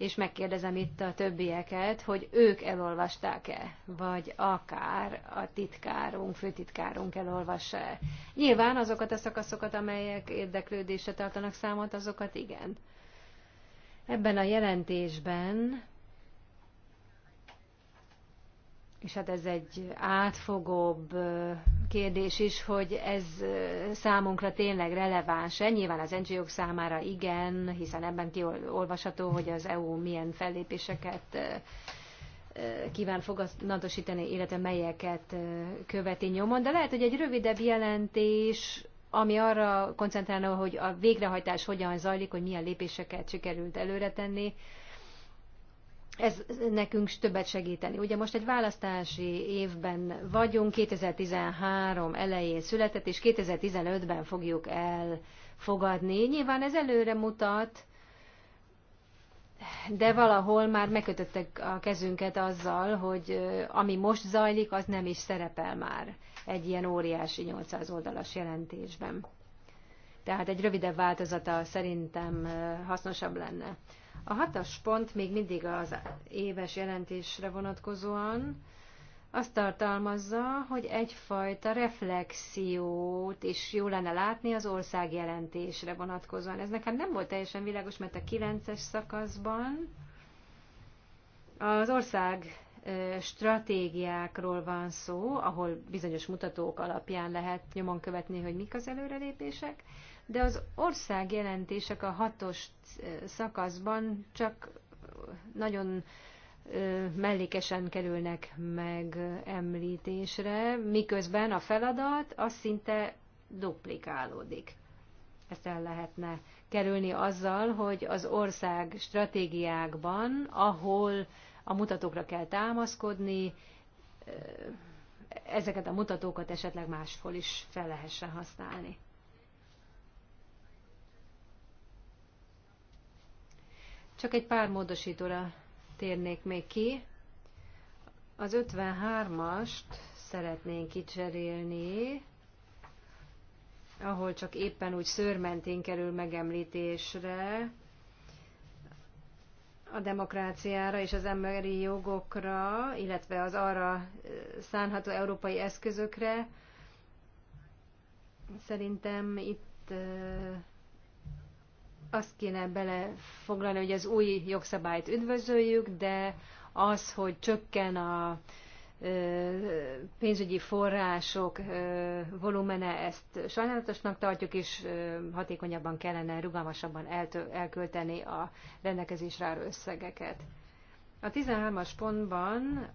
és megkérdezem itt a többieket, hogy ők elolvasták-e, vagy akár a titkárunk, főtitkárunk elolvassa-e. Nyilván azokat a szakaszokat, amelyek érdeklődésre tartanak számot, azokat igen. Ebben a jelentésben és hát ez egy átfogóbb kérdés is, hogy ez számunkra tényleg releváns-e. Nyilván az NGO-k számára igen, hiszen ebben kiolvasható, hogy az EU milyen fellépéseket kíván fogadatosítani, illetve melyeket követi nyomon, de lehet, hogy egy rövidebb jelentés, ami arra koncentrálna, hogy a végrehajtás hogyan zajlik, hogy milyen lépéseket sikerült előretenni, tenni, ez nekünk többet segíteni. Ugye most egy választási évben vagyunk, 2013 elején született, és 2015-ben fogjuk elfogadni. Nyilván ez előre mutat, de valahol már megkötöttek a kezünket azzal, hogy ami most zajlik, az nem is szerepel már egy ilyen óriási 800 oldalas jelentésben. Tehát egy rövidebb változata szerintem hasznosabb lenne. A hatas pont még mindig az éves jelentésre vonatkozóan azt tartalmazza, hogy egyfajta reflexiót is jó lenne látni az ország jelentésre vonatkozóan. Ez nekem nem volt teljesen világos, mert a 9-es szakaszban az ország stratégiákról van szó, ahol bizonyos mutatók alapján lehet nyomon követni, hogy mik az előrelépések, de az ország jelentések a hatos eh, szakaszban csak eh, nagyon eh, mellékesen kerülnek meg említésre, miközben a feladat az szinte duplikálódik. Ezt el lehetne kerülni azzal, hogy az ország stratégiákban, ahol a mutatókra kell támaszkodni, ezeket a mutatókat esetleg máshol is fel lehessen használni. Csak egy pár módosítóra térnék még ki. Az 53-ast szeretnénk kicserélni, ahol csak éppen úgy szőrmentén kerül megemlítésre, a demokráciára és az emberi jogokra, illetve az arra szánható európai eszközökre. Szerintem itt azt kéne belefoglalni, hogy az új jogszabályt üdvözöljük, de az, hogy csökken a pénzügyi források volumene, ezt sajnálatosnak tartjuk, és hatékonyabban kellene, rugalmasabban elkölteni a rendelkezésre álló összegeket. A 13-as pontban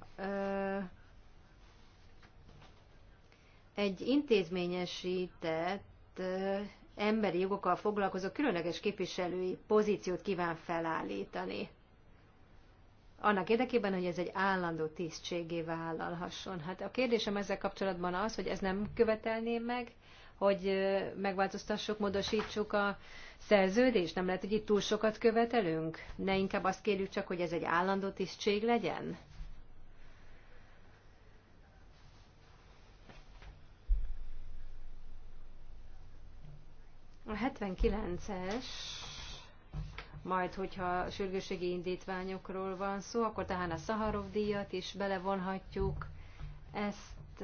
egy intézményesített emberi jogokkal foglalkozó különleges képviselői pozíciót kíván felállítani. Annak érdekében, hogy ez egy állandó tisztségé vállalhasson. Hát a kérdésem ezzel kapcsolatban az, hogy ez nem követelné meg, hogy megváltoztassuk, módosítsuk a szerződést? Nem lehet, hogy itt túl sokat követelünk? Ne inkább azt kérjük csak, hogy ez egy állandó tisztség legyen? A 79-es, majd hogyha sürgőségi indítványokról van szó, akkor tehát a Szaharov díjat is belevonhatjuk ezt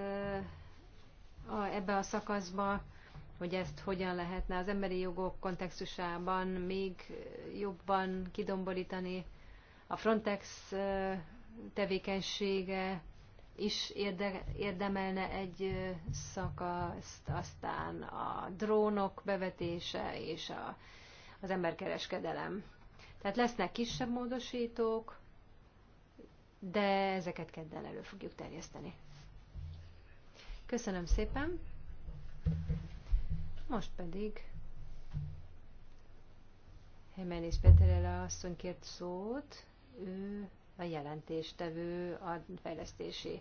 a, ebbe a szakaszba, hogy ezt hogyan lehetne az emberi jogok kontextusában még jobban kidomborítani. A Frontex tevékenysége is érde, érdemelne egy szakaszt, aztán a drónok bevetése és a, az emberkereskedelem. Tehát lesznek kisebb módosítók, de ezeket kedden elő fogjuk terjeszteni. Köszönöm szépen. Most pedig Hemenis Peterele asszony kért szót. Ő a jelentéstevő a fejlesztési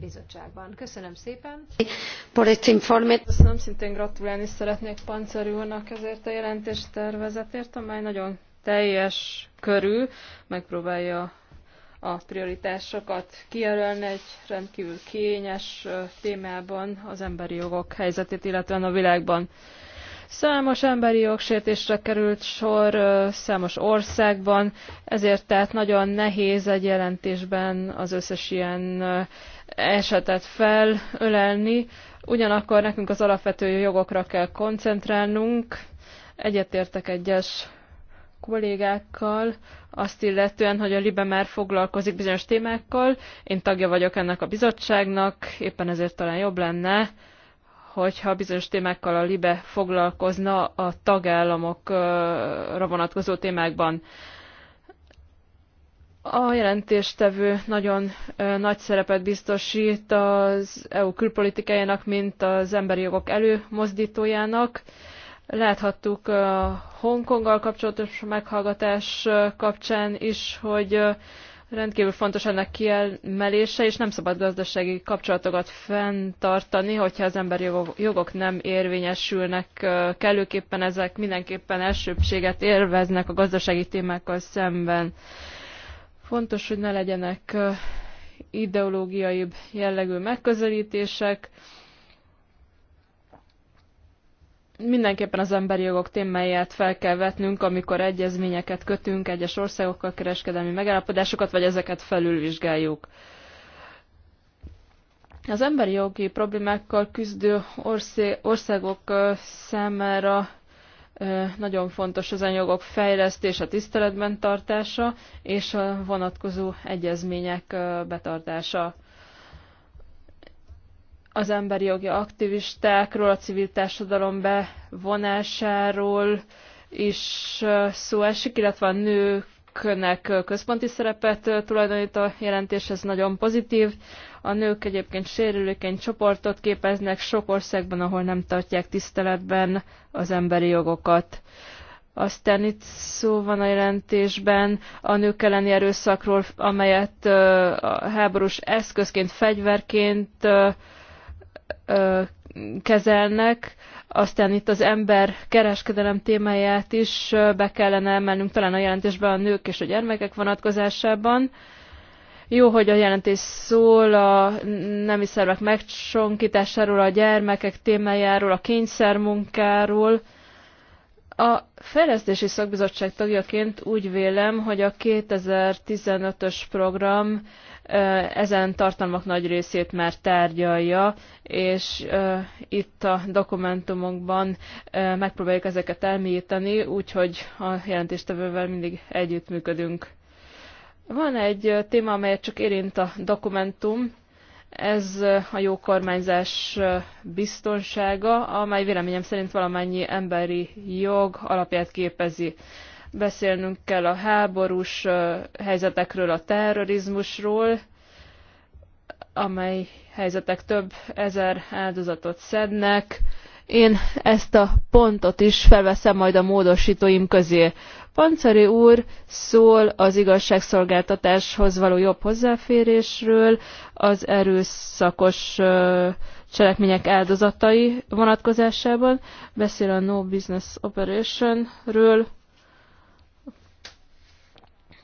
bizottságban. Köszönöm szépen. Köszönöm, szintén gratulálni szeretnék Pancer úrnak ezért a tervezetért, amely nagyon teljes körű, megpróbálja a prioritásokat kijelölni egy rendkívül kényes témában az emberi jogok helyzetét, illetve a világban. Számos emberi jogsértésre került sor számos országban, ezért tehát nagyon nehéz egy jelentésben az összes ilyen esetet felölelni. Ugyanakkor nekünk az alapvető jogokra kell koncentrálnunk. Egyetértek egyes kollégákkal, azt illetően, hogy a Libe már foglalkozik bizonyos témákkal. Én tagja vagyok ennek a bizottságnak, éppen ezért talán jobb lenne, hogyha bizonyos témákkal a LIBE foglalkozna a tagállamokra vonatkozó témákban. A jelentéstevő nagyon nagy szerepet biztosít az EU külpolitikájának, mint az emberi jogok előmozdítójának. Láthattuk Hongkonggal kapcsolatos meghallgatás kapcsán is, hogy Rendkívül fontos ennek kiemelése, és nem szabad gazdasági kapcsolatokat fenntartani, hogyha az emberi jogok nem érvényesülnek kellőképpen, ezek mindenképpen elsőbséget élveznek a gazdasági témákkal szemben. Fontos, hogy ne legyenek ideológiaibb jellegű megközelítések, mindenképpen az emberi jogok témáját fel kell vetnünk, amikor egyezményeket kötünk egyes országokkal, kereskedelmi megállapodásokat, vagy ezeket felülvizsgáljuk. Az emberi jogi problémákkal küzdő országok számára nagyon fontos az anyagok fejlesztése, tiszteletben tartása és a vonatkozó egyezmények betartása az emberi jogi aktivistákról, a civil társadalom bevonásáról is szó esik, illetve a nőknek központi szerepet tulajdonít a jelentés, ez nagyon pozitív. A nők egyébként sérülékeny csoportot képeznek sok országban, ahol nem tartják tiszteletben az emberi jogokat. Aztán itt szó van a jelentésben a nők elleni erőszakról, amelyet a háborús eszközként, fegyverként kezelnek. Aztán itt az ember kereskedelem témáját is be kellene emelnünk talán a jelentésben a nők és a gyermekek vonatkozásában. Jó, hogy a jelentés szól a nemi szervek megcsonkításáról, a gyermekek témájáról, a kényszermunkáról. A fejlesztési szakbizottság tagjaként úgy vélem, hogy a 2015-ös program ezen tartalmak nagy részét már tárgyalja, és itt a dokumentumokban megpróbáljuk ezeket elmélyíteni, úgyhogy a jelentéstevővel mindig együttműködünk. Van egy téma, amelyet csak érint a dokumentum, ez a jó kormányzás biztonsága, amely véleményem szerint valamennyi emberi jog alapját képezi beszélnünk kell a háborús helyzetekről, a terrorizmusról, amely helyzetek több ezer áldozatot szednek. Én ezt a pontot is felveszem majd a módosítóim közé. Pancari úr szól az igazságszolgáltatáshoz való jobb hozzáférésről, az erőszakos cselekmények áldozatai vonatkozásában, beszél a No Business Operation-ről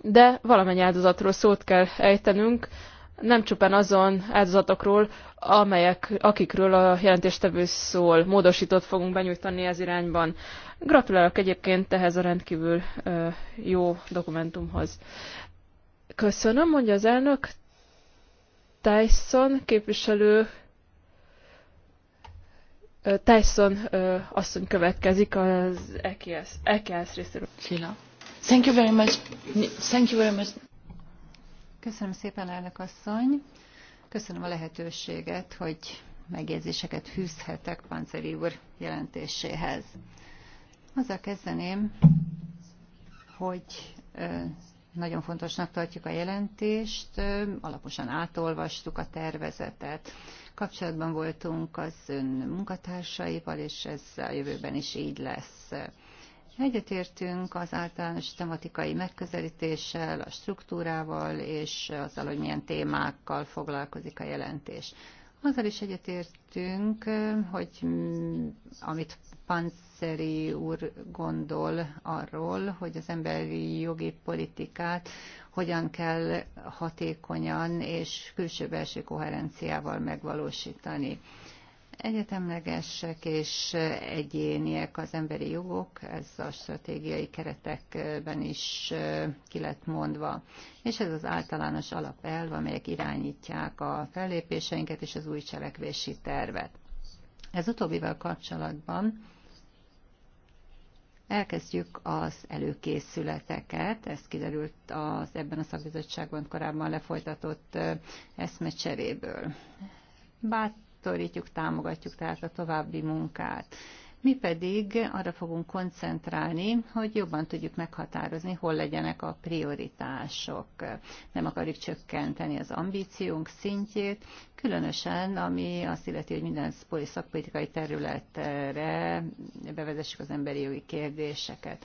de valamennyi áldozatról szót kell ejtenünk, nem csupán azon áldozatokról, amelyek, akikről a jelentéstevő szól, módosított fogunk benyújtani ez irányban. Gratulálok egyébként ehhez a rendkívül ö, jó dokumentumhoz. Köszönöm, mondja az elnök. Tyson képviselő Tyson ö, asszony következik az EKS, EKS részéről. Köszönöm szépen, elnök asszony. Köszönöm a lehetőséget, hogy megjegyzéseket fűzhetek Panzeri úr jelentéséhez. Azzal kezdeném, hogy nagyon fontosnak tartjuk a jelentést, alaposan átolvastuk a tervezetet. Kapcsolatban voltunk az ön munkatársaival, és ez a jövőben is így lesz. Egyetértünk az általános tematikai megközelítéssel, a struktúrával és azzal, hogy milyen témákkal foglalkozik a jelentés. Azzal is egyetértünk, hogy amit Panzeri úr gondol arról, hogy az emberi jogi politikát hogyan kell hatékonyan és külső-belső koherenciával megvalósítani egyetemlegesek és egyéniek az emberi jogok, ez a stratégiai keretekben is ki lett mondva. És ez az általános alapelv, amelyek irányítják a fellépéseinket és az új cselekvési tervet. Ez utóbbival kapcsolatban elkezdjük az előkészületeket, ez kiderült az ebben a szakbizottságban korábban lefolytatott eszmecseréből. Bát bátorítjuk, támogatjuk tehát a további munkát. Mi pedig arra fogunk koncentrálni, hogy jobban tudjuk meghatározni, hol legyenek a prioritások. Nem akarjuk csökkenteni az ambíciónk szintjét, különösen ami azt illeti, hogy minden szakpolitikai területre bevezessük az emberi jogi kérdéseket.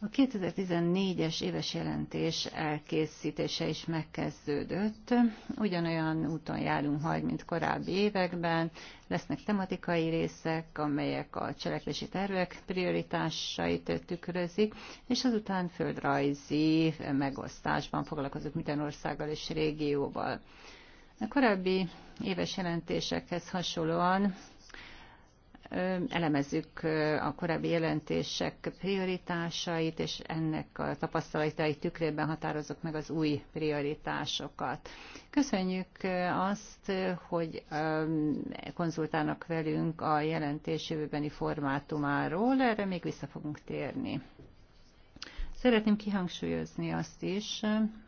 A 2014-es éves jelentés elkészítése is megkezdődött. Ugyanolyan úton járunk majd, mint korábbi években. Lesznek tematikai részek, amelyek a cselekvési tervek prioritásait tükrözik, és azután földrajzi megosztásban foglalkozunk minden országgal és régióval. A korábbi éves jelentésekhez hasonlóan elemezzük a korábbi jelentések prioritásait, és ennek a tapasztalatai tükrében határozok meg az új prioritásokat. Köszönjük azt, hogy konzultálnak velünk a jelentés jövőbeni formátumáról, erre még vissza fogunk térni. Szeretném kihangsúlyozni azt is,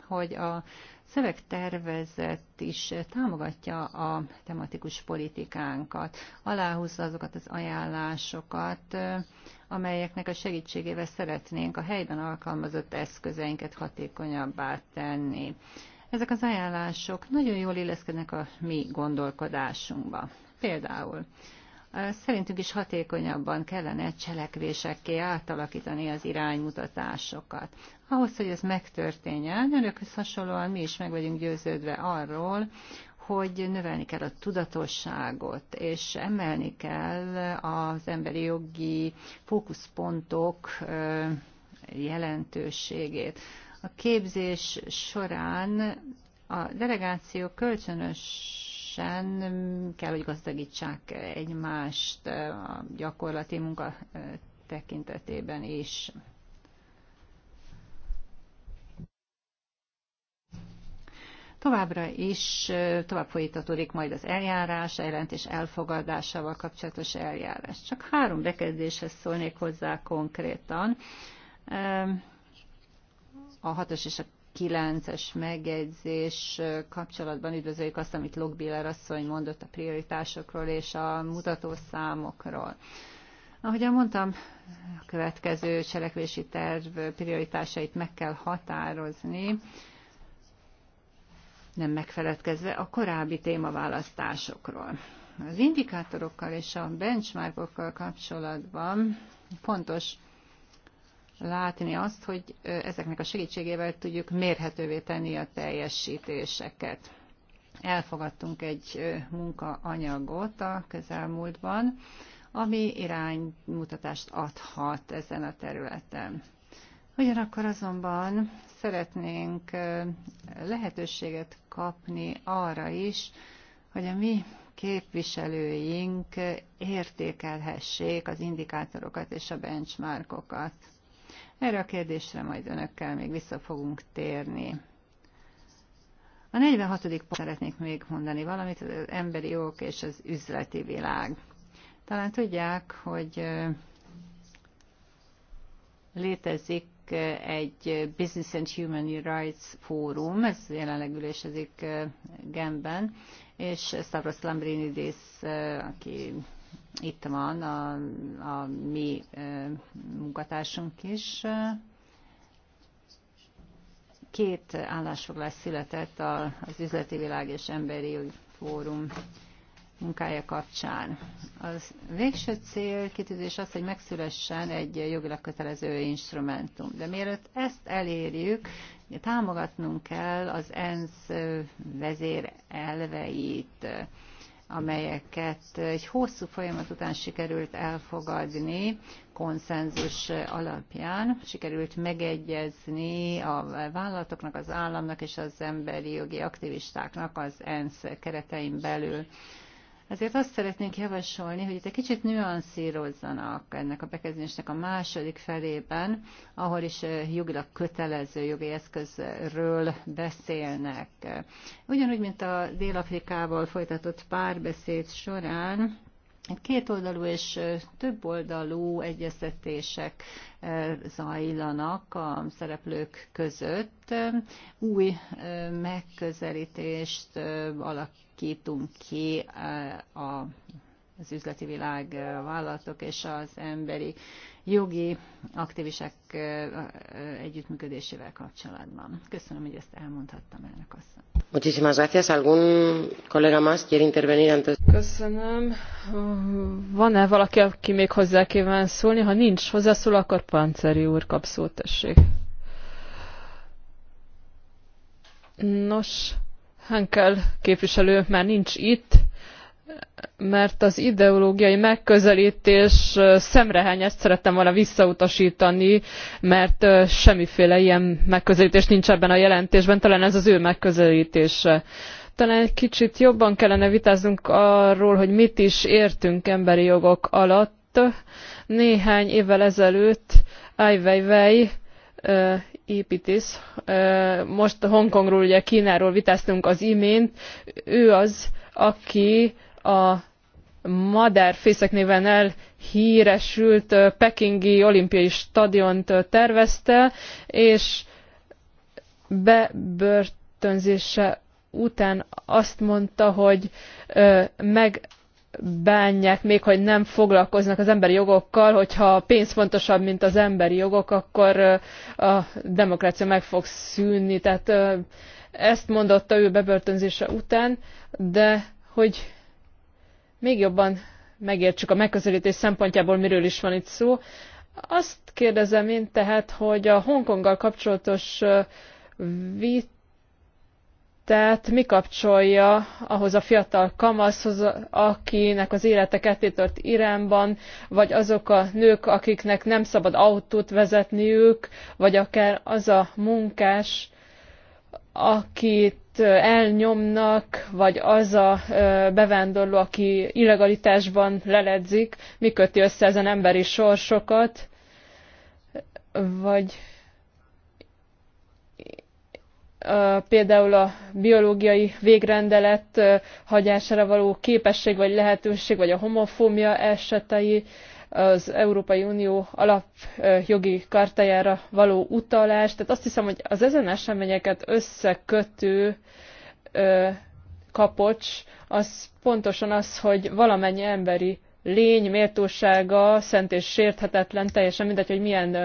hogy a szövegtervezet is támogatja a tematikus politikánkat, aláhúzza azokat az ajánlásokat, amelyeknek a segítségével szeretnénk a helyben alkalmazott eszközeinket hatékonyabbá tenni. Ezek az ajánlások nagyon jól illeszkednek a mi gondolkodásunkba. Például Szerintünk is hatékonyabban kellene cselekvésekké átalakítani az iránymutatásokat. Ahhoz, hogy ez megtörténjen, önökhöz hasonlóan mi is meg vagyunk győződve arról, hogy növelni kell a tudatosságot, és emelni kell az emberi jogi fókuszpontok jelentőségét. A képzés során a delegáció kölcsönös közösen mm, kell, hogy gazdagítsák egymást a gyakorlati munka eh, tekintetében is. Továbbra is eh, tovább folytatódik majd az eljárás, a jelentés elfogadásával kapcsolatos eljárás. Csak három bekezdéshez szólnék hozzá konkrétan. A hatos és a 9-es megjegyzés kapcsolatban üdvözöljük azt, amit Logbiller asszony mondott a prioritásokról és a mutatószámokról. Ahogyan mondtam, a következő cselekvési terv prioritásait meg kell határozni, nem megfeledkezve a korábbi témaválasztásokról. Az indikátorokkal és a benchmarkokkal kapcsolatban fontos, látni azt, hogy ezeknek a segítségével tudjuk mérhetővé tenni a teljesítéseket. Elfogadtunk egy munkaanyagot a közelmúltban, ami iránymutatást adhat ezen a területen. Ugyanakkor azonban szeretnénk lehetőséget kapni arra is, hogy a mi képviselőink értékelhessék az indikátorokat és a benchmarkokat. Erre a kérdésre majd önökkel még vissza fogunk térni. A 46. pont szeretnék még mondani valamit, az emberi jogok és az üzleti világ. Talán tudják, hogy létezik egy Business and Human Rights Fórum, ez jelenleg ülésezik Genben, és Stavros Lambrinidis, aki itt van a, a mi munkatársunk is. Két állásfoglás született az üzleti világ és emberi fórum munkája kapcsán. Az végső cél kitűzés az, hogy megszülessen egy jogilag kötelező instrumentum. De mielőtt ezt elérjük, támogatnunk kell az ENSZ vezér elveit amelyeket egy hosszú folyamat után sikerült elfogadni, konszenzus alapján sikerült megegyezni a vállalatoknak, az államnak és az emberi jogi aktivistáknak az ENSZ keretein belül. Azért azt szeretnénk javasolni, hogy itt egy kicsit nüanszírozzanak ennek a bekezdésnek a második felében, ahol is eh, jogilag kötelező jogi eszközről beszélnek. Ugyanúgy, mint a Dél-Afrikával folytatott párbeszéd során, kétoldalú és többoldalú egyeztetések zajlanak a szereplők között. Új megközelítést alakítunk ki a az üzleti világ, a vállalatok és az emberi jogi aktivisek együttműködésével kapcsolatban. Köszönöm, hogy ezt elmondhattam elnök asszony. Muchísimas gracias. ¿Algún colega más quiere intervenir antes? Köszönöm. Van-e valaki, aki még hozzá kíván szólni? Ha nincs hozzászól, akkor Panceri úr kap szót, tessék. Nos, Henkel képviselő már nincs itt mert az ideológiai megközelítés szemrehányást szerettem volna visszautasítani, mert semmiféle ilyen megközelítés nincs ebben a jelentésben, talán ez az ő megközelítése. Talán egy kicsit jobban kellene vitáznunk arról, hogy mit is értünk emberi jogok alatt. Néhány évvel ezelőtt Ai Weiwei építész, most Hongkongról, ugye Kínáról vitáztunk az imént, ő az, aki a madárfészek néven elhíresült pekingi olimpiai stadiont tervezte, és bebörtönzése után azt mondta, hogy megbánják még, hogy nem foglalkoznak az emberi jogokkal, hogyha a pénz fontosabb, mint az emberi jogok, akkor a demokrácia meg fog szűnni. Tehát ezt mondotta ő bebörtönzése után, de hogy még jobban megértsük a megközelítés szempontjából, miről is van itt szó. Azt kérdezem én tehát, hogy a Hongkonggal kapcsolatos vitát mi kapcsolja ahhoz a fiatal kamaszhoz, akinek az élete kettétört Iránban, vagy azok a nők, akiknek nem szabad autót vezetniük, vagy akár az a munkás, akit elnyomnak, vagy az a bevándorló, aki illegalitásban leledzik, mi köti össze ezen emberi sorsokat, vagy például a biológiai végrendelet hagyására való képesség vagy lehetőség, vagy a homofómia esetei, az Európai Unió alapjogi kartájára való utalás. Tehát azt hiszem, hogy az ezen eseményeket összekötő kapocs az pontosan az, hogy valamennyi emberi lény méltósága szent és sérthetetlen, teljesen mindegy, hogy milyen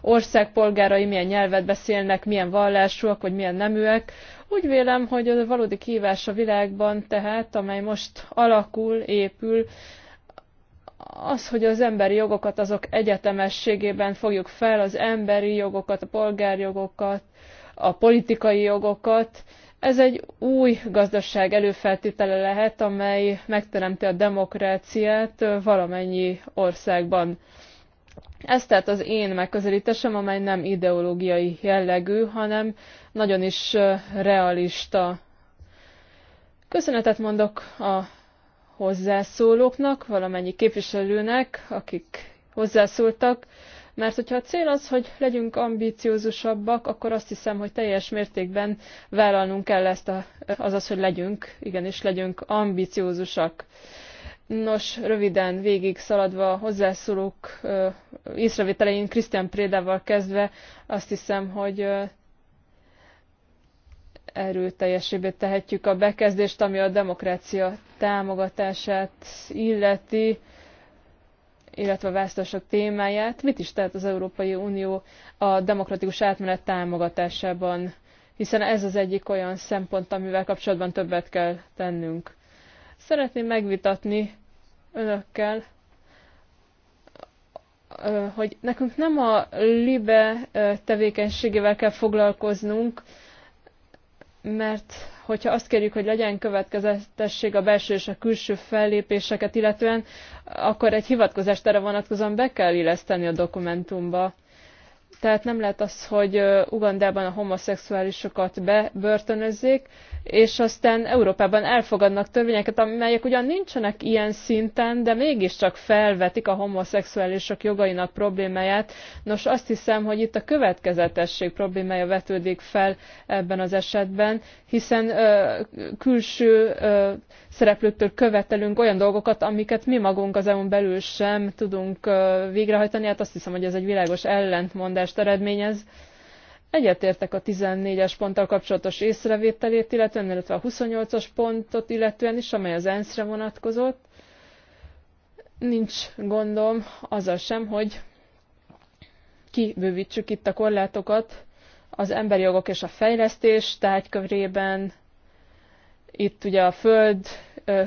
ország polgárai, milyen nyelvet beszélnek, milyen vallásúak, vagy milyen neműek. Úgy vélem, hogy a valódi kívás a világban tehát, amely most alakul, épül, az, hogy az emberi jogokat azok egyetemességében fogjuk fel, az emberi jogokat, a polgárjogokat, a politikai jogokat, ez egy új gazdaság előfeltétele lehet, amely megteremti a demokráciát valamennyi országban. Ez tehát az én megközelítésem, amely nem ideológiai jellegű, hanem nagyon is realista. Köszönetet mondok a hozzászólóknak, valamennyi képviselőnek, akik hozzászóltak, mert hogyha a cél az, hogy legyünk ambíciózusabbak, akkor azt hiszem, hogy teljes mértékben vállalnunk kell ezt, a, azaz, hogy legyünk, igenis legyünk ambíciózusak. Nos, röviden végig szaladva a hozzászólók észrevételein Krisztián Prédával kezdve, azt hiszem, hogy erőteljesébbé tehetjük a bekezdést, ami a demokrácia támogatását illeti, illetve a választások témáját. Mit is tehet az Európai Unió a demokratikus átmenet támogatásában? Hiszen ez az egyik olyan szempont, amivel kapcsolatban többet kell tennünk. Szeretném megvitatni önökkel, hogy nekünk nem a LIBE tevékenységével kell foglalkoznunk, mert hogyha azt kérjük, hogy legyen következetesség a belső és a külső fellépéseket illetően, akkor egy hivatkozást erre vonatkozóan be kell illeszteni a dokumentumba. Tehát nem lehet az, hogy Ugandában a homoszexuálisokat bebörtönözzék, és aztán Európában elfogadnak törvényeket, amelyek ugyan nincsenek ilyen szinten, de mégiscsak felvetik a homoszexuálisok jogainak problémáját. Nos, azt hiszem, hogy itt a következetesség problémája vetődik fel ebben az esetben, hiszen ö, külső ö, szereplőktől követelünk olyan dolgokat, amiket mi magunk az EU-n belül sem tudunk ö, végrehajtani. Hát azt hiszem, hogy ez egy világos ellentmondás javulást eredményez. Egyetértek a 14-es ponttal kapcsolatos észrevételét, illetően, illetve a 28-as pontot illetően is, amely az ENSZ-re vonatkozott. Nincs gondom azzal sem, hogy kibővítsük itt a korlátokat az emberi jogok és a fejlesztés tárgykörében. Itt ugye a föld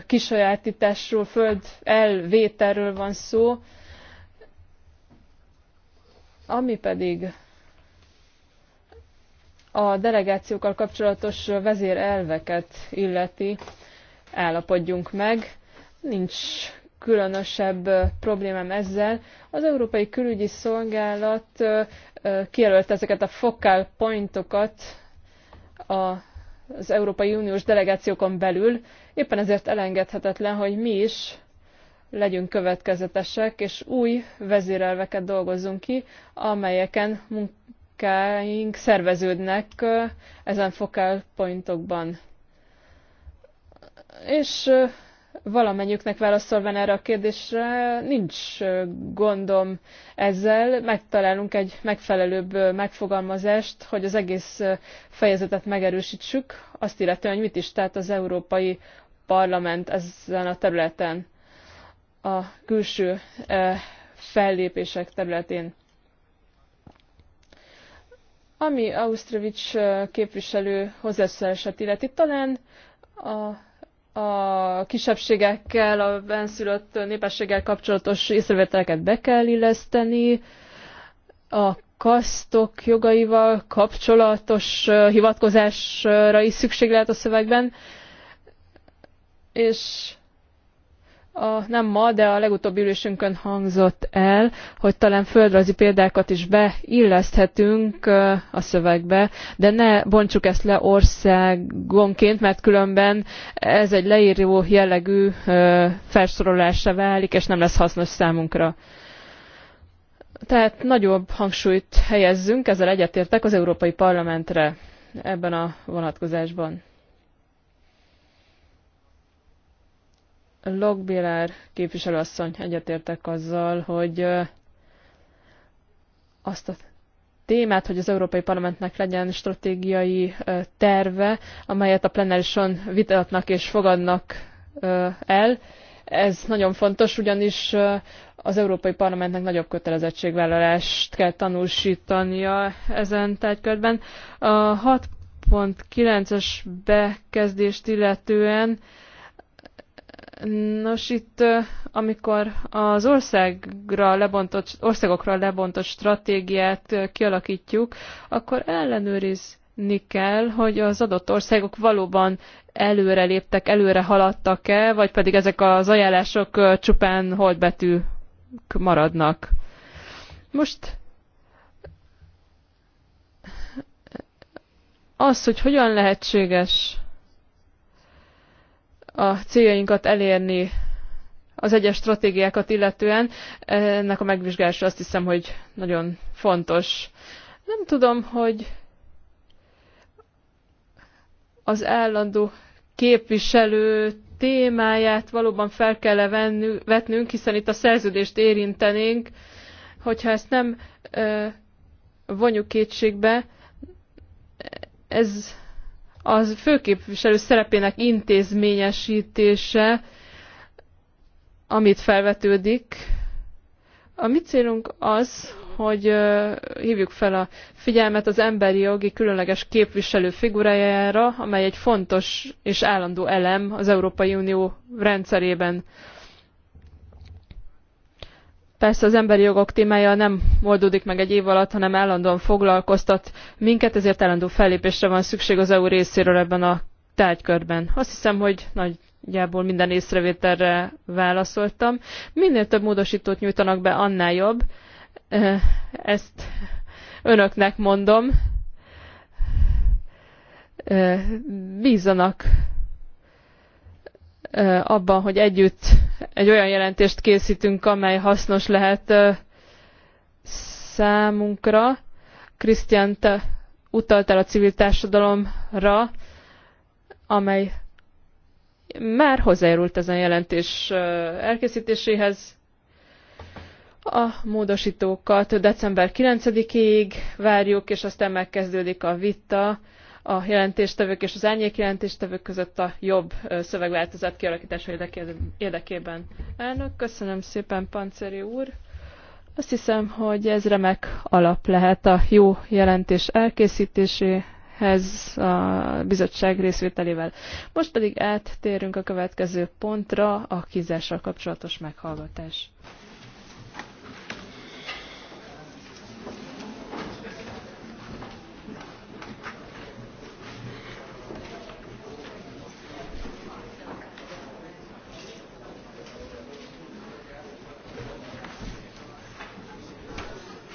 kisajátításról, föld elvételről van szó, ami pedig a delegációkkal kapcsolatos vezérelveket illeti, állapodjunk meg. Nincs különösebb problémám ezzel. Az Európai Külügyi Szolgálat kijelölt ezeket a focal pointokat az Európai Uniós delegációkon belül. Éppen ezért elengedhetetlen, hogy mi is legyünk következetesek, és új vezérelveket dolgozzunk ki, amelyeken munkáink szerveződnek ezen focal pontokban. És valamennyüknek válaszolván erre a kérdésre, nincs gondom ezzel, megtalálunk egy megfelelőbb megfogalmazást, hogy az egész fejezetet megerősítsük, azt illetően, hogy mit is tett az Európai Parlament ezen a területen a külső e, fellépések területén. Ami Ausztrovics e, képviselő hozzászólását illeti, talán a, a kisebbségekkel, a benszülött népességgel kapcsolatos észrevételeket be kell illeszteni, a kasztok jogaival kapcsolatos e, hivatkozásra is szükség lehet a szövegben, és a, nem ma, de a legutóbbi ülésünkön hangzott el, hogy talán földrajzi példákat is beilleszthetünk a szövegbe, de ne bontsuk ezt le országonként, mert különben ez egy leíró jellegű felsorolásra válik, és nem lesz hasznos számunkra. Tehát nagyobb hangsúlyt helyezzünk, ezzel egyetértek az Európai Parlamentre ebben a vonatkozásban. Logbélár képviselőasszony egyetértek azzal, hogy azt a témát, hogy az Európai Parlamentnek legyen stratégiai terve, amelyet a plenárison vitatnak és fogadnak el. Ez nagyon fontos, ugyanis az Európai Parlamentnek nagyobb kötelezettségvállalást kell tanúsítania ezen tárgykörben. A 6.9-es bekezdést illetően Nos, itt amikor az országra lebontott, országokra lebontott stratégiát kialakítjuk, akkor ellenőrizni kell, hogy az adott országok valóban előre léptek, előre haladtak-e, vagy pedig ezek az ajánlások csupán holdbetűk maradnak. Most az, hogy hogyan lehetséges a céljainkat elérni az egyes stratégiákat illetően. Ennek a megvizsgálása azt hiszem, hogy nagyon fontos. Nem tudom, hogy az állandó képviselő témáját valóban fel kell vennünk, vetnünk, hiszen itt a szerződést érintenénk, hogyha ezt nem ö, vonjuk kétségbe, ez az főképviselő szerepének intézményesítése, amit felvetődik. A mi célunk az, hogy hívjuk fel a figyelmet az emberi jogi különleges képviselő figurájára, amely egy fontos és állandó elem az Európai Unió rendszerében. Persze az emberi jogok témája nem oldódik meg egy év alatt, hanem állandóan foglalkoztat minket, ezért állandó fellépésre van szükség az EU részéről ebben a tárgykörben. Azt hiszem, hogy nagyjából minden észrevételre válaszoltam. Minél több módosítót nyújtanak be, annál jobb. Ezt önöknek mondom. Bízanak abban, hogy együtt egy olyan jelentést készítünk, amely hasznos lehet számunkra. Krisztián, te utaltál a civil társadalomra, amely már hozzájárult ezen jelentés elkészítéséhez. A módosítókat december 9-ig várjuk, és aztán megkezdődik a vita a jelentéstevők és az árnyék jelentéstevők között a jobb szövegváltozat kialakítása érdekében. Elnök, köszönöm szépen, Panceri úr. Azt hiszem, hogy ez remek alap lehet a jó jelentés elkészítéséhez a bizottság részvételével. Most pedig áttérünk a következő pontra, a kizással kapcsolatos meghallgatás.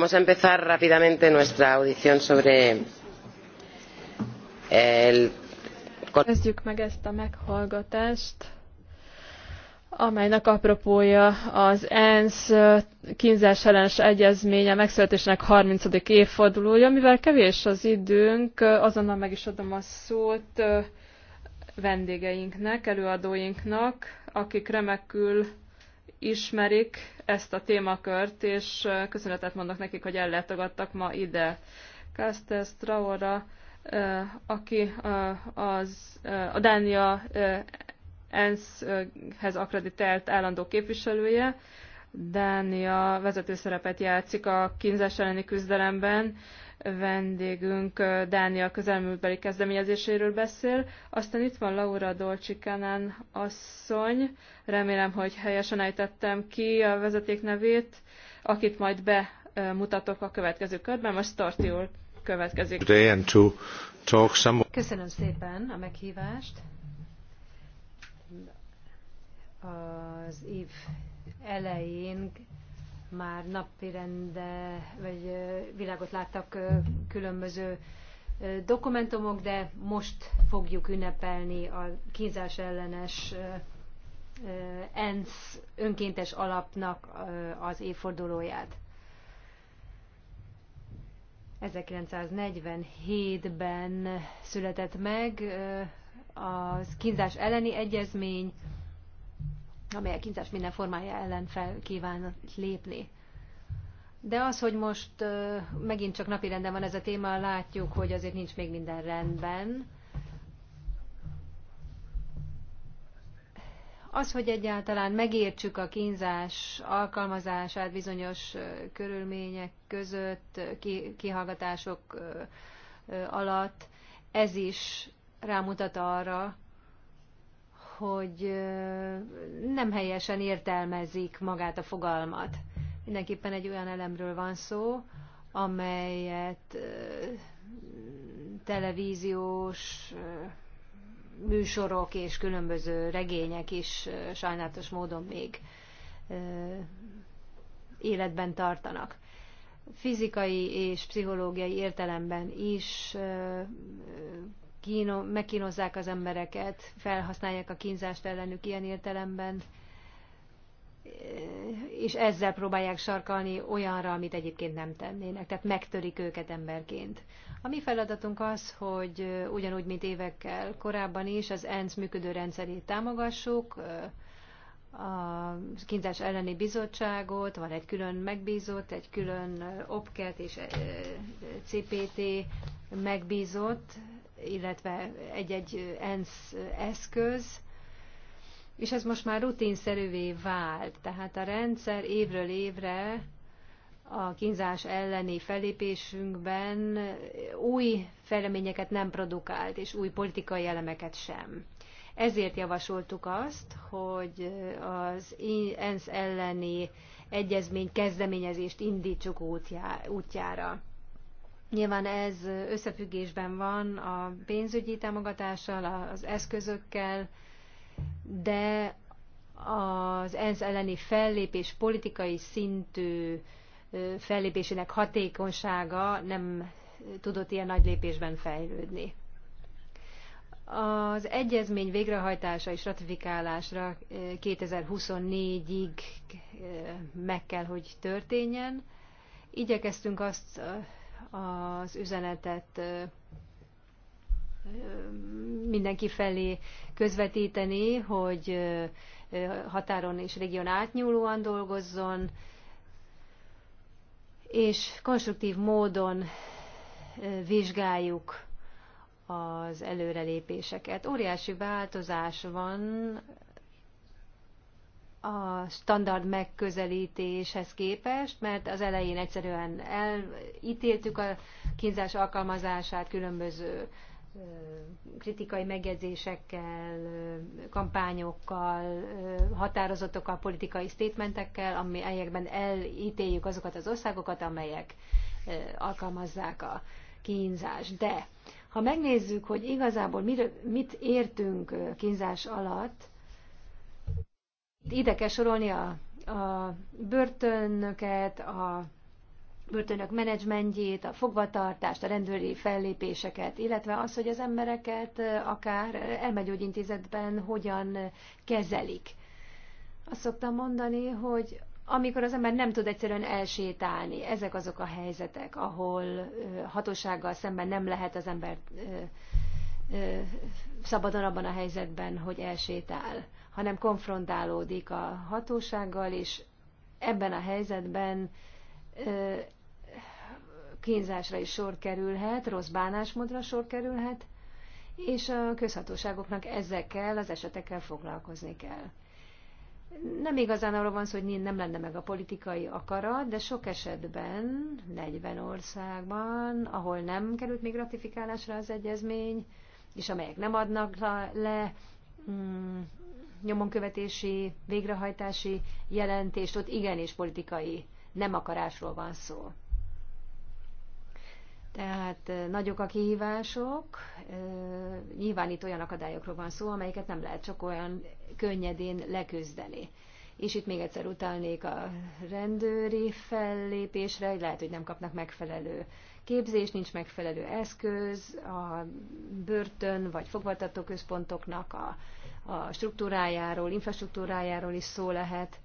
vamos a empezar rápidamente nuestra audición sobre el Kezdjük meg ezt a meghallgatást, amelynek apropója az ENSZ kínzás ellenes egyezménye megszületésnek 30. évfordulója, mivel kevés az időnk, azonnal meg is adom a szót vendégeinknek, előadóinknak, akik remekül ismerik ezt a témakört, és köszönetet mondok nekik, hogy ellátogattak ma ide. Kastes Traora, aki az, a Dánia ENSZ-hez akreditált állandó képviselője. Dánia vezető szerepet játszik a kínzás elleni küzdelemben, vendégünk Dánia közelmúltbeli kezdeményezéséről beszél. Aztán itt van Laura Dolcsikánán asszony, remélem, hogy helyesen ejtettem ki a vezeték nevét, akit majd bemutatok a következő körben, most Tarti következik. Köszönöm szépen a meghívást. Az év elején már napirende, vagy világot láttak különböző dokumentumok, de most fogjuk ünnepelni a kínzás ellenes ENSZ önkéntes alapnak az évfordulóját. 1947-ben született meg az kínzás elleni egyezmény, amely a kínzás minden formája ellen fel kíván lépni. De az, hogy most megint csak napirenden van ez a téma, látjuk, hogy azért nincs még minden rendben. Az, hogy egyáltalán megértsük a kínzás alkalmazását bizonyos körülmények között, kihallgatások alatt, ez is rámutat arra, hogy nem helyesen értelmezik magát a fogalmat. Mindenképpen egy olyan elemről van szó, amelyet televíziós műsorok és különböző regények is sajnálatos módon még életben tartanak. Fizikai és pszichológiai értelemben is kíno, megkínozzák az embereket, felhasználják a kínzást ellenük ilyen értelemben, és ezzel próbálják sarkalni olyanra, amit egyébként nem tennének, tehát megtörik őket emberként. A mi feladatunk az, hogy ugyanúgy, mint évekkel korábban is, az ENSZ működő rendszerét támogassuk, a kínzás elleni bizottságot, van egy külön megbízott, egy külön OPKET és CPT megbízott, illetve egy-egy ENSZ eszköz, és ez most már rutinszerűvé vált. Tehát a rendszer évről évre a kínzás elleni fellépésünkben új fejleményeket nem produkált, és új politikai elemeket sem. Ezért javasoltuk azt, hogy az ENSZ elleni egyezmény kezdeményezést indítsuk útjára. Nyilván ez összefüggésben van a pénzügyi támogatással, az eszközökkel, de az ENSZ elleni fellépés politikai szintű fellépésének hatékonysága nem tudott ilyen nagy lépésben fejlődni. Az egyezmény végrehajtása és ratifikálásra 2024-ig meg kell, hogy történjen. Igyekeztünk azt az üzenetet mindenki felé közvetíteni, hogy határon és régión átnyúlóan dolgozzon, és konstruktív módon vizsgáljuk az előrelépéseket. Óriási változás van a standard megközelítéshez képest, mert az elején egyszerűen elítéltük a kínzás alkalmazását különböző kritikai megjegyzésekkel, kampányokkal, határozatokkal, politikai statementekkel, amelyekben elítéljük azokat az országokat, amelyek alkalmazzák a kínzást. De ha megnézzük, hogy igazából mit értünk kínzás alatt, ide kell sorolni a, a börtönöket, a börtönök menedzsmentjét, a fogvatartást, a rendőri fellépéseket, illetve az, hogy az embereket akár elmegyógyintézetben hogyan kezelik. Azt szoktam mondani, hogy amikor az ember nem tud egyszerűen elsétálni, ezek azok a helyzetek, ahol hatósággal szemben nem lehet az ember szabadon abban a helyzetben, hogy elsétál hanem konfrontálódik a hatósággal, és ebben a helyzetben kínzásra is sor kerülhet, rossz bánásmódra sor kerülhet, és a közhatóságoknak ezekkel az esetekkel foglalkozni kell. Nem igazán arról van szó, hogy nem lenne meg a politikai akarat, de sok esetben, 40 országban, ahol nem került még ratifikálásra az egyezmény, és amelyek nem adnak le mm, nyomonkövetési, végrehajtási jelentést, ott igenis politikai nem akarásról van szó. Tehát nagyok a kihívások, nyilván itt olyan akadályokról van szó, amelyeket nem lehet csak olyan könnyedén leküzdeni. És itt még egyszer utalnék a rendőri fellépésre, hogy lehet, hogy nem kapnak megfelelő képzést, nincs megfelelő eszköz a börtön vagy fogvatartó központoknak a a struktúrájáról, infrastruktúrájáról is szó lehet,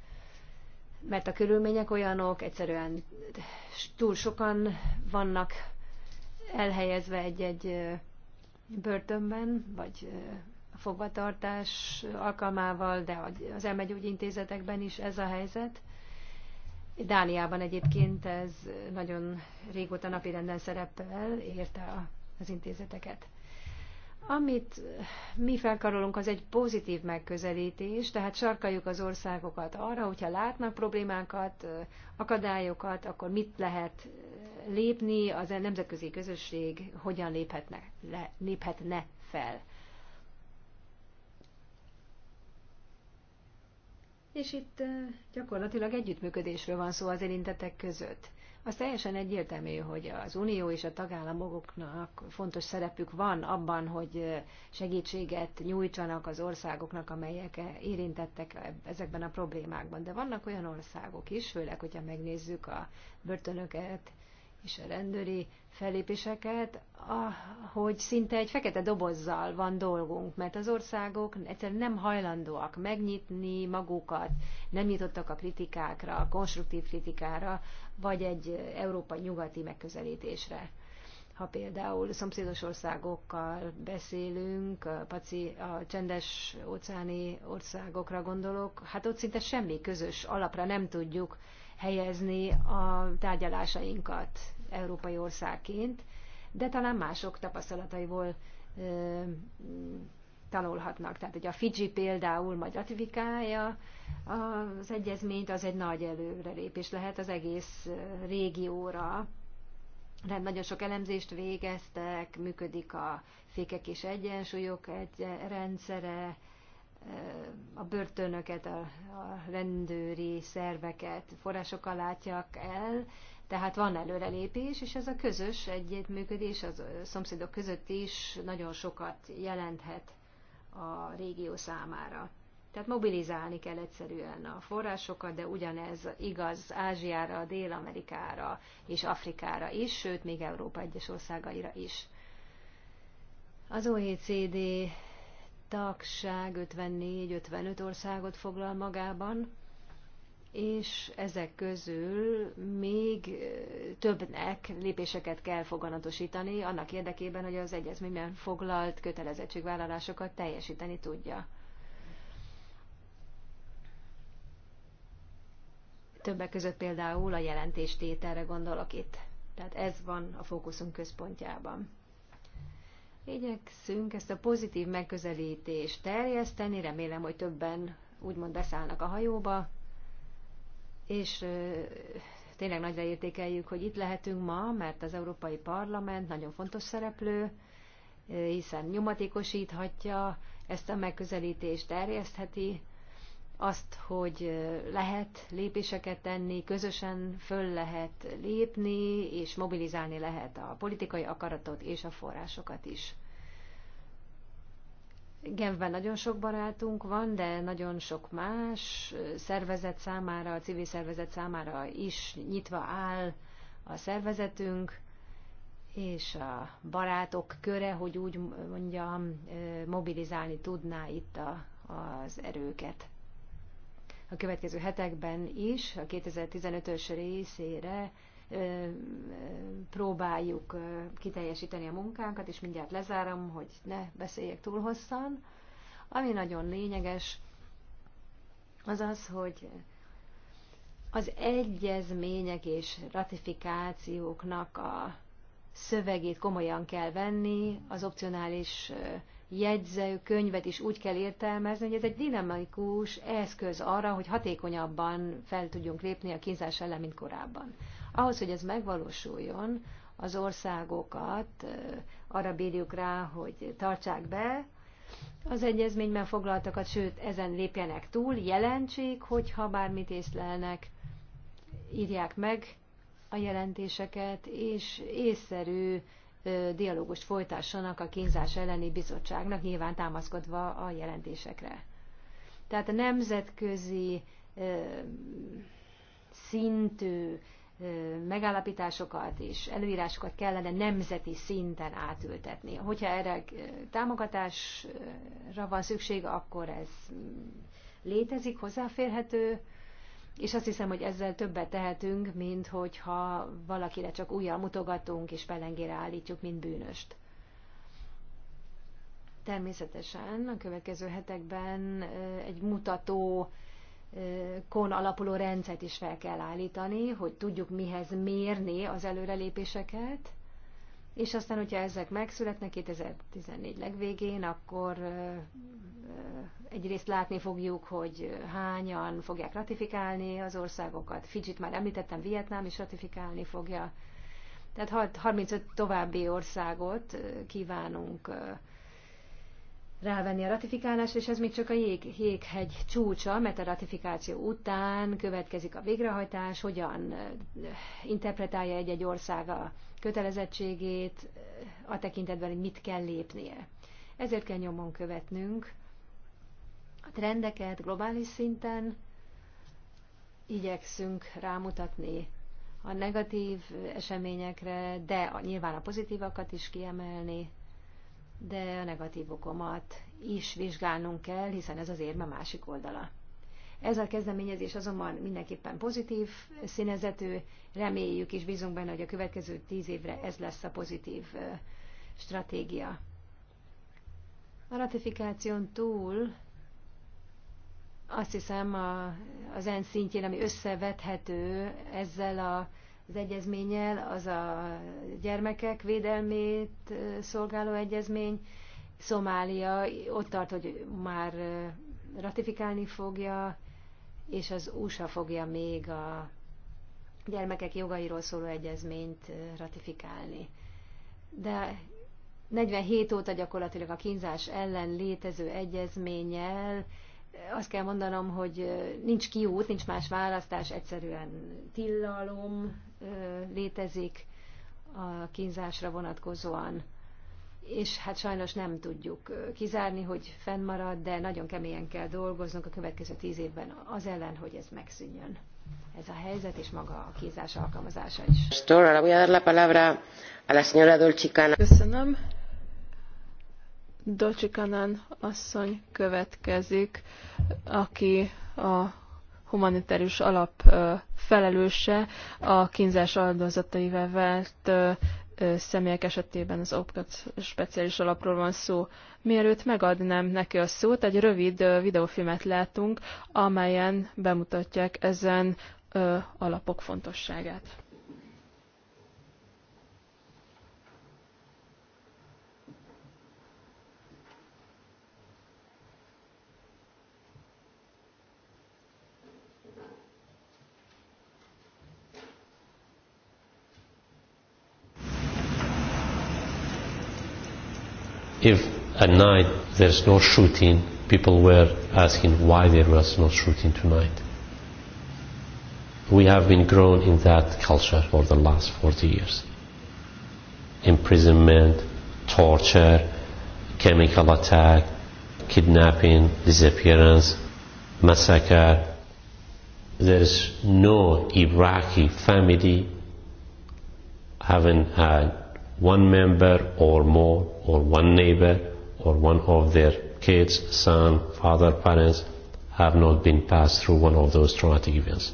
mert a körülmények olyanok, egyszerűen túl sokan vannak elhelyezve egy-egy börtönben, vagy a fogvatartás alkalmával, de az intézetekben is ez a helyzet. Dániában egyébként ez nagyon régóta napirenden szerepel, érte az intézeteket. Amit mi felkarolunk, az egy pozitív megközelítés, tehát sarkaljuk az országokat arra, hogyha látnak problémákat, akadályokat, akkor mit lehet lépni, az a nemzetközi közösség hogyan léphetne, le, léphetne fel. És itt gyakorlatilag együttműködésről van szó az érintetek között az teljesen egyértelmű, hogy az Unió és a tagállamoknak fontos szerepük van abban, hogy segítséget nyújtsanak az országoknak, amelyek érintettek ezekben a problémákban. De vannak olyan országok is, főleg, hogyha megnézzük a börtönöket, és a rendőri fellépéseket, hogy szinte egy fekete dobozzal van dolgunk, mert az országok egyszerűen nem hajlandóak megnyitni magukat, nem nyitottak a kritikákra, a konstruktív kritikára, vagy egy Európa nyugati megközelítésre. Ha például szomszédos országokkal beszélünk, a, a csendes óceáni országokra gondolok, hát ott szinte semmi közös alapra nem tudjuk helyezni a tárgyalásainkat európai országként, de talán mások tapasztalataiból ö, tanulhatnak. Tehát, hogy a Fiji például majd ratifikálja az egyezményt, az egy nagy előrelépés lehet az egész régióra. De nagyon sok elemzést végeztek, működik a fékek és egyensúlyok egy rendszere, a börtönöket, a, a rendőri szerveket forrásokkal látják el, tehát van előrelépés, és ez a közös együttműködés a szomszédok között is nagyon sokat jelenthet a régió számára. Tehát mobilizálni kell egyszerűen a forrásokat, de ugyanez igaz Ázsiára, Dél-Amerikára és Afrikára is, sőt, még Európa egyes országaira is. Az OECD tagság 54-55 országot foglal magában, és ezek közül még többnek lépéseket kell foganatosítani annak érdekében, hogy az egyezményben foglalt kötelezettségvállalásokat teljesíteni tudja. Többek között például a jelentéstételre gondolok itt. Tehát ez van a fókuszunk központjában. Igyekszünk ezt a pozitív megközelítést terjeszteni, remélem, hogy többen úgymond beszállnak a hajóba, és tényleg nagyra értékeljük, hogy itt lehetünk ma, mert az Európai Parlament nagyon fontos szereplő, hiszen nyomatékosíthatja ezt a megközelítést, terjesztheti azt, hogy lehet lépéseket tenni, közösen föl lehet lépni, és mobilizálni lehet a politikai akaratot és a forrásokat is. Genfben nagyon sok barátunk van, de nagyon sok más szervezet számára, a civil szervezet számára is nyitva áll a szervezetünk, és a barátok köre, hogy úgy mondjam, mobilizálni tudná itt a, az erőket. A következő hetekben is, a 2015-ös részére próbáljuk kiteljesíteni a munkánkat, és mindjárt lezárom, hogy ne beszéljek túl hosszan. Ami nagyon lényeges, az az, hogy az egyezmények és ratifikációknak a szövegét komolyan kell venni, az opcionális jegyzőkönyvet is úgy kell értelmezni, hogy ez egy dinamikus eszköz arra, hogy hatékonyabban fel tudjunk lépni a kínzás ellen, mint korábban. Ahhoz, hogy ez megvalósuljon, az országokat arra bírjuk rá, hogy tartsák be az egyezményben foglaltakat, sőt, ezen lépjenek túl, jelentsék, hogyha bármit észlelnek, írják meg a jelentéseket, és észszerű dialógust folytassanak a kínzás elleni bizottságnak, nyilván támaszkodva a jelentésekre. Tehát a nemzetközi szintű megállapításokat és előírásokat kellene nemzeti szinten átültetni. Hogyha erre támogatásra van szükség, akkor ez létezik, hozzáférhető, és azt hiszem, hogy ezzel többet tehetünk, mint hogyha valakire csak újjal mutogatunk és pelengére állítjuk, mint bűnöst. Természetesen a következő hetekben egy mutató kon alapuló rendszert is fel kell állítani, hogy tudjuk mihez mérni az előrelépéseket, és aztán, hogyha ezek megszületnek 2014 legvégén, akkor egyrészt látni fogjuk, hogy hányan fogják ratifikálni az országokat. Fidzsit már említettem, Vietnám is ratifikálni fogja. Tehát 35 további országot kívánunk rávenni a ratifikálásra, és ez még csak a jég, jéghegy csúcsa, mert a ratifikáció után következik a végrehajtás, hogyan eh, interpretálja egy-egy ország a kötelezettségét, eh, a tekintetben, hogy mit kell lépnie. Ezért kell nyomon követnünk a trendeket globális szinten, igyekszünk rámutatni a negatív eseményekre, de nyilván a pozitívakat is kiemelni, de a negatívokomat is vizsgálnunk kell, hiszen ez az érme másik oldala. Ez a kezdeményezés azonban mindenképpen pozitív színezetű, reméljük és bízunk benne, hogy a következő tíz évre ez lesz a pozitív stratégia. A ratifikáción túl azt hiszem a, az ENSZ szintjén, ami összevethető ezzel a az egyezménnyel, az a gyermekek védelmét szolgáló egyezmény. Szomália ott tart, hogy már ratifikálni fogja, és az USA fogja még a gyermekek jogairól szóló egyezményt ratifikálni. De 47 óta gyakorlatilag a kínzás ellen létező egyezménnyel azt kell mondanom, hogy nincs kiút, nincs más választás, egyszerűen tillalom, létezik a kínzásra vonatkozóan. És hát sajnos nem tudjuk kizárni, hogy fennmarad, de nagyon keményen kell dolgoznunk a következő tíz évben az ellen, hogy ez megszűnjön. Ez a helyzet és maga a kínzás alkalmazása is. Köszönöm. Dolcsikanán asszony következik, aki a humanitárius alap felelőse a kínzás áldozataival vált személyek esetében az OPCAT speciális alapról van szó. Mielőtt megadnám neki a szót, egy rövid videófilmet látunk, amelyen bemutatják ezen alapok fontosságát. If at night there's no shooting, people were asking why there was no shooting tonight. We have been grown in that culture for the last 40 years. Imprisonment, torture, chemical attack, kidnapping, disappearance, massacre. There is no Iraqi family having had one member or more or one neighbor or one of their kids, son, father, parents have not been passed through one of those traumatic events.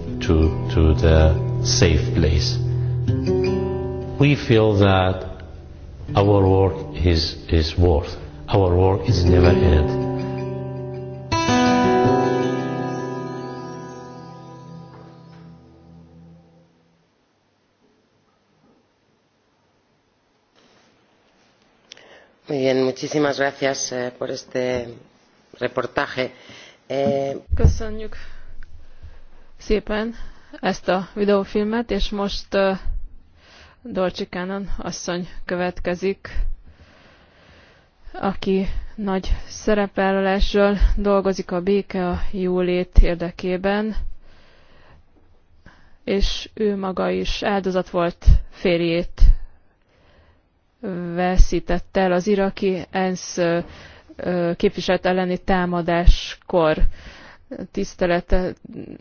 to, to the safe place. We feel that our work is, is worth. Our work is never end. Muy bien, muchísimas gracias eh, por este reportaje. Eh... Köszönjük szépen ezt a videófilmet, és most uh, Dolcsi Cannon asszony következik, aki nagy szerepvállalással dolgozik a béke a jólét érdekében, és ő maga is áldozat volt férjét veszített el az iraki ENSZ képviselt elleni támadáskor tisztelete,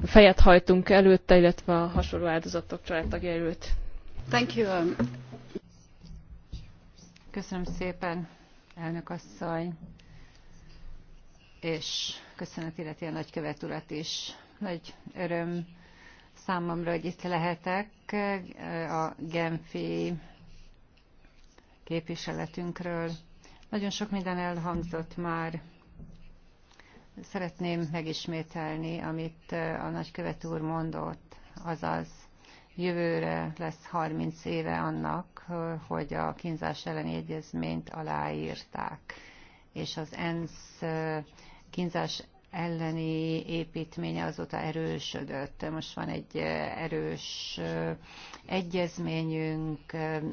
fejet hajtunk előtte, illetve a hasonló áldozatok családtagja előtt. Thank you. Um, Köszönöm szépen, elnök asszony, és köszönet illeti a nagykövet urat is. Nagy öröm számomra, hogy itt lehetek eh, a Genfi képviseletünkről. Nagyon sok minden elhangzott már Szeretném megismételni, amit eh, a nagykövet úr mondott, azaz jövőre lesz 30 éve annak, eh, hogy a kínzás elleni egyezményt aláírták, és az ENSZ eh, kínzás elleni építménye azóta erősödött. Most van egy erős egyezményünk,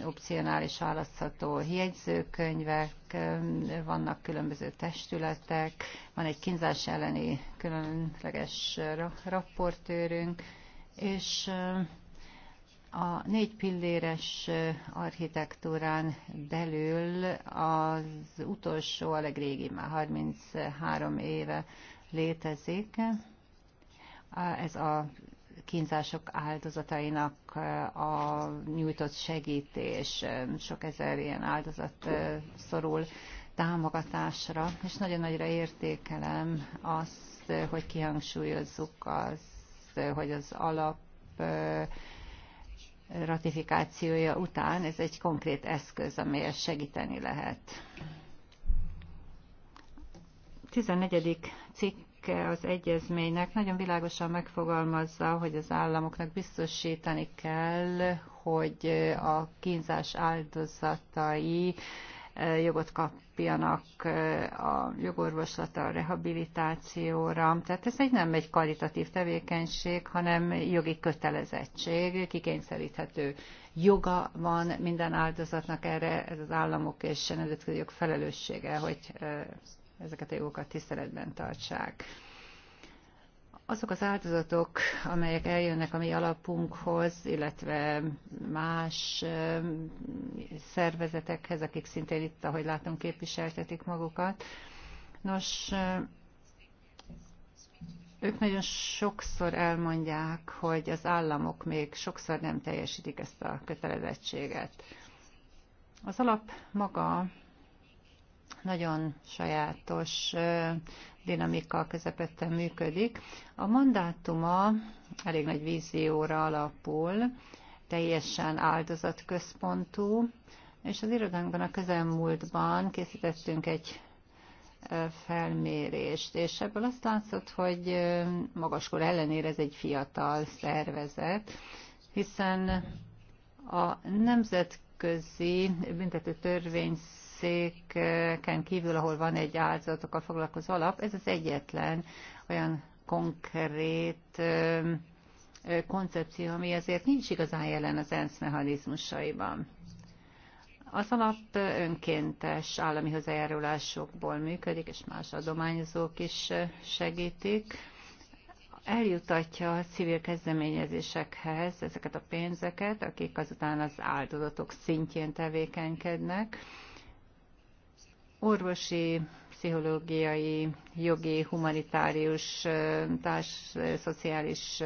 opcionális választható hiegyzőkönyvek, vannak különböző testületek, van egy kínzás elleni különleges rapportőrünk, és a négy pilléres architektúrán belül az utolsó, a legrégi már 33 éve létezik. Ez a kínzások áldozatainak a nyújtott segítés. Sok ezer ilyen áldozat szorul támogatásra, és nagyon nagyra értékelem azt, hogy kihangsúlyozzuk azt, hogy az alap ratifikációja után ez egy konkrét eszköz, amelyet segíteni lehet. 14. cikk az egyezménynek nagyon világosan megfogalmazza, hogy az államoknak biztosítani kell, hogy a kínzás áldozatai e, jogot kapjanak e, a jogorvoslata, a rehabilitációra. Tehát ez egy nem egy karitatív tevékenység, hanem jogi kötelezettség, kikényszeríthető joga van minden áldozatnak erre, ez az államok és nemzetközi jog felelőssége, hogy e, ezeket a jogokat tiszteletben tartsák. Azok az áldozatok, amelyek eljönnek a mi alapunkhoz, illetve más szervezetekhez, akik szintén itt, ahogy látom, képviseltetik magukat. Nos, ők nagyon sokszor elmondják, hogy az államok még sokszor nem teljesítik ezt a kötelezettséget. Az alap maga nagyon sajátos dinamika közepette működik. A mandátuma elég nagy vízióra alapul, teljesen áldozatközpontú, és az irodánkban a közelmúltban készítettünk egy felmérést, és ebből azt látszott, hogy magaskor ellenére ez egy fiatal szervezet, hiszen a nemzetközi büntető törvény széken kívül, ahol van egy áldozatokkal foglalkozó alap, ez az egyetlen olyan konkrét koncepció, ami azért nincs igazán jelen az ENSZ mechanizmusaiban. Az alap önkéntes állami hozzájárulásokból működik, és más adományozók is segítik. Eljutatja a civil kezdeményezésekhez ezeket a pénzeket, akik azután az áldozatok szintjén tevékenykednek, orvosi, pszichológiai, jogi, humanitárius, társ, szociális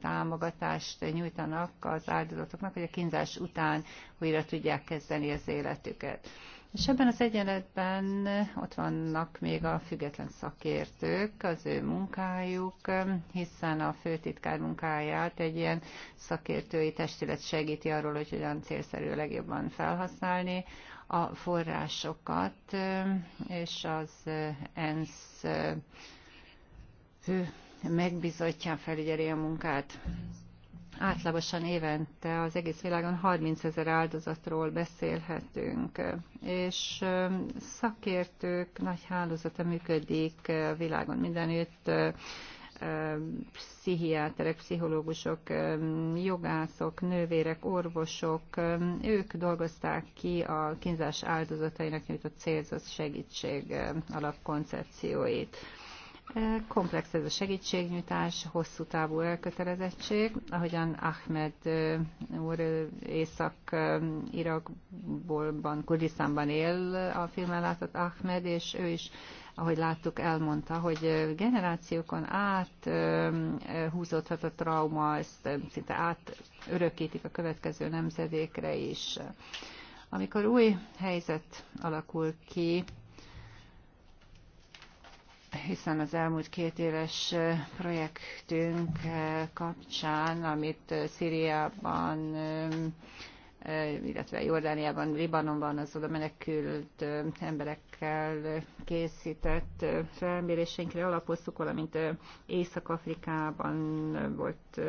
támogatást nyújtanak az áldozatoknak, hogy a kínzás után újra tudják kezdeni az életüket. És ebben az egyenletben ott vannak még a független szakértők, az ő munkájuk, hiszen a főtitkár munkáját egy ilyen szakértői testület segíti arról, hogy hogyan célszerű legjobban felhasználni a forrásokat, és az ENSZ megbizotján felügyeli a munkát. Átlagosan évente az egész világon 30 ezer áldozatról beszélhetünk, és szakértők nagy hálózata működik a világon mindenütt, pszichiáterek, pszichológusok, jogászok, nővérek, orvosok, ők dolgozták ki a kínzás áldozatainak nyújtott célzott segítség alapkoncepcióit. E, komplex ez a segítségnyújtás, hosszú távú elkötelezettség, ahogyan Ahmed úr Észak-Irakból, Kurdisztánban él a filmen látott Ahmed, és ő is ahogy láttuk, elmondta, hogy generációkon át húzódhat a trauma, ezt szinte átörökítik a következő nemzedékre is. Amikor új helyzet alakul ki, hiszen az elmúlt két éves projektünk kapcsán, amit Szíriában illetve Jordániában, Libanonban az oda menekült emberekkel készített felmérésénkre alapoztuk, valamint Észak-Afrikában volt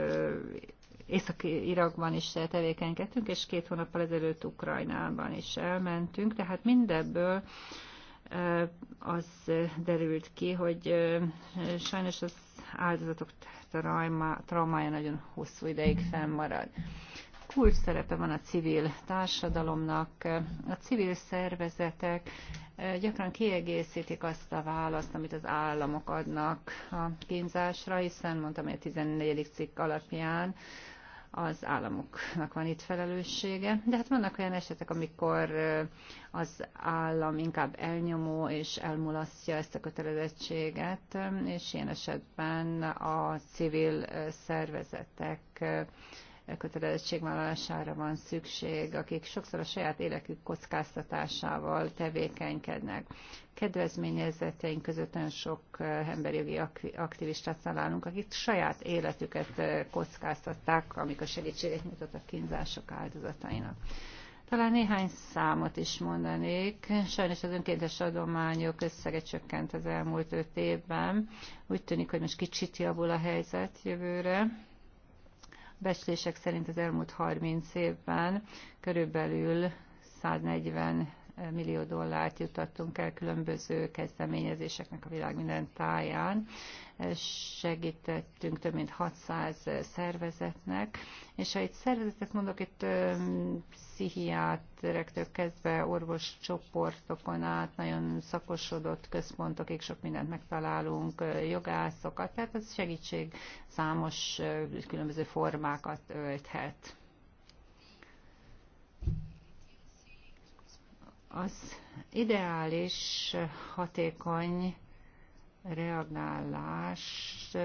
Észak-Irakban is tevékenykedtünk, és két hónappal ezelőtt Ukrajnában is elmentünk, tehát mindebből az derült ki, hogy sajnos az áldozatok traumája nagyon hosszú ideig fennmarad kulcs szerepe van a civil társadalomnak. A civil szervezetek e, gyakran kiegészítik azt a választ, amit az államok adnak a kínzásra, hiszen mondtam, hogy a 14. cikk alapján az államoknak van itt felelőssége. De hát vannak olyan esetek, amikor e, az állam inkább elnyomó és elmulasztja ezt a kötelezettséget, e, és ilyen esetben a civil szervezetek kötelezettségvállalására van szükség, akik sokszor a saját életük kockáztatásával tevékenykednek. Kedvezményezeteink között nagyon sok eh, jogi aktivistát találunk, akik saját életüket eh, kockáztatták, amikor segítséget nyújtottak kínzások áldozatainak. Talán néhány számot is mondanék. Sajnos az önkéntes adományok összege csökkent az elmúlt öt évben. Úgy tűnik, hogy most kicsit javul a helyzet jövőre becslések szerint az elmúlt 30 évben körülbelül 140 millió dollárt jutottunk el különböző kezdeményezéseknek a világ minden táján segítettünk több mint 600 szervezetnek, és ha itt szervezetet mondok, itt pszichiátrektől kezdve orvos csoportokon át, nagyon szakosodott központokig sok mindent megtalálunk, jogászokat, tehát ez segítség számos különböző formákat ölthet. Az ideális, hatékony reagáláshoz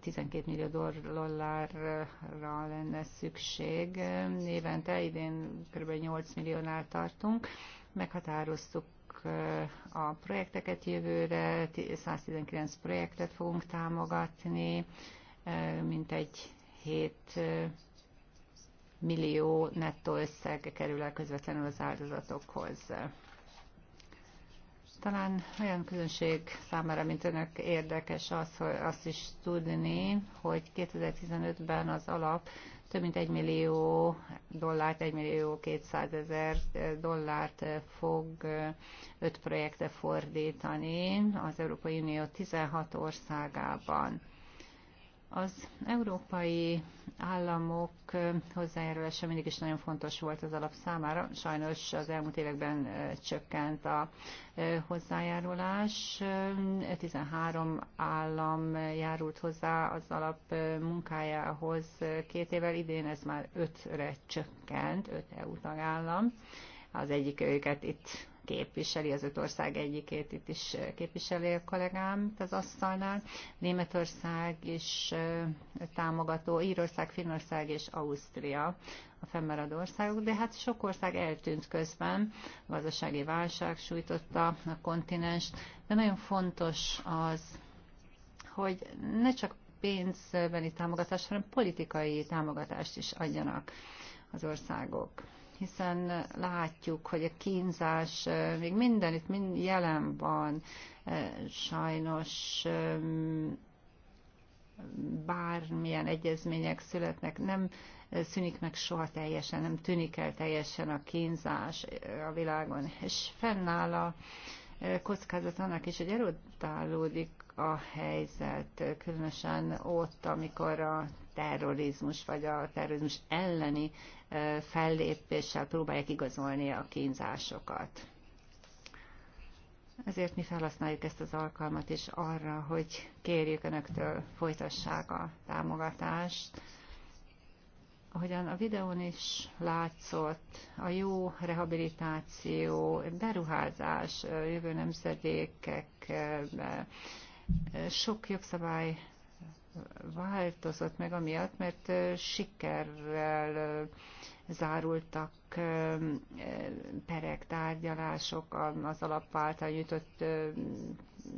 12 millió dollárra lenne szükség. Évente idén kb. 8 milliónál tartunk. Meghatároztuk eh, a projekteket jövőre, 119 projektet fogunk támogatni, eh, mintegy 7 eh, millió nettó összeg kerül el közvetlenül az áldozatokhoz. Talán olyan közönség számára, mint önök érdekes az, hogy azt is tudni, hogy 2015-ben az alap több mint 1 millió dollárt, 1 millió 200 ezer dollárt fog öt projekte fordítani az Európai Unió 16 országában. Az európai államok hozzájárulása mindig is nagyon fontos volt az alap számára. Sajnos az elmúlt években csökkent a hozzájárulás. 13 állam járult hozzá az alap munkájához két évvel, idén ez már 5-re csökkent, 5 EU tagállam. Az egyik őket itt képviseli, az öt ország egyikét itt is képviseli a kollégám itt az asztalnál. Németország is támogató, Írország, Finnország és Ausztria a fennmaradó országok, de hát sok ország eltűnt közben, a gazdasági válság sújtotta a kontinens, de nagyon fontos az, hogy ne csak pénzbeni támogatást, hanem politikai támogatást is adjanak az országok hiszen látjuk, hogy a kínzás még mindenütt mind jelen van, sajnos bármilyen egyezmények születnek, nem szűnik meg soha teljesen, nem tűnik el teljesen a kínzás a világon. És fennáll a kockázat annak is, hogy erodálódik a helyzet, különösen ott, amikor a terrorizmus vagy a terrorizmus elleni fellépéssel próbálják igazolni a kínzásokat. Ezért mi felhasználjuk ezt az alkalmat is arra, hogy kérjük Önöktől folytassák a támogatást. Ahogyan a videón is látszott, a jó rehabilitáció, beruházás jövő nemzedékek sok jogszabály változott meg amiatt, mert sikerrel zárultak perek, tárgyalások az alapváltal nyújtott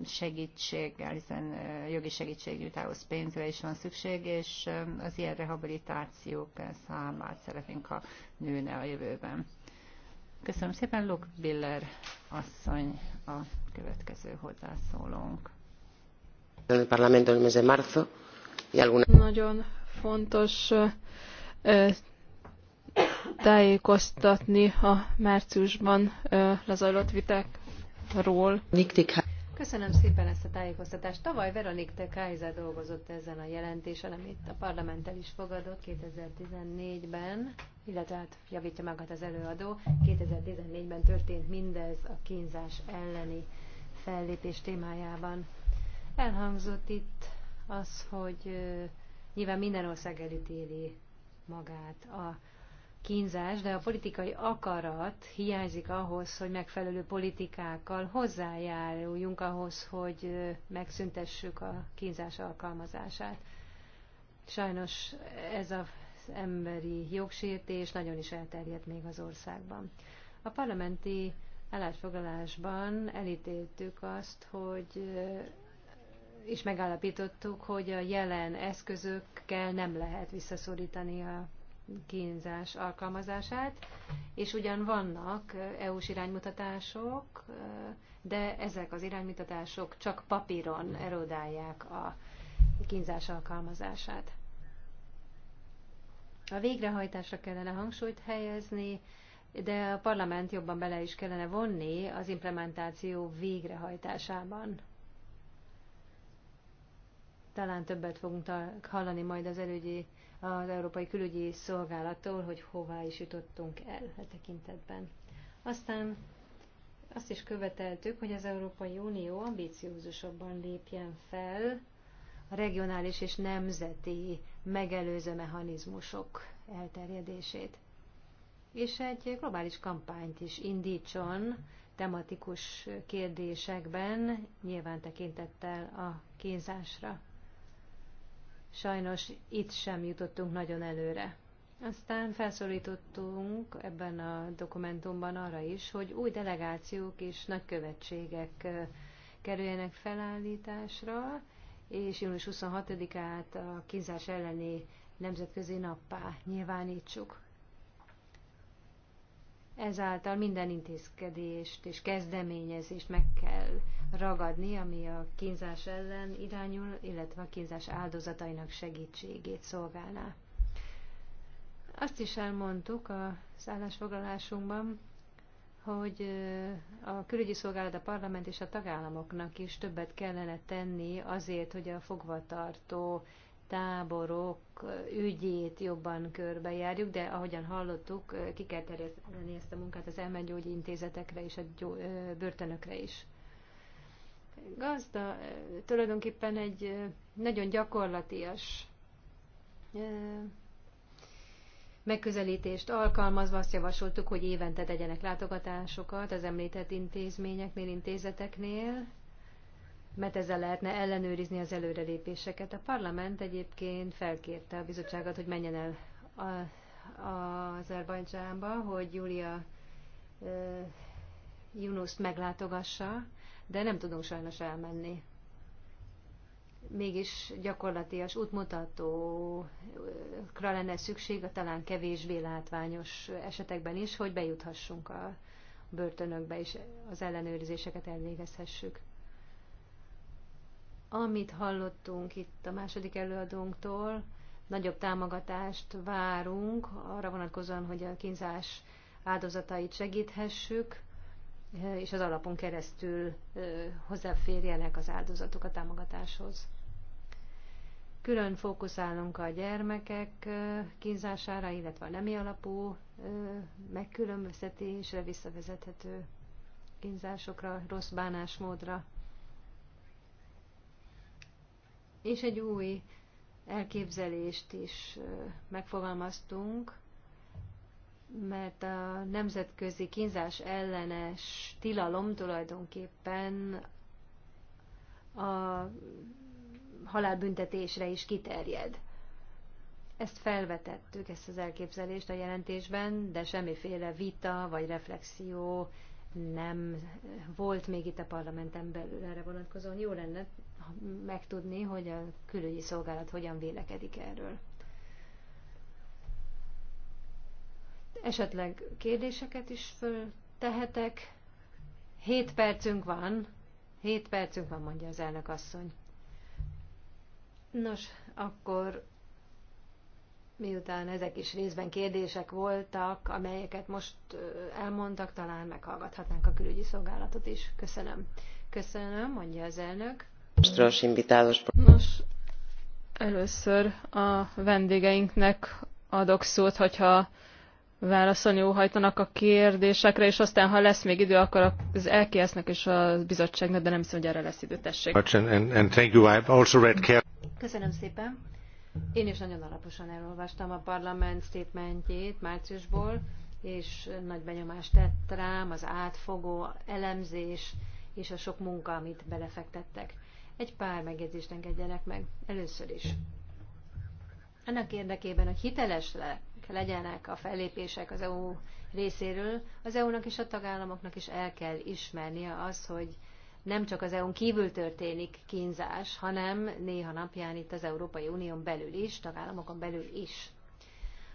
segítséggel, hiszen jogi segítségnyújtához pénzre is van szükség, és az ilyen rehabilitációk számát szeretnénk, ha nőne a jövőben. Köszönöm szépen, Luke Biller asszony a következő hozzászólónk. Parlamento el mes de marzo nagyon fontos tájékoztatni a márciusban lezajlott vitákról. Köszönöm szépen ezt a tájékoztatást. Tavaly Veronik de Kaiser dolgozott ezen a jelentésen, amit a parlament el is fogadott 2014-ben, illetve hát javítja magát az előadó. 2014-ben történt mindez a kínzás elleni fellépés témájában. Elhangzott itt az, hogy nyilván minden ország elítéli magát a kínzás, de a politikai akarat hiányzik ahhoz, hogy megfelelő politikákkal hozzájáruljunk ahhoz, hogy megszüntessük a kínzás alkalmazását. Sajnos ez az emberi jogsértés nagyon is elterjedt még az országban. A parlamenti állásfoglalásban elítéltük azt, hogy és megállapítottuk, hogy a jelen eszközökkel nem lehet visszaszorítani a kínzás alkalmazását, és ugyan vannak EU-s iránymutatások, de ezek az iránymutatások csak papíron erodálják a kínzás alkalmazását. A végrehajtásra kellene hangsúlyt helyezni, de a parlament jobban bele is kellene vonni az implementáció végrehajtásában talán többet fogunk hallani majd az előgyi, az Európai Külügyi Szolgálattól, hogy hová is jutottunk el a e tekintetben. Aztán azt is követeltük, hogy az Európai Unió ambíciózusabban lépjen fel a regionális és nemzeti megelőző mechanizmusok elterjedését. És egy globális kampányt is indítson tematikus kérdésekben, nyilván tekintettel a kínzásra sajnos itt sem jutottunk nagyon előre. Aztán felszólítottunk ebben a dokumentumban arra is, hogy új delegációk és nagykövetségek kerüljenek felállításra, és június 26-át a kínzás elleni nemzetközi nappá nyilvánítsuk. Ezáltal minden intézkedést és kezdeményezést meg kell ragadni, ami a kínzás ellen irányul, illetve a kínzás áldozatainak segítségét szolgálná. Azt is elmondtuk a szállásfoglalásunkban, hogy a külügyi szolgálat, a parlament és a tagállamoknak is többet kellene tenni azért, hogy a fogvatartó táborok ügyét jobban körbejárjuk, de ahogyan hallottuk, ki kell terjeszteni ezt a munkát az intézetekre és a börtönökre is gazda tulajdonképpen egy nagyon gyakorlatias megközelítést alkalmazva azt javasoltuk, hogy évente tegyenek látogatásokat az említett intézményeknél, intézeteknél, mert ezzel lehetne ellenőrizni az előrelépéseket. A parlament egyébként felkérte a bizottságot, hogy menjen el az a Azerbajdzsánba, hogy Júlia Yunus meglátogassa, de nem tudunk sajnos elmenni. Mégis gyakorlatias útmutatókra lenne szükség, a talán kevésbé látványos esetekben is, hogy bejuthassunk a börtönökbe, és az ellenőrzéseket elvégezhessük. Amit hallottunk itt a második előadónktól, nagyobb támogatást várunk arra vonatkozóan, hogy a kínzás áldozatait segíthessük, Eh, és az alapon keresztül eh, hozzáférjenek az áldozatok a támogatáshoz. Külön fókuszálunk a gyermekek eh, kínzására, illetve a nemi alapú megkülönböztetésre, visszavezethető kínzásokra, rossz bánásmódra. És egy új elképzelést is megfogalmaztunk, mert a nemzetközi kínzás ellenes tilalom tulajdonképpen a halálbüntetésre is kiterjed. Ezt felvetettük, ezt az elképzelést a jelentésben, de semmiféle vita vagy reflexió nem volt még itt a parlamenten belül erre vonatkozóan. Jó lenne megtudni, hogy a külügyi szolgálat hogyan vélekedik erről. Esetleg kérdéseket is föltehetek. Hét percünk van. Hét percünk van, mondja az elnök asszony. Nos, akkor miután ezek is részben kérdések voltak, amelyeket most elmondtak, talán meghallgathatnánk a külügyi szolgálatot is. Köszönöm. Köszönöm, mondja az elnök. Nos, először a vendégeinknek adok szót, hogyha válaszolni óhajtanak a kérdésekre, és aztán, ha lesz még idő, akkor az lks és a bizottságnak, de nem hiszem, hogy erre lesz idő, tessék. Köszönöm szépen. Én is nagyon alaposan elolvastam a parlament statementjét márciusból, és nagy benyomást tett rám az átfogó elemzés és a sok munka, amit belefektettek. Egy pár megjegyzést engedjenek meg. Először is annak érdekében, hogy hiteles le, legyenek a fellépések az EU részéről, az EU-nak és a tagállamoknak is el kell ismernie az, hogy nem csak az EU-n kívül történik kínzás, hanem néha napján itt az Európai Unión belül is, tagállamokon belül is.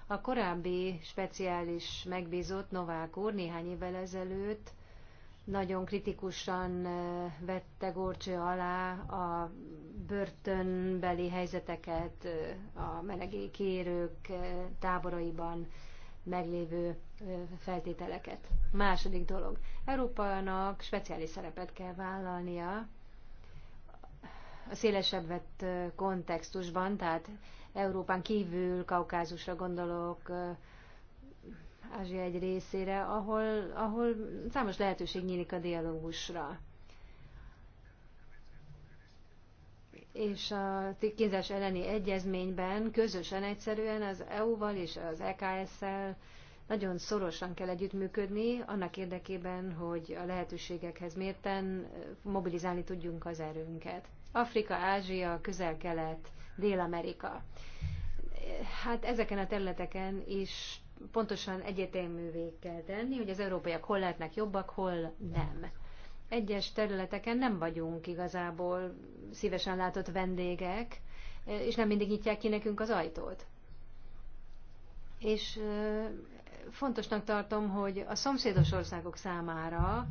A korábbi speciális megbízott Novák úr néhány évvel ezelőtt nagyon kritikusan eh, vette górcső alá a börtönbeli helyzeteket, eh, a menedékérők eh, táboraiban meglévő feltételeket. Második dolog. Európának speciális szerepet kell vállalnia a szélesebb vett kontextusban, tehát Európán kívül, Kaukázusra gondolok, Ázsia egy részére, ahol, ahol számos lehetőség nyílik a dialógusra. És a kínzás elleni egyezményben közösen egyszerűen az EU-val és az EKS-szel nagyon szorosan kell együttműködni, annak érdekében, hogy a lehetőségekhez mérten mobilizálni tudjunk az erőnket. Afrika, Ázsia, Közel-Kelet, Dél-Amerika. Hát ezeken a területeken is pontosan egyértelművé kell tenni, hogy az európaiak hol lehetnek jobbak, hol nem. Egyes területeken nem vagyunk igazából szívesen látott vendégek, eh, és nem mindig nyitják ki nekünk az ajtót. És eh, fontosnak tartom, hogy a szomszédos országok számára,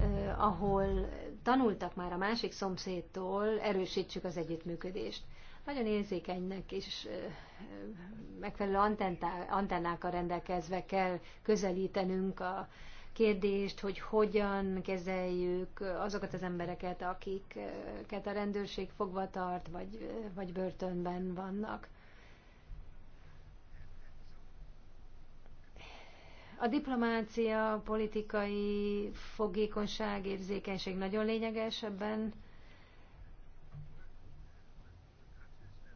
eh, ahol tanultak már a másik szomszédtól, erősítsük az együttműködést nagyon érzékenynek és megfelelő antennákkal rendelkezve kell közelítenünk a kérdést, hogy hogyan kezeljük azokat az embereket, akiket a rendőrség fogva tart, vagy, vagy börtönben vannak. A diplomácia, politikai fogékonyság, érzékenység nagyon lényeges ebben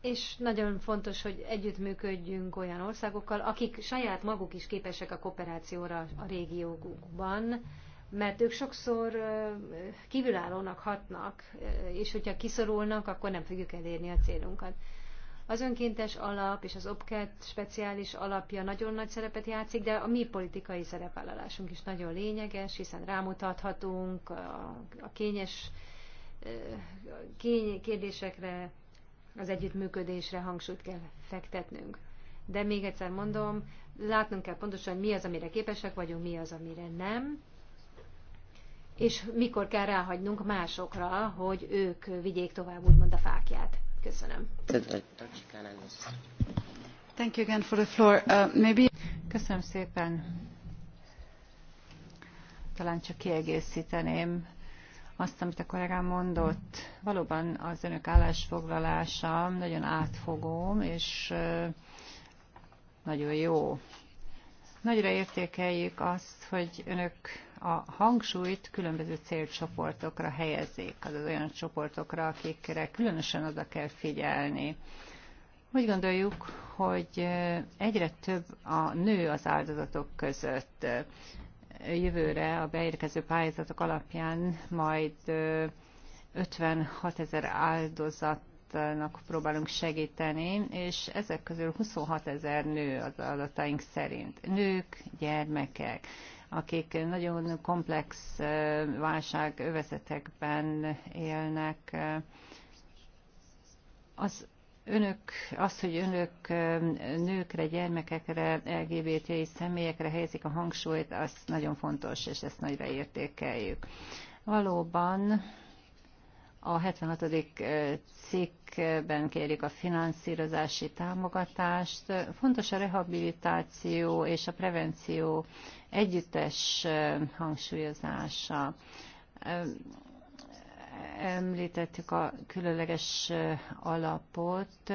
és nagyon fontos, hogy együttműködjünk olyan országokkal, akik saját maguk is képesek a kooperációra a régiókban, mert ők sokszor kívülállónak hatnak, és hogyha kiszorulnak, akkor nem fogjuk elérni a célunkat. Az önkéntes alap és az OPCAT speciális alapja nagyon nagy szerepet játszik, de a mi politikai szerepvállalásunk is nagyon lényeges, hiszen rámutathatunk a, kényes kérdésekre, az együttműködésre hangsúlyt kell fektetnünk. De még egyszer mondom, látnunk kell pontosan, mi az, amire képesek vagyunk, mi az, amire nem, és mikor kell ráhagynunk másokra, hogy ők vigyék tovább úgymond a fákját. Köszönöm. Thank you again for the floor. Uh, maybe... Köszönöm szépen. Talán csak kiegészíteném azt, amit a kollégám mondott. Valóban az önök állásfoglalása nagyon átfogó, és nagyon jó. Nagyra értékeljük azt, hogy önök a hangsúlyt különböző célcsoportokra helyezik, azaz olyan csoportokra, akikre különösen oda kell figyelni. Úgy gondoljuk, hogy egyre több a nő az áldozatok között jövőre a beérkező pályázatok alapján majd 56 ezer áldozatnak próbálunk segíteni, és ezek közül 26 ezer nő az adataink szerint. Nők, gyermekek, akik nagyon komplex válságövezetekben élnek, az önök, az, hogy önök nőkre, gyermekekre, LGBT személyekre helyezik a hangsúlyt, az nagyon fontos, és ezt nagyra értékeljük. Valóban a 76. cikkben kérjük a finanszírozási támogatást. Fontos a rehabilitáció és a prevenció együttes hangsúlyozása Említettük a különleges alapot,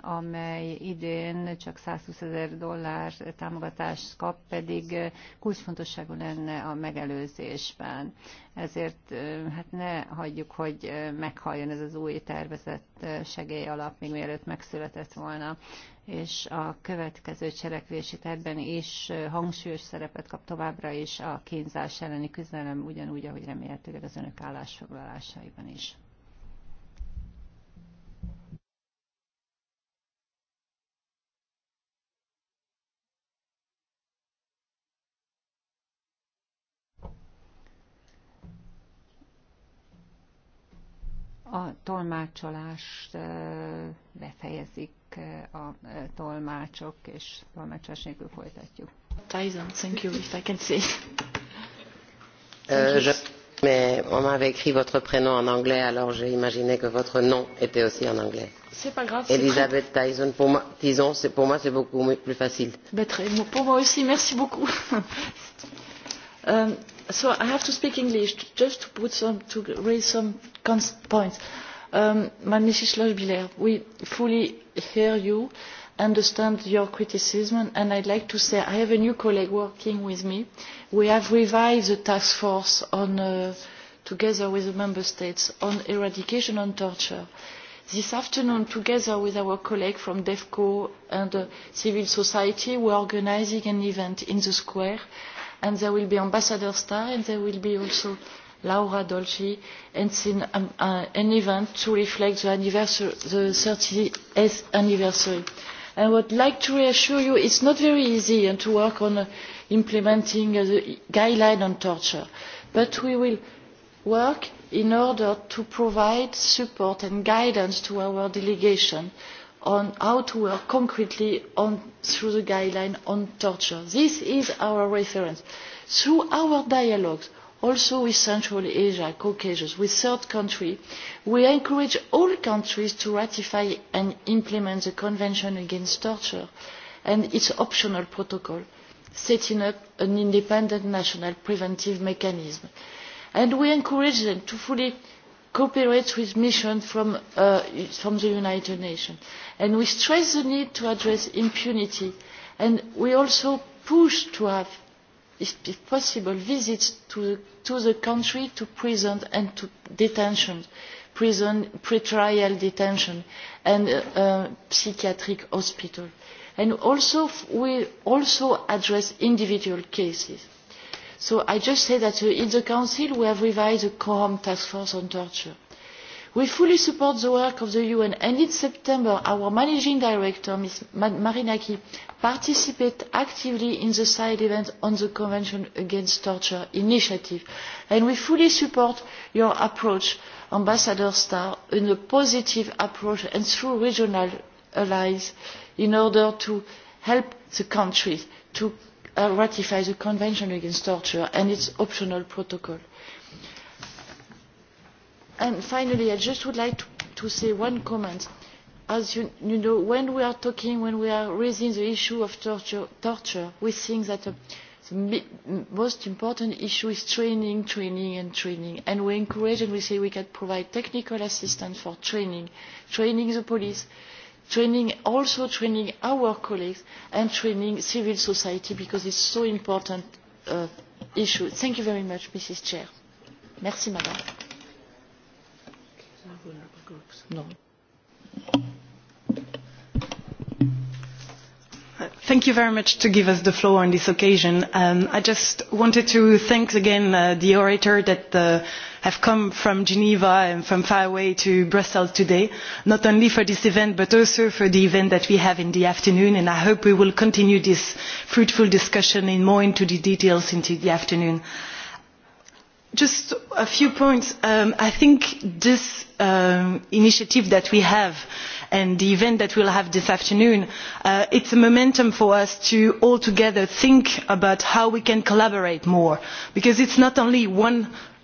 amely idén csak 120 ezer dollár támogatást kap, pedig kulcsfontosságú lenne a megelőzésben. Ezért hát ne hagyjuk, hogy meghalljon ez az új tervezett segélyalap, még mielőtt megszületett volna és a következő cselekvési tervben is hangsúlyos szerepet kap továbbra is a kínzás elleni küzdelem, ugyanúgy, ahogy remélhetőleg az önök állásfoglalásaiban is. a tolmácsolást befejezik a tolmácsok, és tolmácsolás nélkül folytatjuk. Tyson, thank you, if I can say. Euh, je, mais on m'avait écrit votre prénom en anglais, alors j'ai imaginé que votre nom était aussi en anglais. C'est pas grave. Elisabeth très... Tyson, pour moi, Tyson, c'est pour moi c'est beaucoup plus facile. Ben, très, pour moi aussi, merci beaucoup. euh, so I have to speak English just to put some to raise some points. ms um, Mrs. we fully hear you, understand your criticism, and i would like to say I have a new colleague working with me. We have revised the task force uh, together with the member states on eradication of torture. This afternoon, together with our colleague from devco and uh, civil society, we are organising an event in the square and there will be Ambassador Star, and there will be also Laura Dolci, and in, um, uh, an event to reflect the, anniversary, the 30th anniversary. I would like to reassure you, it's not very easy and to work on uh, implementing uh, the guideline on torture, but we will work in order to provide support and guidance to our delegation on how to work concretely through the guidelines on torture. This is our reference. Through our dialogues, also with Central Asia, and Caucasus, with third countries, we encourage all countries to ratify and implement the Convention Against Torture and its optional protocol, setting up an independent national preventive mechanism. And we encourage them to fully cooperates with missions from, uh, from the united nations and we stress the need to address impunity and we also push to have if possible visits to, to the country to prison and to detention prison pre trial detention and uh, uh, psychiatric hospital and also we also address individual cases So I just say that uh, in the Council we have revised the coarm Task Force on Torture. We fully support the work of the UN and in September our Managing Director, Ms. Marinaki, participated actively in the side event on the Convention Against Torture initiative. And we fully support your approach, Ambassador Starr, in a positive approach and through regional allies in order to help the country to Uh, ratify the Convention Against Torture and its optional protocol. And finally, I just would like to, say one comment. As you, know, when we are talking, when we are raising the issue of torture, we think that uh, the most important issue is training, training and training. And we encourage and we say we can provide technical assistance for training, training the police, training also training our colleagues and training civil society because it is so important uh, issue. Thank you very much, Mrs. Chair. Merci, Thank you very much to give us the floor on this occasion. Um, I just wanted to thank again uh, the orator that uh, have come from geneva and from far away to brussels today not only for this event but also for the event that we have in the afternoon and i hope we will continue this fruitful discussion in more into the details into the afternoon. just a few points um, i think this um, initiative that we have and the event that we will have this afternoon uh, is a momentum for us to all together think about how we can collaborate more because it is not only one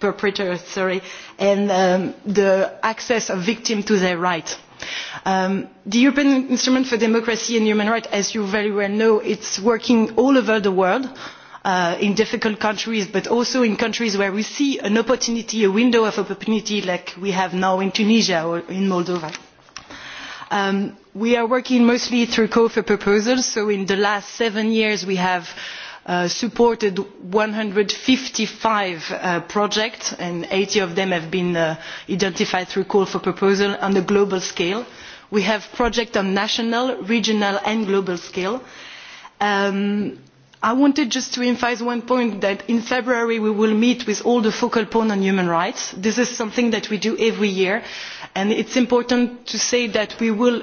perpetrators and um, the access of victims to their rights. Um, the European Instrument for Democracy and Human Rights, as you very well know, it's working all over the world. Uh, in difficult countries but also in countries where we see an opportunity a window of opportunity like we have now in tunisia or in moldova. Um, we are working mostly through call for proposals so in the last seven years we have Uh, supported one hundred and fifty five uh, projects and eighty of them have been uh, identified through call for proposals on a global scale. we have projects on national regional and global scale. Um, i wanted just to emphasise one point that in february we will meet with all the focal points on human rights. this is something that we do every year and it is important to say that we will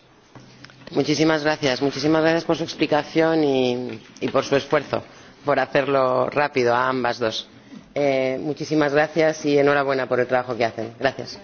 Muchísimas gracias. Muchísimas gracias por su explicación y, por su esfuerzo por hacerlo rápido a ambas dos. Eh, muchísimas gracias y enhorabuena por el trabajo que hacen. gracias.